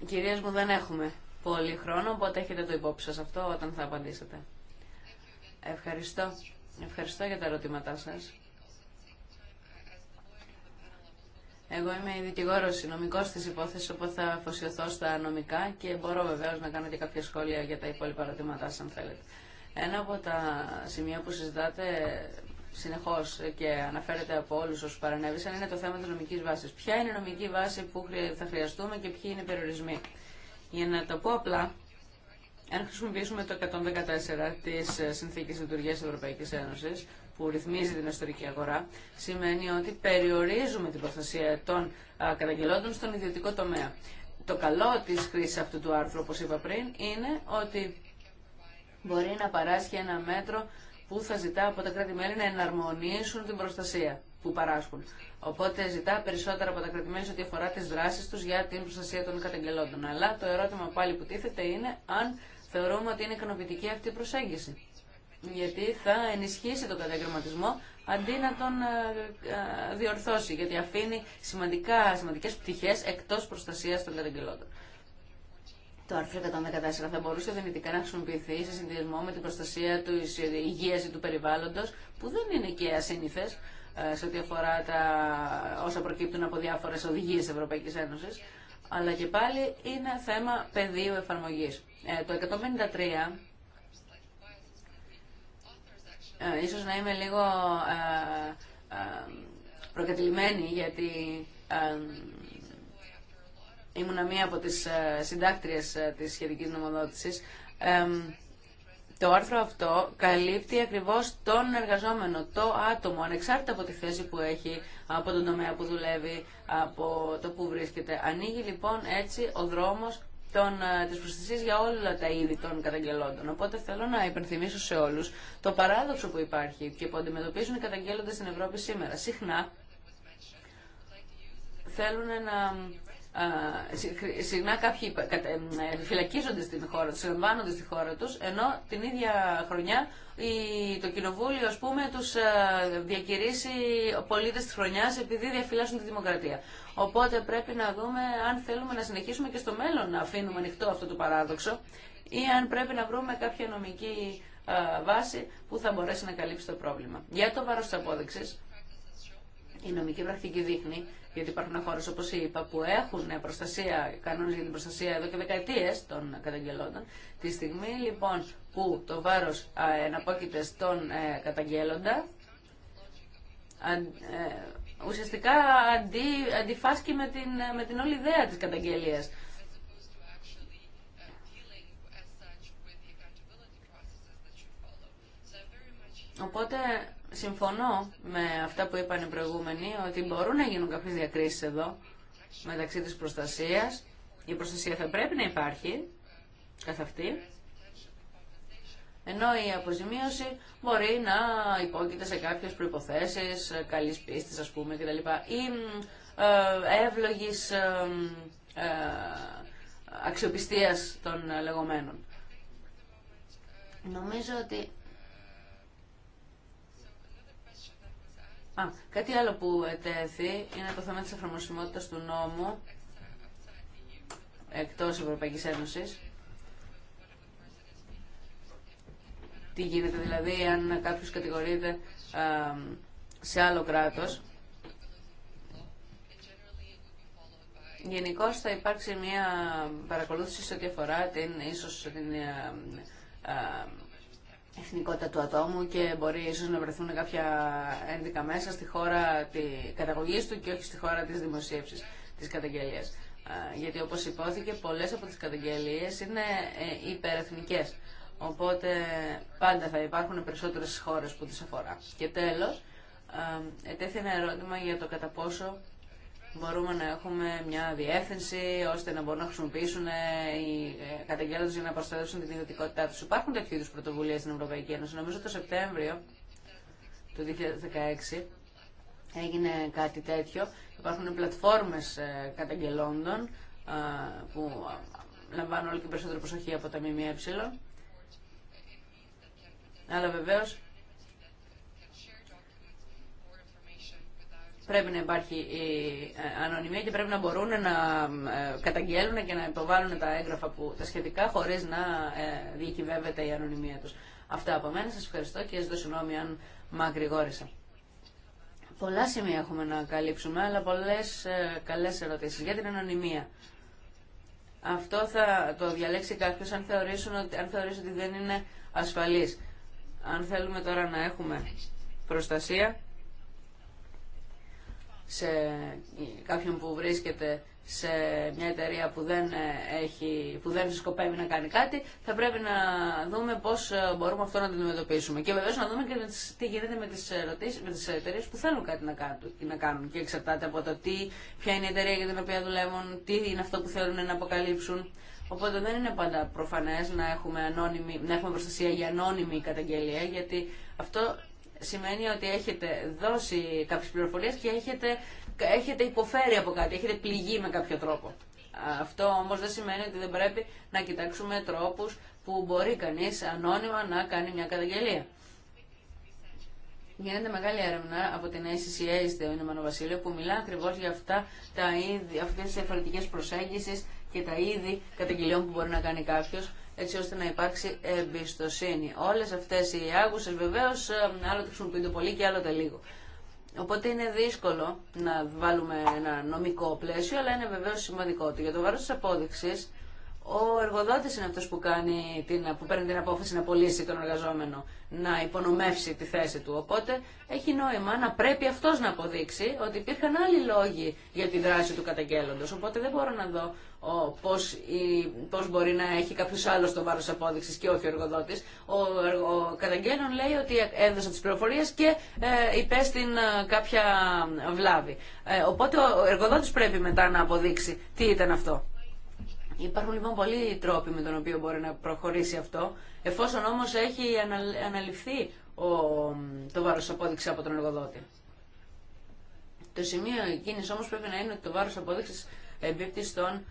Κυρίες μου, δεν έχουμε πολύ χρόνο, οπότε έχετε το υπόψη σας αυτό όταν θα απαντήσετε. Ευχαριστώ. Ευχαριστώ για τα ερωτήματά σας. Εγώ είμαι η δικηγόρο νομικό τη υπόθεση, οπότε θα αφοσιωθώ στα νομικά και μπορώ βεβαίω να κάνω και κάποια σχόλια για τα υπόλοιπα ερωτήματά σα, αν θέλετε. Ένα από τα σημεία που συζητάτε συνεχώ και αναφέρεται από όλου όσου παρανέβησαν είναι το θέμα τη νομική βάση. Ποια είναι η νομική βάση που θα χρειαστούμε και ποιοι είναι οι περιορισμοί. Για να το πω απλά, αν χρησιμοποιήσουμε το 114 τη συνθήκη λειτουργία της Ευρωπαϊκής Ένωσης, που ρυθμίζει την ιστορική αγορά, σημαίνει ότι περιορίζουμε την προστασία των καταγγελόντων στον ιδιωτικό τομέα. Το καλό τη χρήση αυτού του άρθρου, όπω είπα πριν, είναι ότι μπορεί να παράσχει ένα μέτρο που θα ζητά από τα κράτη-μέλη να εναρμονίσουν την προστασία που παράσχουν. Οπότε ζητά περισσότερα από τα κρατημένες ό,τι αφορά τι δράσει του για την προστασία των καταγγελόντων. Αλλά το ερώτημα πάλι που τίθεται είναι αν θεωρούμε ότι είναι ικανοποιητική αυτή η προσέγγιση. Γιατί θα ενισχύσει τον καταγγελματισμό αντί να τον ε, ε, διορθώσει, γιατί αφήνει σημαντικά, σημαντικές πτυχές εκτός προστασίας των καταγγελόντων. Το άρθρο 114 θα μπορούσε δυνητικά να χρησιμοποιηθεί σε συνδυασμό με την προστασία τη υγεία ή του περιβάλλοντο, που δεν είναι και ασύνηθε, ε, σε ό,τι αφορά τα όσα προκύπτουν από διάφορες οδηγίες της Ευρωπαϊκής Ένωσης, αλλά και πάλι είναι θέμα πεδίου εφαρμογής. Ε, το 153 ε, ίσως να είμαι λίγο ε, ε, προκατηλημένη γιατί ε, ήμουνα μία από τις συντάκτριες της σχετικής νομοδότησης. Το άρθρο αυτό καλύπτει ακριβώς τον εργαζόμενο, το άτομο, ανεξάρτητα από τη θέση που έχει, από τον τομέα που δουλεύει, από το που βρίσκεται. Ανοίγει λοιπόν έτσι ο δρόμος των, ε, της προστασίας για όλα τα είδη των καταγγελόντων. Οπότε θέλω να υπενθυμίσω σε όλους το παράδοξο που υπάρχει και που αντιμετωπίζουν οι καταγγέλλοντες στην Ευρώπη σήμερα. Συχνά θέλουν να συχνά κάποιοι ε, φυλακίζονται στην χώρα τους, συμβάνονται στη χώρα τους, ενώ την ίδια χρονιά το κοινοβούλιο, ας πούμε, τους ε, διακηρύσει πολίτε της χρονιάς επειδή διαφυλάσσουν τη δημοκρατία. Οπότε πρέπει να δούμε αν θέλουμε να συνεχίσουμε και στο μέλλον να αφήνουμε ανοιχτό αυτό το παράδοξο ή αν πρέπει να βρούμε κάποια νομική ε, βάση που θα μπορέσει να καλύψει το πρόβλημα. Για το βάρος της απόδειξης, η νομική πρακτική δείχνει γιατί υπάρχουν χώρε όπω είπα που έχουν προστασία, κανόνε για την προστασία εδώ και δεκαετίε των καταγγελόντων. Τη στιγμή λοιπόν που το βάρο εναπόκειται στον ε, καταγγέλλοντα, ε, ουσιαστικά αντί, αντιφάσκει με την, με την όλη ιδέα της καταγγελίας. Οπότε συμφωνώ με αυτά που είπαν οι προηγούμενοι ότι μπορούν να γίνουν κάποιες διακρίσεις εδώ μεταξύ της προστασίας. Η προστασία θα πρέπει να υπάρχει καθ' αυτή, ενώ η αποζημίωση μπορεί να υπόκειται σε κάποιες προϋποθέσεις ε, καλής πίστης ας πούμε κτλ. ή ε, εύλογης ε, ε, αξιοπιστίας των λεγόμενων. Νομίζω ότι Α, κάτι άλλο που ετέθη είναι το θέμα της εφαρμοσιμότητας του νόμου εκτός Ευρωπαϊκής Ένωσης. Τι γίνεται δηλαδή αν κάποιος κατηγορείται σε άλλο κράτος. Γενικώ θα υπάρξει μια παρακολούθηση σε ό,τι αφορά την, ίσως την ε, ε, εθνικότητα του ατόμου και μπορεί ίσως να βρεθούν κάποια ένδικα μέσα στη χώρα τη καταγωγής του και όχι στη χώρα της δημοσίευση της καταγγελίας. Γιατί όπως υπόθηκε πολλέ από τις καταγγελίες είναι ε, υπερεθνικές. Οπότε πάντα θα υπάρχουν περισσότερες χώρες που τις αφορά. Και τέλος, ετέθη ένα ερώτημα για το κατά πόσο μπορούμε να έχουμε μια διεύθυνση ώστε να μπορούν να χρησιμοποιήσουν ε, οι ε, καταγγέλλοντε για να προστατεύσουν την ιδιωτικότητά του. Υπάρχουν τέτοιου είδου πρωτοβουλίε στην Ευρωπαϊκή Ένωση. Νομίζω το Σεπτέμβριο του 2016 έγινε κάτι τέτοιο. Υπάρχουν πλατφόρμες ε, καταγγελόντων που λαμβάνουν όλο και περισσότερο προσοχή από τα ΜΜΕ. Αλλά βεβαίω. Πρέπει να υπάρχει η ε, ανωνυμία και πρέπει να μπορούν να ε, καταγγέλουν και να υποβάλουν τα έγγραφα που, τα σχετικά χωρίς να ε, διακυβεύεται η ανωνυμία τους. Αυτά από μένα. Σας ευχαριστώ και ζητώ συγγνώμη αν μακρηγόρησα. Πολλά σημεία έχουμε να καλύψουμε, αλλά πολλές καλές ερωτήσεις για την ανωνυμία. Αυτό θα το διαλέξει κάποιος αν, θεωρήσουν, ότι δεν είναι ασφαλής. Αν θέλουμε τώρα να έχουμε προστασία, σε κάποιον που βρίσκεται σε μια εταιρεία που δεν, ε, έχει, που δεν σκοπεύει να κάνει κάτι, θα πρέπει να δούμε πώ ε, μπορούμε αυτό να το αντιμετωπίσουμε. Και βεβαίω να δούμε και τι γίνεται με τι ερωτήσεις, με τις εταιρείε που θέλουν κάτι να κάνουν, Και εξαρτάται από το τι, ποια είναι η εταιρεία για την οποία δουλεύουν, τι είναι αυτό που θέλουν να αποκαλύψουν. Οπότε δεν είναι πάντα προφανέ να να έχουμε προστασία για ανώνυμη καταγγελία, γιατί αυτό σημαίνει ότι έχετε δώσει κάποιες πληροφορίες και έχετε, έχετε υποφέρει από κάτι, έχετε πληγεί με κάποιο τρόπο. Αυτό όμως δεν σημαίνει ότι δεν πρέπει να κοιτάξουμε τρόπους που μπορεί κανείς ανώνυμα να κάνει μια καταγγελία. Γίνεται μεγάλη έρευνα από την ACCA στο Ηνωμένο Βασίλειο που μιλά ακριβώ για αυτά τα αυτέ τι διαφορετικέ προσέγγισει και τα είδη καταγγελιών που μπορεί να κάνει κάποιο έτσι ώστε να υπάρξει εμπιστοσύνη. Όλες αυτές οι άγουσες βεβαίως ε, άλλο το χρησιμοποιούνται πολύ και άλλο τα λίγο. Οπότε είναι δύσκολο να βάλουμε ένα νομικό πλαίσιο, αλλά είναι βεβαίως σημαντικό ότι για το βάρος της απόδειξης ο εργοδότης είναι αυτός που, κάνει την, που παίρνει την απόφαση να πωλήσει τον εργαζόμενο, να υπονομεύσει τη θέση του. Οπότε έχει νόημα να πρέπει αυτός να αποδείξει ότι υπήρχαν άλλοι λόγοι για τη δράση του καταγγέλλοντος. Οπότε δεν μπορώ να δω πώ πώς, μπορεί να έχει κάποιος άλλος το βάρος απόδειξη και όχι ο εργοδότης. Ο, ο καταγγέλλον λέει ότι έδωσε τις πληροφορίε και ε, υπέστην ε, κάποια βλάβη. Ε, οπότε ο εργοδότης πρέπει μετά να αποδείξει τι ήταν αυτό. Υπάρχουν λοιπόν πολλοί τρόποι με τον οποίο μπορεί να προχωρήσει αυτό, εφόσον όμως έχει αναλυφθεί ο, το βάρος απόδειξη από τον εργοδότη. Το σημείο εκείνη όμως πρέπει να είναι ότι το βάρος απόδειξης εμπίπτει στον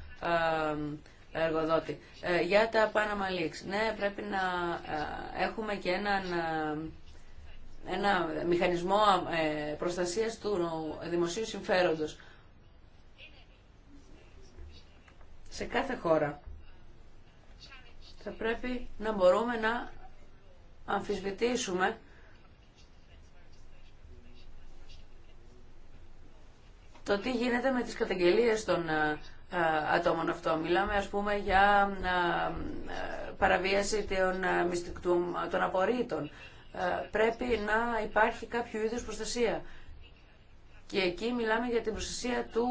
εργοδότη. Ε, για τα Panama Leaks, ναι πρέπει να έχουμε και έναν ένα μηχανισμό ε, προστασίας του δημοσίου συμφέροντος σε κάθε χώρα. Θα πρέπει να μπορούμε να αμφισβητήσουμε το τι γίνεται με τις καταγγελίες των ε, ε, ατόμων αυτό. Μιλάμε ας πούμε για ε, παραβίαση των, των απορρίτων. Πρέπει να υπάρχει κάποιο είδος προστασία. Και εκεί μιλάμε για την προστασία του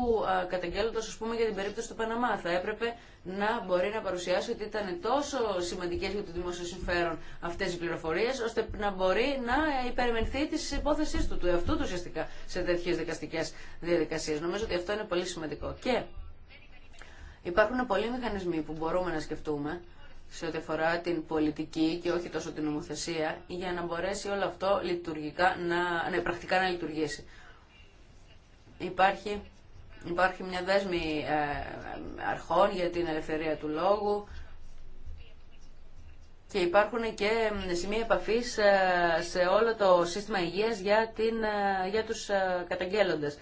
καταγγέλλοντο, α πούμε, για την περίπτωση του Παναμά. Θα έπρεπε να μπορεί να παρουσιάσει ότι ήταν τόσο σημαντικέ για το δημόσιο συμφέρον αυτέ οι πληροφορίε, ώστε να μπορεί να υπερμενθεί τη υπόθεσή του, του εαυτού του ουσιαστικά, σε τέτοιε δικαστικέ διαδικασίε. Νομίζω ότι αυτό είναι πολύ σημαντικό. Και υπάρχουν πολλοί μηχανισμοί που μπορούμε να σκεφτούμε σε ό,τι αφορά την πολιτική και όχι τόσο την νομοθεσία, για να μπορέσει όλο αυτό λειτουργικά να, ναι, πρακτικά να λειτουργήσει. Υπάρχει, υπάρχει μια δέσμη ε, αρχών για την ελευθερία του λόγου και υπάρχουν και σημεία επαφής ε, σε όλο το σύστημα υγείας για, την, ε, για τους καταγγέλλοντες.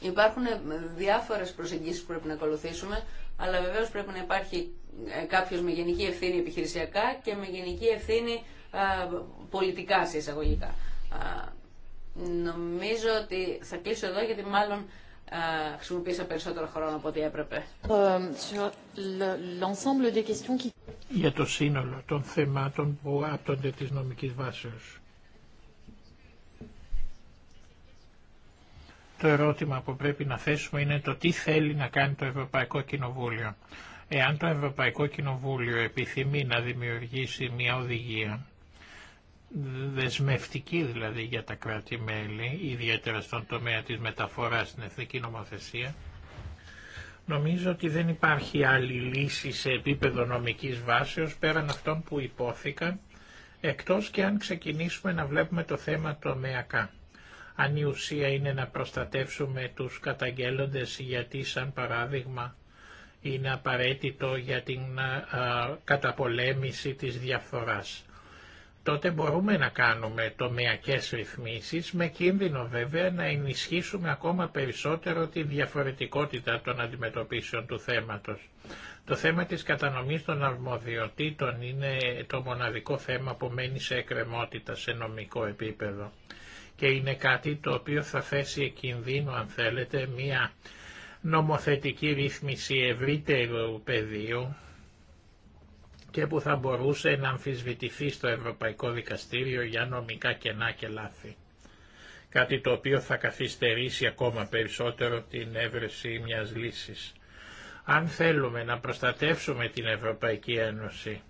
Υπάρχουν διάφορες προσεγγίσεις που πρέπει να ακολουθήσουμε, αλλά βεβαίως πρέπει να υπάρχει κάποιος με γενική ευθύνη επιχειρησιακά και με γενική ευθύνη ε, πολιτικά σε εισαγωγικά. Ε, νομίζω ότι θα κλείσω εδώ γιατί μάλλον ε, χρησιμοποίησα περισσότερο χρόνο από ό,τι έπρεπε. Για το σύνολο των θεμάτων που άπτονται της νομικής βάσεως. Το ερώτημα που πρέπει να θέσουμε είναι το τι θέλει να κάνει το Ευρωπαϊκό Κοινοβούλιο. Εάν το Ευρωπαϊκό Κοινοβούλιο επιθυμεί να δημιουργήσει μια οδηγία δεσμευτική δηλαδή για τα κράτη-μέλη, ιδιαίτερα στον τομέα της μεταφοράς στην εθνική νομοθεσία, νομίζω ότι δεν υπάρχει άλλη λύση σε επίπεδο νομικής βάσεως πέραν αυτών που υπόθηκαν, εκτός και αν ξεκινήσουμε να βλέπουμε το θέμα τομεακά. Αν η ουσία είναι να προστατεύσουμε τους καταγγέλλοντες γιατί σαν παράδειγμα είναι απαραίτητο για την καταπολέμηση της διαφθοράς τότε μπορούμε να κάνουμε τομεακές ρυθμίσεις με κίνδυνο βέβαια να ενισχύσουμε ακόμα περισσότερο τη διαφορετικότητα των αντιμετωπίσεων του θέματος. Το θέμα της κατανομής των αρμοδιοτήτων είναι το μοναδικό θέμα που μένει σε εκκρεμότητα σε νομικό επίπεδο και είναι κάτι το οποίο θα θέσει κινδύνο αν θέλετε μία νομοθετική ρύθμιση ευρύτερου πεδίου και που θα μπορούσε να αμφισβητηθεί στο Ευρωπαϊκό Δικαστήριο για νομικά κενά και λάθη. Κάτι το οποίο θα καθυστερήσει ακόμα περισσότερο την έβρεση μιας λύσης. Αν θέλουμε να προστατεύσουμε την Ευρωπαϊκή Ένωση,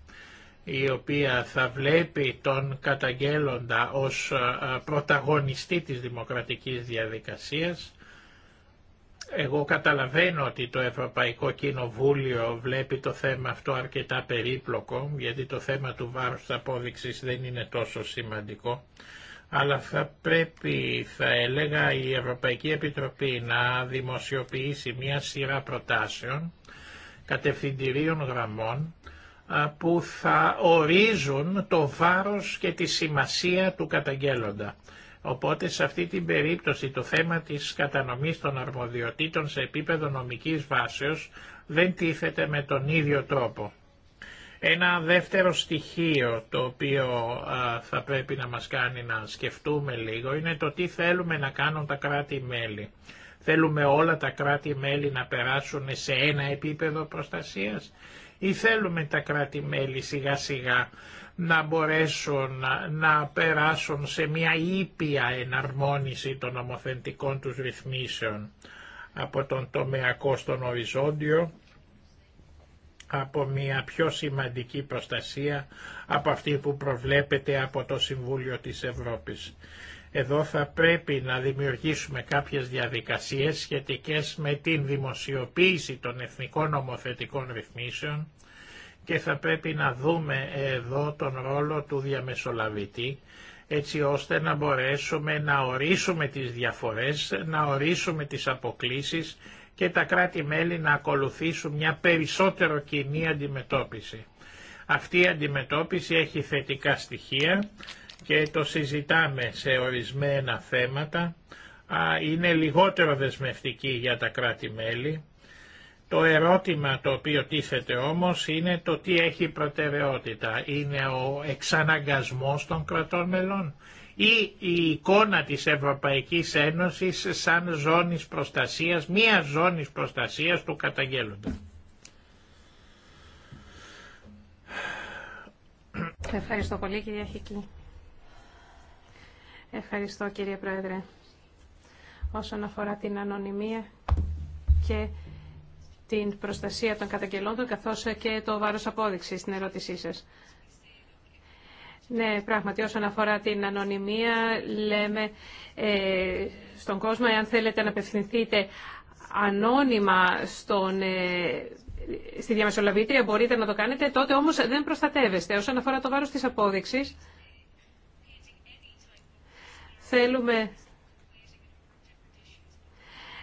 η οποία θα βλέπει τον καταγγέλλοντα ως ε, ε, πρωταγωνιστή της δημοκρατικής διαδικασίας, εγώ καταλαβαίνω ότι το Ευρωπαϊκό Κοινοβούλιο βλέπει το θέμα αυτό αρκετά περίπλοκο, γιατί το θέμα του βάρους της απόδειξης δεν είναι τόσο σημαντικό, αλλά θα πρέπει, θα έλεγα, η Ευρωπαϊκή Επιτροπή να δημοσιοποιήσει μια σειρά προτάσεων, κατευθυντηρίων γραμμών, που θα ορίζουν το βάρος και τη σημασία του καταγγέλλοντα. Οπότε σε αυτή την περίπτωση το θέμα της κατανομής των αρμοδιοτήτων σε επίπεδο νομικής βάσεως δεν τίθεται με τον ίδιο τρόπο. Ένα δεύτερο στοιχείο το οποίο θα πρέπει να μας κάνει να σκεφτούμε λίγο είναι το τι θέλουμε να κάνουν τα κράτη-μέλη. Θέλουμε όλα τα κράτη-μέλη να περάσουν σε ένα επίπεδο προστασίας ή θέλουμε τα κράτη-μέλη σιγά σιγά να μπορέσουν να περάσουν σε μια ήπια εναρμόνιση των νομοθετικών τους ρυθμίσεων από τον τομεακό στον οριζόντιο, από μια πιο σημαντική προστασία από αυτή που προβλέπεται από το Συμβούλιο της Ευρώπης. Εδώ θα πρέπει να δημιουργήσουμε κάποιες διαδικασίες σχετικές με την δημοσιοποίηση των εθνικών νομοθετικών ρυθμίσεων και θα πρέπει να δούμε εδώ τον ρόλο του διαμεσολαβητή έτσι ώστε να μπορέσουμε να ορίσουμε τις διαφορές, να ορίσουμε τις αποκλίσεις και τα κράτη-μέλη να ακολουθήσουν μια περισσότερο κοινή αντιμετώπιση. Αυτή η αντιμετώπιση έχει θετικά στοιχεία και το συζητάμε σε ορισμένα θέματα. Είναι λιγότερο δεσμευτική για τα κράτη-μέλη το ερώτημα το οποίο τίθεται όμως είναι το τι έχει προτεραιότητα. Είναι ο εξαναγκασμός των κρατών μελών ή η εικόνα της Ευρωπαϊκής Ένωσης σαν ζώνης προστασίας, μία ζώνης προστασίας του καταγγέλλοντα. Ευχαριστώ πολύ κυρία Χική. Ευχαριστώ κύριε Πρόεδρε. Όσον αφορά την ανωνυμία και την προστασία των καταγγελόντων καθώς και το βάρος απόδειξης στην ερώτησή σας. Ναι, πράγματι, όσον αφορά την ανωνυμία, λέμε ε, στον κόσμο, εάν θέλετε να απευθυνθείτε ανώνυμα στον, ε, στη διαμεσολαβήτρια, μπορείτε να το κάνετε, τότε όμως δεν προστατεύεστε. Όσον αφορά το βάρος της απόδειξης, θέλουμε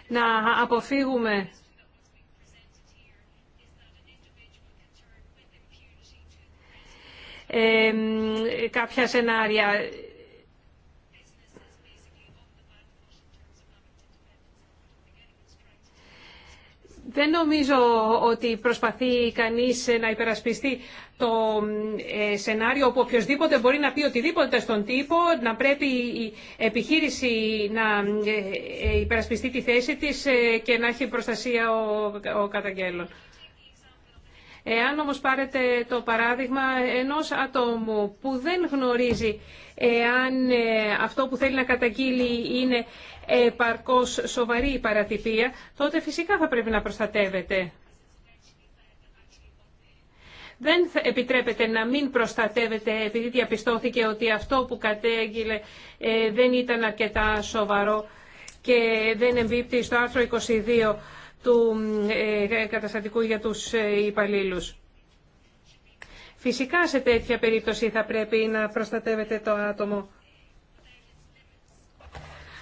να αποφύγουμε κάποια σενάρια. Δεν νομίζω ότι προσπαθεί κανείς να υπερασπιστεί το ε, σενάριο όπου οποιοδήποτε μπορεί να πει οτιδήποτε στον τύπο, να πρέπει η επιχείρηση να ε, ε, υπερασπιστεί τη θέση της και να έχει προστασία ο καταγγέλων. Εάν όμως πάρετε το παράδειγμα ενός ατόμου που δεν γνωρίζει εάν ε, αυτό που θέλει να καταγγείλει είναι παρκώς σοβαρή η παρατυπία, τότε φυσικά θα πρέπει να προστατεύεται. Δεν επιτρέπεται να μην προστατεύεται επειδή διαπιστώθηκε ότι αυτό που κατέγγειλε ε, δεν ήταν αρκετά σοβαρό και δεν εμπίπτει στο άρθρο 22 του ε, καταστατικού για τους ε, υπαλλήλους. Φυσικά σε τέτοια περίπτωση θα πρέπει να προστατεύεται το άτομο.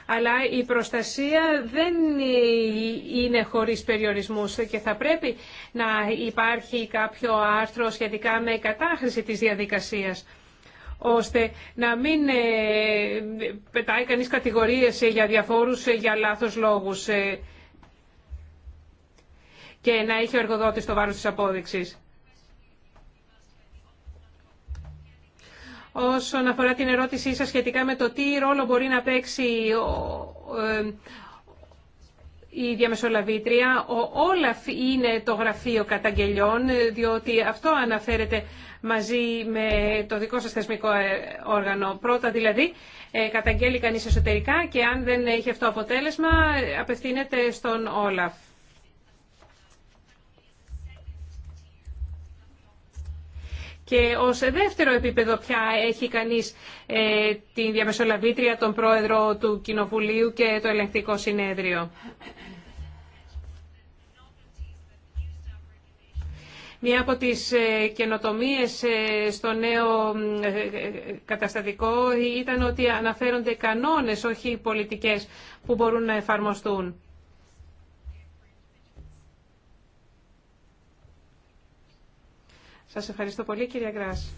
Αλλά η προστασία δεν είναι χωρίς περιορισμούς και θα πρέπει να υπάρχει κάποιο άρθρο σχετικά με κατάχρηση της διαδικασίας ώστε να μην ε, πετάει κανείς κατηγορίες για διαφόρους για λάθος λόγους και να έχει ο εργοδότης το βάρος της απόδειξης. Όσον αφορά την ερώτησή σας σχετικά με το τι ρόλο μπορεί να παίξει ε, η διαμεσολαβήτρια, ο Όλαφ είναι το γραφείο καταγγελιών, διότι αυτό αναφέρεται μαζί με το δικό σας θεσμικό ε, όργανο. Πρώτα δηλαδή ε, καταγγέλει κανείς εσωτερικά και αν δεν έχει αυτό αποτέλεσμα απευθύνεται στον Όλαφ. Και ω δεύτερο επίπεδο πια έχει κανεί ε, τη διαμεσολαβήτρια, τον πρόεδρο του Κοινοβουλίου και το ελεγκτικό συνέδριο. Μία από τις ε, καινοτομίες ε, στο νέο καταστατικό ήταν ότι αναφέρονται κανόνες, όχι πολιτικές, που μπορούν να εφαρμοστούν. Σας ευχαριστώ πολύ κυρία Γκράς.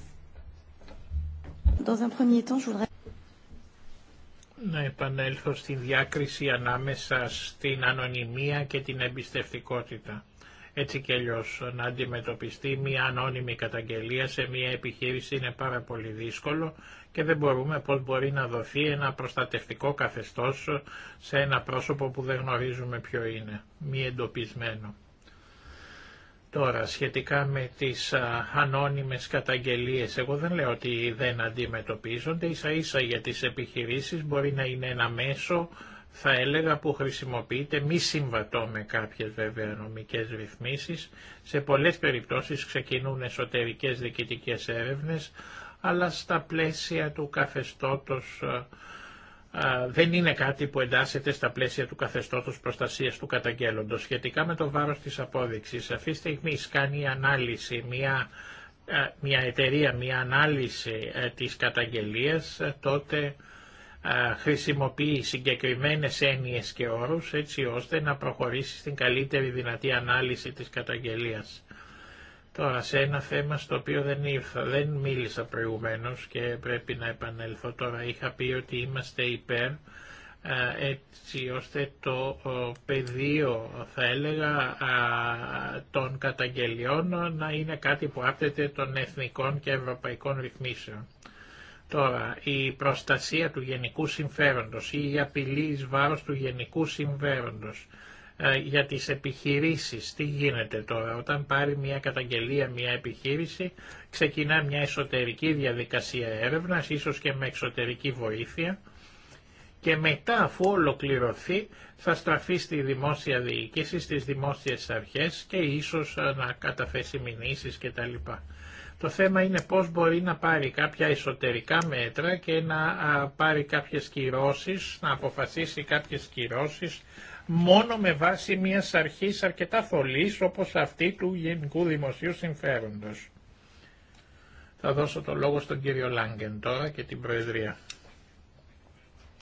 Να επανέλθω στην διάκριση ανάμεσα στην ανωνυμία και την εμπιστευτικότητα. Έτσι κι αλλιώ να αντιμετωπιστεί μια ανώνυμη καταγγελία σε μια επιχείρηση είναι πάρα πολύ δύσκολο και δεν μπορούμε πώς μπορεί να δοθεί ένα προστατευτικό καθεστώς σε ένα πρόσωπο που δεν γνωρίζουμε ποιο είναι, μη εντοπισμένο. Τώρα, σχετικά με τις ανώνυμες καταγγελίες, εγώ δεν λέω ότι δεν αντιμετωπίζονται, ίσα ίσα για τις επιχειρήσεις μπορεί να είναι ένα μέσο, θα έλεγα, που χρησιμοποιείται μη συμβατό με κάποιες βέβαια νομικές ρυθμίσεις. Σε πολλές περιπτώσεις ξεκινούν εσωτερικές διοικητικές έρευνες, αλλά στα πλαίσια του καθεστώτος δεν είναι κάτι που εντάσσεται στα πλαίσια του καθεστώτος προστασίας του καταγγέλλοντος. Σχετικά με το βάρος της απόδειξης, αυτή τη στιγμή κάνει ανάλυση μια, μια εταιρεία, μια ανάλυση της καταγγελίας, τότε χρησιμοποιεί συγκεκριμένες έννοιες και όρους έτσι ώστε να προχωρήσει στην καλύτερη δυνατή ανάλυση της καταγγελίας. Τώρα σε ένα θέμα στο οποίο δεν ήρθα, δεν μίλησα προηγουμένως και πρέπει να επανέλθω. Τώρα είχα πει ότι είμαστε υπέρ έτσι ώστε το πεδίο θα έλεγα των καταγγελιών να είναι κάτι που άπτεται των εθνικών και ευρωπαϊκών ρυθμίσεων. Τώρα, η προστασία του γενικού συμφέροντος ή η απειλή εις βάρος του γενικού συμφέροντος ε, για τις επιχειρήσεις. Τι γίνεται τώρα, όταν πάρει μια καταγγελία μια επιχείρηση, ξεκινά μια εσωτερική διαδικασία έρευνας, ίσως και με εξωτερική βοήθεια, και μετά αφού ολοκληρωθεί θα στραφεί στη δημόσια διοίκηση, στις δημόσιες αρχές και ίσως ε, να καταθέσει μηνύσεις κτλ. Το θέμα είναι πώς μπορεί να πάρει κάποια εσωτερικά μέτρα και να πάρει κάποιες κυρώσεις, να αποφασίσει κάποιες κυρώσεις μόνο με βάση μιας αρχής αρκετά θολής όπως αυτή του Γενικού Δημοσίου Συμφέροντος. Θα δώσω το λόγο στον κύριο Λάγκεν τώρα και την Προεδρία.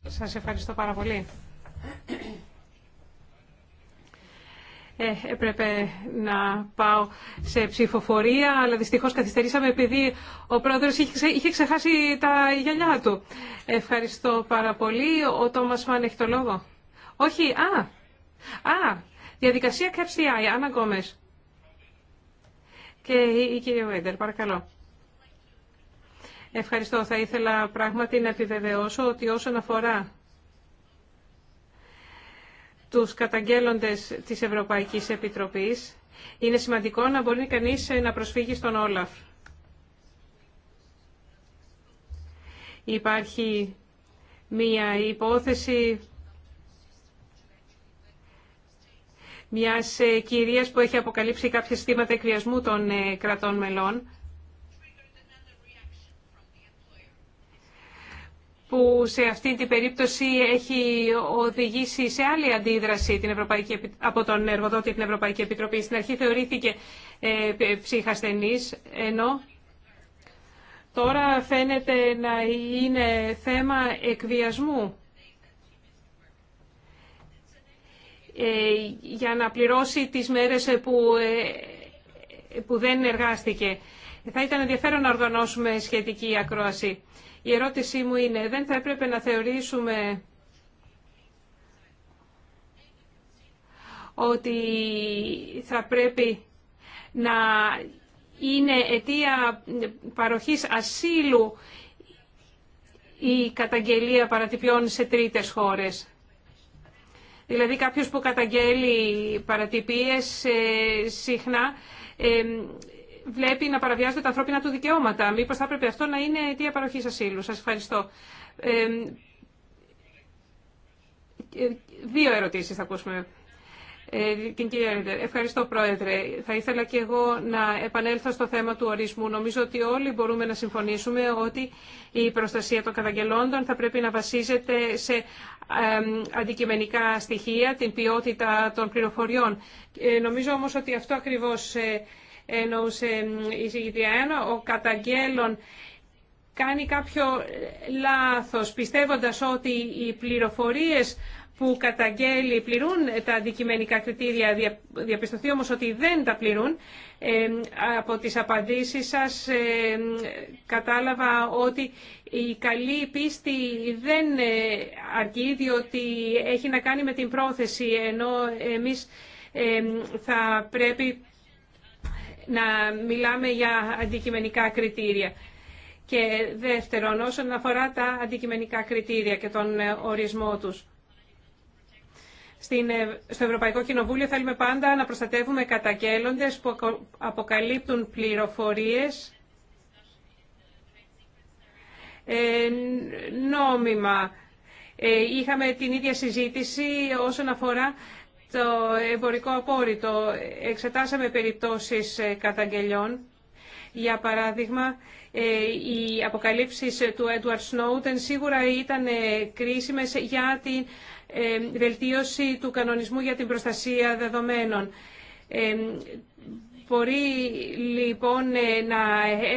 Σας ευχαριστώ πάρα πολύ. Ε, έπρεπε να πάω σε ψηφοφορία, αλλά δυστυχώς καθυστερήσαμε επειδή ο πρόεδρος είχε, ξεχάσει τα γυαλιά του. Ευχαριστώ πάρα πολύ. Ο Τόμας Μαν έχει το λόγο. Όχι, α, Α, διαδικασία Catch Άννα Γκόμες. Και η, η κυρία Βέντερ, παρακαλώ. Ευχαριστώ. Θα ήθελα πράγματι να επιβεβαιώσω ότι όσον αφορά τους καταγγέλλοντες της Ευρωπαϊκής Επιτροπής, είναι σημαντικό να μπορεί κανείς να προσφύγει στον Όλαφ. Υπάρχει μία υπόθεση μιας ε, κυρίας που έχει αποκαλύψει κάποια συστήματα εκβιασμού των ε, κρατών μελών που σε αυτή την περίπτωση έχει οδηγήσει σε άλλη αντίδραση την Ευρωπαϊκή, από τον εργοδότη την Ευρωπαϊκή Επιτροπή. Στην αρχή θεωρήθηκε ε, ενώ τώρα φαίνεται να είναι θέμα εκβιασμού. Ε, για να πληρώσει τις μέρες ε, που, ε, που δεν εργάστηκε. Θα ήταν ενδιαφέρον να οργανώσουμε σχετική ακρόαση. Η ερώτησή μου είναι, δεν θα έπρεπε να θεωρήσουμε ότι θα πρέπει να είναι αιτία παροχής ασύλου η καταγγελία παρατυπιών σε τρίτες χώρες. Δηλαδή κάποιος που καταγγέλει παρατυπίες ε, συχνά ε, βλέπει να παραβιάζονται τα ανθρώπινα του δικαιώματα. Μήπως θα έπρεπε αυτό να είναι αιτία παροχής ασύλου. Σας ευχαριστώ. Ε, δύο ερωτήσεις θα ακούσουμε. Ευχαριστώ, Πρόεδρε. Θα ήθελα και εγώ να επανέλθω στο θέμα του ορισμού. Νομίζω ότι όλοι μπορούμε να συμφωνήσουμε ότι η προστασία των καταγγελόντων θα πρέπει να βασίζεται σε αντικειμενικά στοιχεία, την ποιότητα των πληροφοριών. Ε, νομίζω όμως ότι αυτό ακριβώς ε, εννοούσε η ένα, Ο καταγγέλων κάνει κάποιο λάθος, πιστεύοντας ότι οι πληροφορίες που καταγγέλει πληρούν τα αντικειμενικά κριτήρια, διαπιστωθεί όμως ότι δεν τα πληρούν. Ε, από τις απαντήσεις σας ε, κατάλαβα ότι η καλή πίστη δεν ε, αρκεί διότι έχει να κάνει με την πρόθεση ενώ εμείς θα πρέπει να μιλάμε για αντικειμενικά κριτήρια. Και δεύτερον, όσον αφορά τα αντικειμενικά κριτήρια και τον ορισμό τους. Ε, στο Ευρωπαϊκό Κοινοβούλιο θέλουμε πάντα να προστατεύουμε κατακέλλοντες που αποκαλύπτουν πληροφορίες ε, νόμιμα. Ε, είχαμε την ίδια συζήτηση όσον αφορά το εμπορικό απόρριτο. Εξετάσαμε περιπτώσεις καταγγελιών. Για παράδειγμα, οι αποκαλύψεις του Edward Snowden σίγουρα ήταν κρίσιμες για την ε, βελτίωση του κανονισμού για την προστασία δεδομένων. Ε, μπορεί λοιπόν ε, να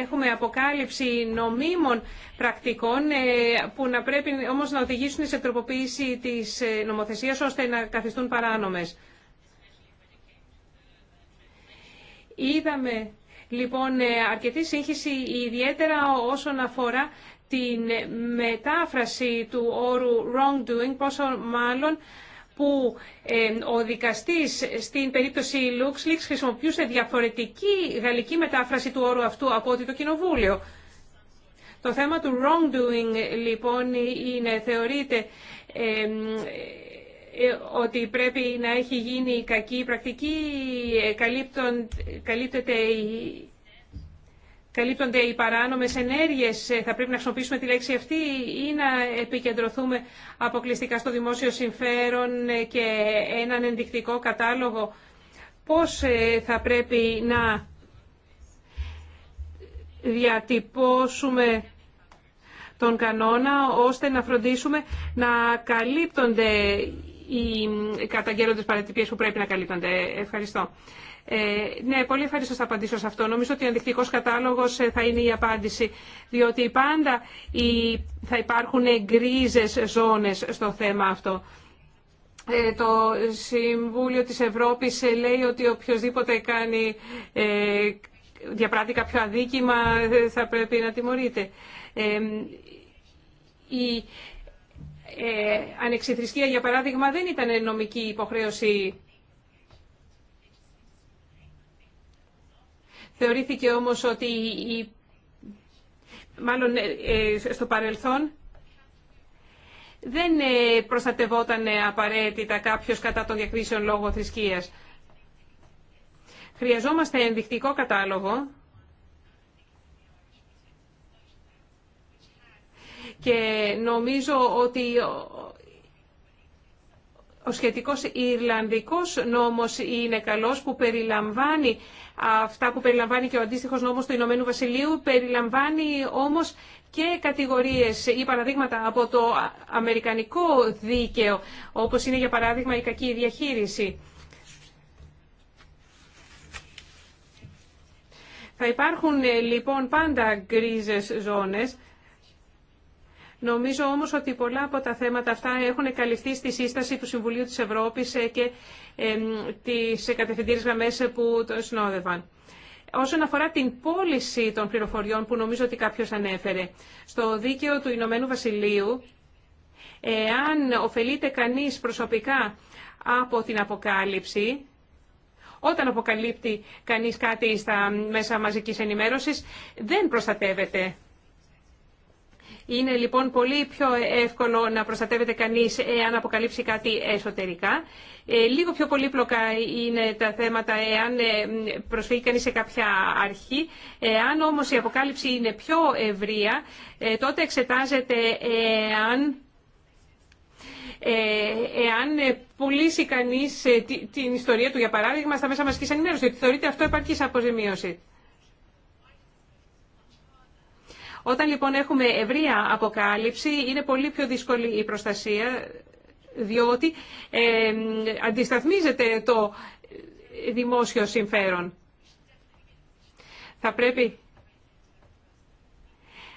έχουμε αποκάλυψη νομίμων πρακτικών που να πρέπει όμως να οδηγήσουν σε τροποποίηση της νομοθεσίας ώστε να καθιστούν παράνομες. Είδαμε λοιπόν αρκετή σύγχυση ιδιαίτερα όσον αφορά την μετάφραση του όρου wrongdoing, πόσο μάλλον που ο δικαστής στην περίπτωση LuxLeaks χρησιμοποιούσε διαφορετική γαλλική μετάφραση του όρου αυτού από ότι το κοινοβούλιο. Το θέμα του wrongdoing, λοιπόν, είναι, θεωρείται ε, ότι πρέπει να έχει γίνει κακή πρακτική, ε, καλύπτεται η καλύπτονται οι παράνομες ενέργειες, ε, θα πρέπει να χρησιμοποιήσουμε τη λέξη αυτή ή να επικεντρωθούμε αποκλειστικά στο δημόσιο συμφέρον ε, και έναν ενδεικτικό κατάλογο. Πώς ε, θα πρέπει να διατυπώσουμε τον κανόνα ώστε να φροντίσουμε να καλύπτονται οι καταγγέλλοντες παρατυπίες που πρέπει να καλύπτονται. Ευχαριστώ. Ε, ναι, πολύ ευχαριστώ θα απαντήσω σε αυτό. Νομίζω ότι ο ενδεικτικό κατάλογο ε, θα είναι η απάντηση. Διότι πάντα θα υπάρχουν γκρίζε ζώνε στο θέμα αυτό. Ε, το Συμβούλιο της Ευρώπης ε, λέει ότι οποιοδήποτε κάνει, ε, διαπράττει κάποιο αδίκημα ε, θα πρέπει να τιμωρείται. Ε, η ε, ανεξιθρησκεία, για παράδειγμα, δεν ήταν νομική υποχρέωση Θεωρήθηκε όμως ότι η... μάλλον ε, ε, στο παρελθόν δεν ε, προστατευόταν απαραίτητα κάποιος κατά των διακρίσεων λόγω θρησκείας. Χρειαζόμαστε ενδεικτικό κατάλογο και νομίζω ότι ο σχετικός Ιρλανδικός νόμος είναι καλός που περιλαμβάνει αυτά που περιλαμβάνει και ο αντίστοιχος νόμος του Ηνωμένου Βασιλείου, περιλαμβάνει όμως και κατηγορίες ή παραδείγματα από το αμερικανικό δίκαιο, όπως είναι για παράδειγμα η κακή διαχείριση. Θα υπάρχουν λοιπόν πάντα γκρίζες ζώνες. Νομίζω όμως ότι πολλά από τα θέματα αυτά έχουν καλυφθεί στη σύσταση του Συμβουλίου της Ευρώπης ε, και τις κατευθυντήρες γραμμές ε, που το συνόδευαν. Όσον αφορά την πώληση των πληροφοριών που νομίζω ότι κάποιος ανέφερε, στο δίκαιο του Ηνωμένου Βασιλείου, εάν ωφελείται κανείς προσωπικά από την αποκάλυψη, όταν αποκαλύπτει κανείς κάτι στα μέσα μαζικής ενημέρωσης, δεν προστατεύεται. Είναι λοιπόν πολύ πιο εύκολο να προστατεύεται κανείς εάν αποκαλύψει κάτι εσωτερικά. Ε, λίγο πιο πολύπλοκα είναι τα θέματα εάν ε, προσφύγει κανείς σε κάποια αρχή. Εάν όμως η αποκάλυψη είναι πιο ευρεία, ε, τότε εξετάζεται εάν εάν πουλήσει κανείς την ιστορία του, για παράδειγμα, στα μέσα μαζικής ενημέρωσης, ότι θεωρείται αυτό επαρκής αποζημίωση. Όταν λοιπόν έχουμε ευρεία αποκάλυψη είναι πολύ πιο δύσκολη η προστασία διότι ε, αντισταθμίζεται το δημόσιο συμφέρον. Θα πρέπει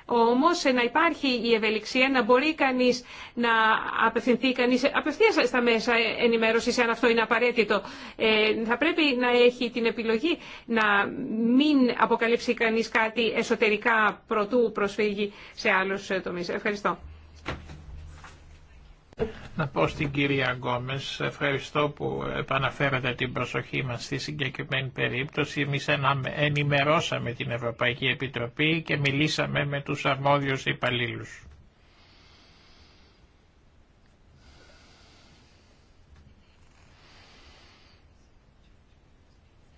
όμως ε, να υπάρχει η ευελιξία, να μπορεί κανείς να απευθυνθεί κανείς απευθείας στα μέσα ενημέρωσης, αν αυτό είναι απαραίτητο. Ε, θα πρέπει να έχει την επιλογή να μην αποκαλύψει κανείς κάτι εσωτερικά προτού προσφύγει σε άλλους ε, τομείς. Ευχαριστώ. Να πω στην κυρία Γκόμες, ευχαριστώ που επαναφέρατε την προσοχή μας στη συγκεκριμένη περίπτωση. Εμείς ενημερώσαμε την Ευρωπαϊκή Επιτροπή και μιλήσαμε με τους αρμόδιους υπαλλήλους.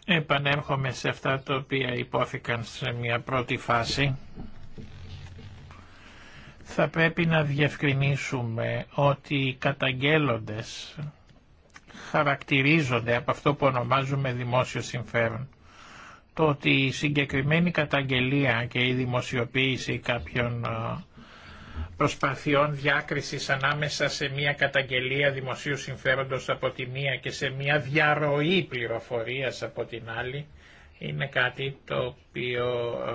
Επανέρχομαι σε αυτά τα οποία υπόθηκαν σε μια πρώτη φάση θα πρέπει να διευκρινίσουμε ότι οι καταγγέλλοντες χαρακτηρίζονται από αυτό που ονομάζουμε δημόσιο συμφέρον. Το ότι η συγκεκριμένη καταγγελία και η δημοσιοποίηση κάποιων προσπαθειών διάκρισης ανάμεσα σε μια καταγγελία δημοσίου συμφέροντος από τη μία και σε μια διαρροή πληροφορίας από την άλλη, είναι κάτι το οποίο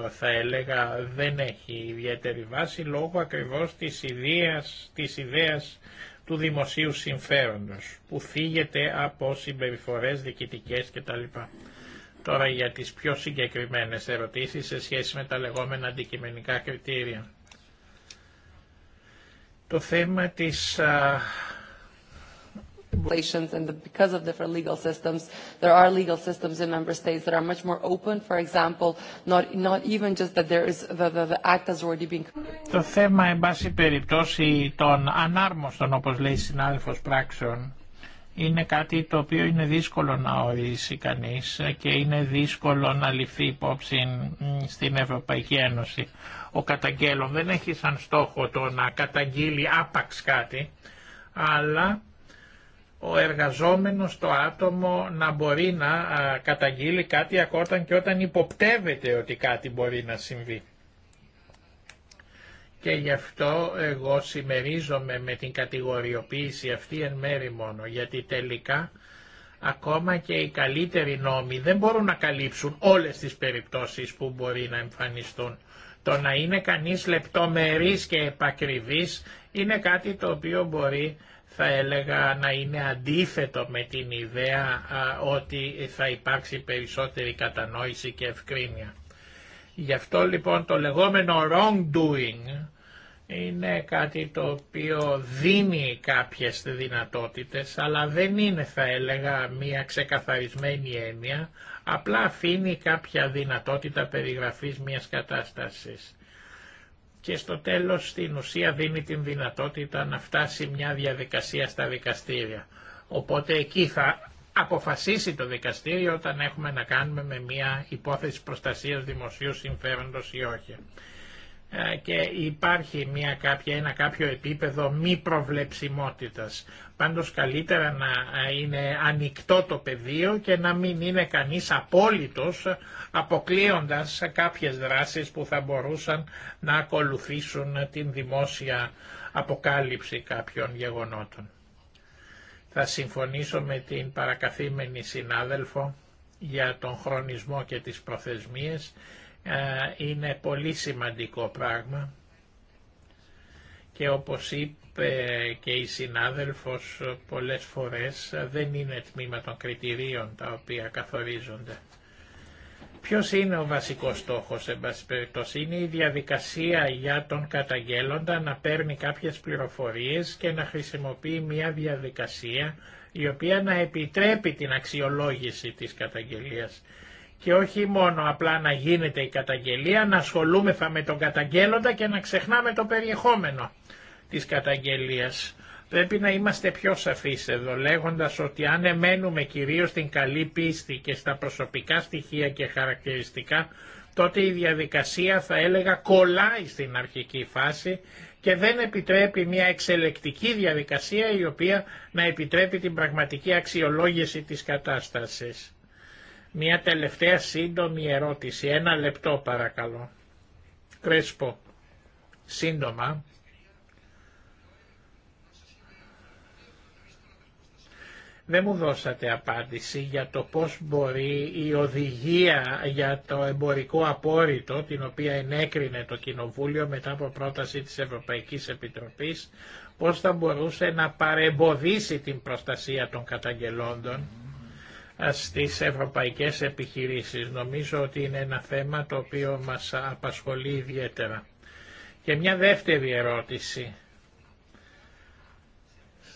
ε, θα έλεγα δεν έχει ιδιαίτερη βάση λόγω ακριβώς της ιδέας, της ιδέας του δημοσίου συμφέροντος που φύγεται από συμπεριφορές διοικητικές κτλ. Τώρα για τις πιο συγκεκριμένες ερωτήσεις σε σχέση με τα λεγόμενα αντικειμενικά κριτήρια. Το θέμα της regulations and because of different legal systems, there are legal systems in member states that are much more open. For example, not, not even just that there is the, the, the act has already been. Το θέμα, εν πάση περιπτώσει, των ανάρμοστων, όπως λέει η συνάδελφος πράξεων, είναι κάτι το οποίο είναι δύσκολο να ορίσει κανείς και είναι δύσκολο να ληφθεί υπόψη στην Ευρωπαϊκή Ένωση. Ο καταγγέλων δεν έχει σαν στόχο το να καταγγείλει άπαξ κάτι, αλλά ο εργαζόμενος το άτομο να μπορεί να καταγγείλει κάτι ακόταν και όταν υποπτεύεται ότι κάτι μπορεί να συμβεί. Και γι' αυτό εγώ συμμερίζομαι με την κατηγοριοποίηση αυτή εν μέρη μόνο, γιατί τελικά ακόμα και οι καλύτεροι νόμοι δεν μπορούν να καλύψουν όλες τις περιπτώσεις που μπορεί να εμφανιστούν. Το να είναι κανείς λεπτομερής και επακριβής είναι κάτι το οποίο μπορεί θα έλεγα να είναι αντίθετο με την ιδέα ότι θα υπάρξει περισσότερη κατανόηση και ευκρίνεια. Γι' αυτό λοιπόν το λεγόμενο wrongdoing είναι κάτι το οποίο δίνει κάποιες δυνατότητες, αλλά δεν είναι θα έλεγα μία ξεκαθαρισμένη έννοια, απλά αφήνει κάποια δυνατότητα περιγραφής μιας κατάστασης και στο τέλος στην ουσία δίνει την δυνατότητα να φτάσει μια διαδικασία στα δικαστήρια. Οπότε εκεί θα αποφασίσει το δικαστήριο όταν έχουμε να κάνουμε με μια υπόθεση προστασίας δημοσίου συμφέροντος ή όχι. Ε, και υπάρχει μια κάποια, ένα κάποιο επίπεδο μη προβλεψιμότητας. Πάντως καλύτερα να ε, είναι ανοιχτό το πεδίο και να μην είναι κανείς απόλυτος αποκλείοντας κάποιες δράσεις που θα μπορούσαν να ακολουθήσουν την δημόσια αποκάλυψη κάποιων γεγονότων. Θα συμφωνήσω με την παρακαθήμενη συνάδελφο για τον χρονισμό και τις προθεσμίες ε, είναι πολύ σημαντικό πράγμα και όπως είπε και η συνάδελφος πολλές φορές δεν είναι τμήμα των κριτηρίων τα οποία καθορίζονται. Ποιος είναι ο βασικός στόχος, εν πάση περιπτώσει, είναι η διαδικασία για τον καταγγέλλοντα να παίρνει κάποιες πληροφορίες και να χρησιμοποιεί μια διαδικασία η οποία να επιτρέπει την αξιολόγηση της καταγγελίας και όχι μόνο απλά να γίνεται η καταγγελία, να ασχολούμεθα με τον καταγγέλλοντα και να ξεχνάμε το περιεχόμενο της καταγγελίας. Πρέπει να είμαστε πιο σαφείς εδώ λέγοντας ότι αν εμένουμε κυρίως στην καλή πίστη και στα προσωπικά στοιχεία και χαρακτηριστικά τότε η διαδικασία θα έλεγα κολλάει στην αρχική φάση και δεν επιτρέπει μια εξελεκτική διαδικασία η οποία να επιτρέπει την πραγματική αξιολόγηση της κατάστασης. Μια τελευταία σύντομη ερώτηση. Ένα λεπτό παρακαλώ. Κρέσπο. Σύντομα. Δεν μου δώσατε απάντηση για το πώς μπορεί η οδηγία για το εμπορικό απόρριτο, την οποία ενέκρινε το Κοινοβούλιο μετά από πρόταση της Ευρωπαϊκής Επιτροπής, πώς θα μπορούσε να παρεμποδίσει την προστασία των καταγγελόντων στις ευρωπαϊκές επιχειρήσεις. Νομίζω ότι είναι ένα θέμα το οποίο μας απασχολεί ιδιαίτερα. Και μια δεύτερη ερώτηση.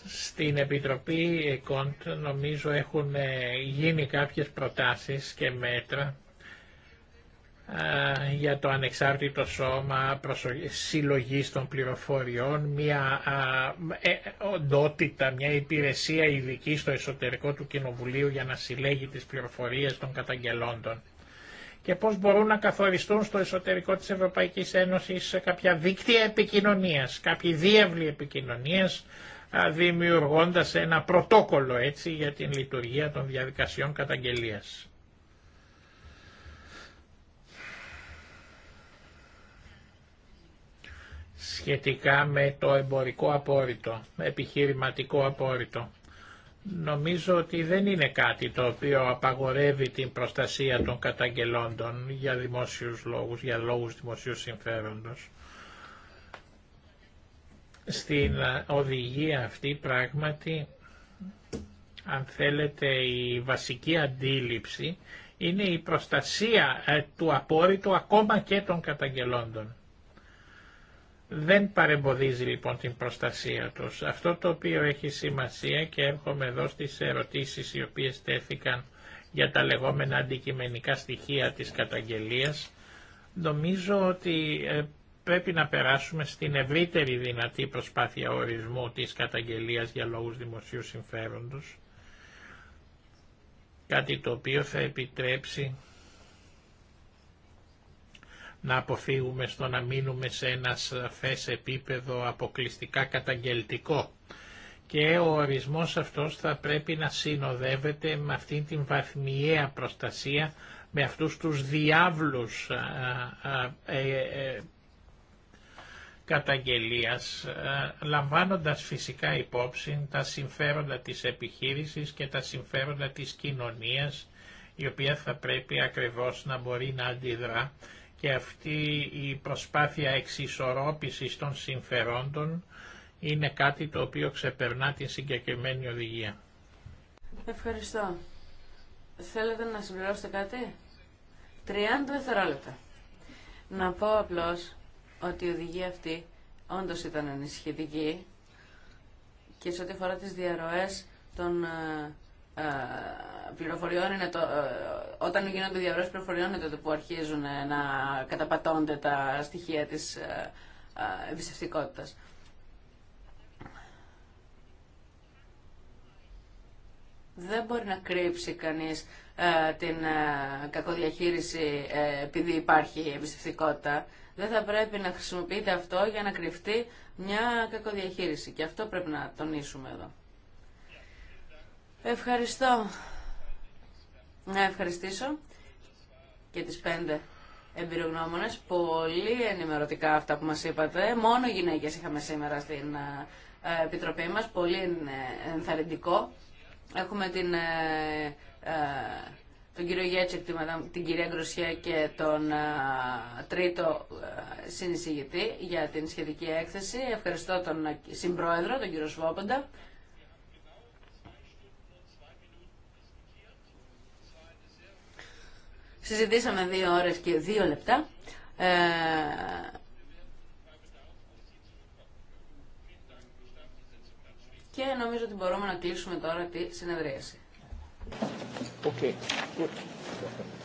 Στην Επιτροπή ΕΚΟΝΤ νομίζω έχουν ε, γίνει κάποιες προτάσεις και μέτρα ε, για το ανεξάρτητο σώμα συλλογή των πληροφοριών, μια ε, οντότητα, μια υπηρεσία ειδική στο εσωτερικό του Κοινοβουλίου για να συλλέγει τις πληροφορίες των καταγγελόντων και πώς μπορούν να καθοριστούν στο εσωτερικό της Ευρωπαϊκής Ένωσης κάποια δίκτυα επικοινωνίας, κάποιοι δίευλοι επικοινωνίας, δημιουργώντας ένα πρωτόκολλο έτσι για την λειτουργία των διαδικασιών καταγγελίας. σχετικά με το εμπορικό απόρριτο, επιχειρηματικό απόρριτο. Νομίζω ότι δεν είναι κάτι το οποίο απαγορεύει την προστασία των καταγγελόντων για δημόσιους λόγους, για λόγους δημοσίου συμφέροντος. Στην οδηγία αυτή πράγματι, αν θέλετε, η βασική αντίληψη είναι η προστασία ε, του απόρριτου ακόμα και των καταγγελόντων δεν παρεμποδίζει λοιπόν την προστασία τους. Αυτό το οποίο έχει σημασία και έρχομαι εδώ στις ερωτήσεις οι οποίες τέθηκαν για τα λεγόμενα αντικειμενικά στοιχεία της καταγγελίας, νομίζω ότι ε, πρέπει να περάσουμε στην ευρύτερη δυνατή προσπάθεια ορισμού της καταγγελίας για λόγους δημοσίου συμφέροντος, κάτι το οποίο θα επιτρέψει να αποφύγουμε στο να μείνουμε σε ένα σαφές επίπεδο αποκλειστικά καταγγελτικό. Και ο ορισμός αυτός θα πρέπει να συνοδεύεται με αυτήν την βαθμιαία προστασία, με αυτούς τους διάβλους ε, ε, καταγγελίας, λαμβάνοντας φυσικά υπόψη τα συμφέροντα της επιχείρησης και τα συμφέροντα της κοινωνίας, η οποία θα πρέπει ακριβώς να μπορεί να αντιδρά και αυτή η προσπάθεια εξισορρόπησης των συμφερόντων είναι κάτι το οποίο ξεπερνά την συγκεκριμένη οδηγία. Ευχαριστώ. Θέλετε να συμπληρώσετε κάτι? 30 δευτερόλεπτα. Να πω απλώς ότι η οδηγία αυτή όντως ήταν ενισχυτική και σε ό,τι αφορά τις διαρροές των ε, ε, πληροφοριών είναι το, ε, όταν γίνονται διαβρώσεις πληροφοριών είναι τότε που αρχίζουν να καταπατώνται τα στοιχεία της ε, εμπιστευτικότητας Δεν μπορεί να κρύψει κανείς την κακοδιαχείριση επειδή υπάρχει εμπιστευτικότητα. Δεν θα πρέπει να χρησιμοποιείται αυτό για να κρυφτεί μια κακοδιαχείριση. Και αυτό πρέπει να τονίσουμε εδώ. Ευχαριστώ. Να ευχαριστήσω και τις πέντε εμπειρογνώμονες. Πολύ ενημερωτικά αυτά που μας είπατε. Μόνο γυναίκες είχαμε σήμερα στην ε, Επιτροπή μας. Πολύ ε, ενθαρρυντικό. Έχουμε την, ε, τον κύριο Γέτσεκ, την κυρία Γκροσιά και τον τρίτο συνεισηγητή για την σχετική έκθεση. Ευχαριστώ τον συμπρόεδρο, τον κύριο Σβόποντα. Συζητήσαμε δύο ώρες και δύο λεπτά. Ε, και νομίζω ότι μπορούμε να κλείσουμε τώρα τη συνεδρίαση. Okay.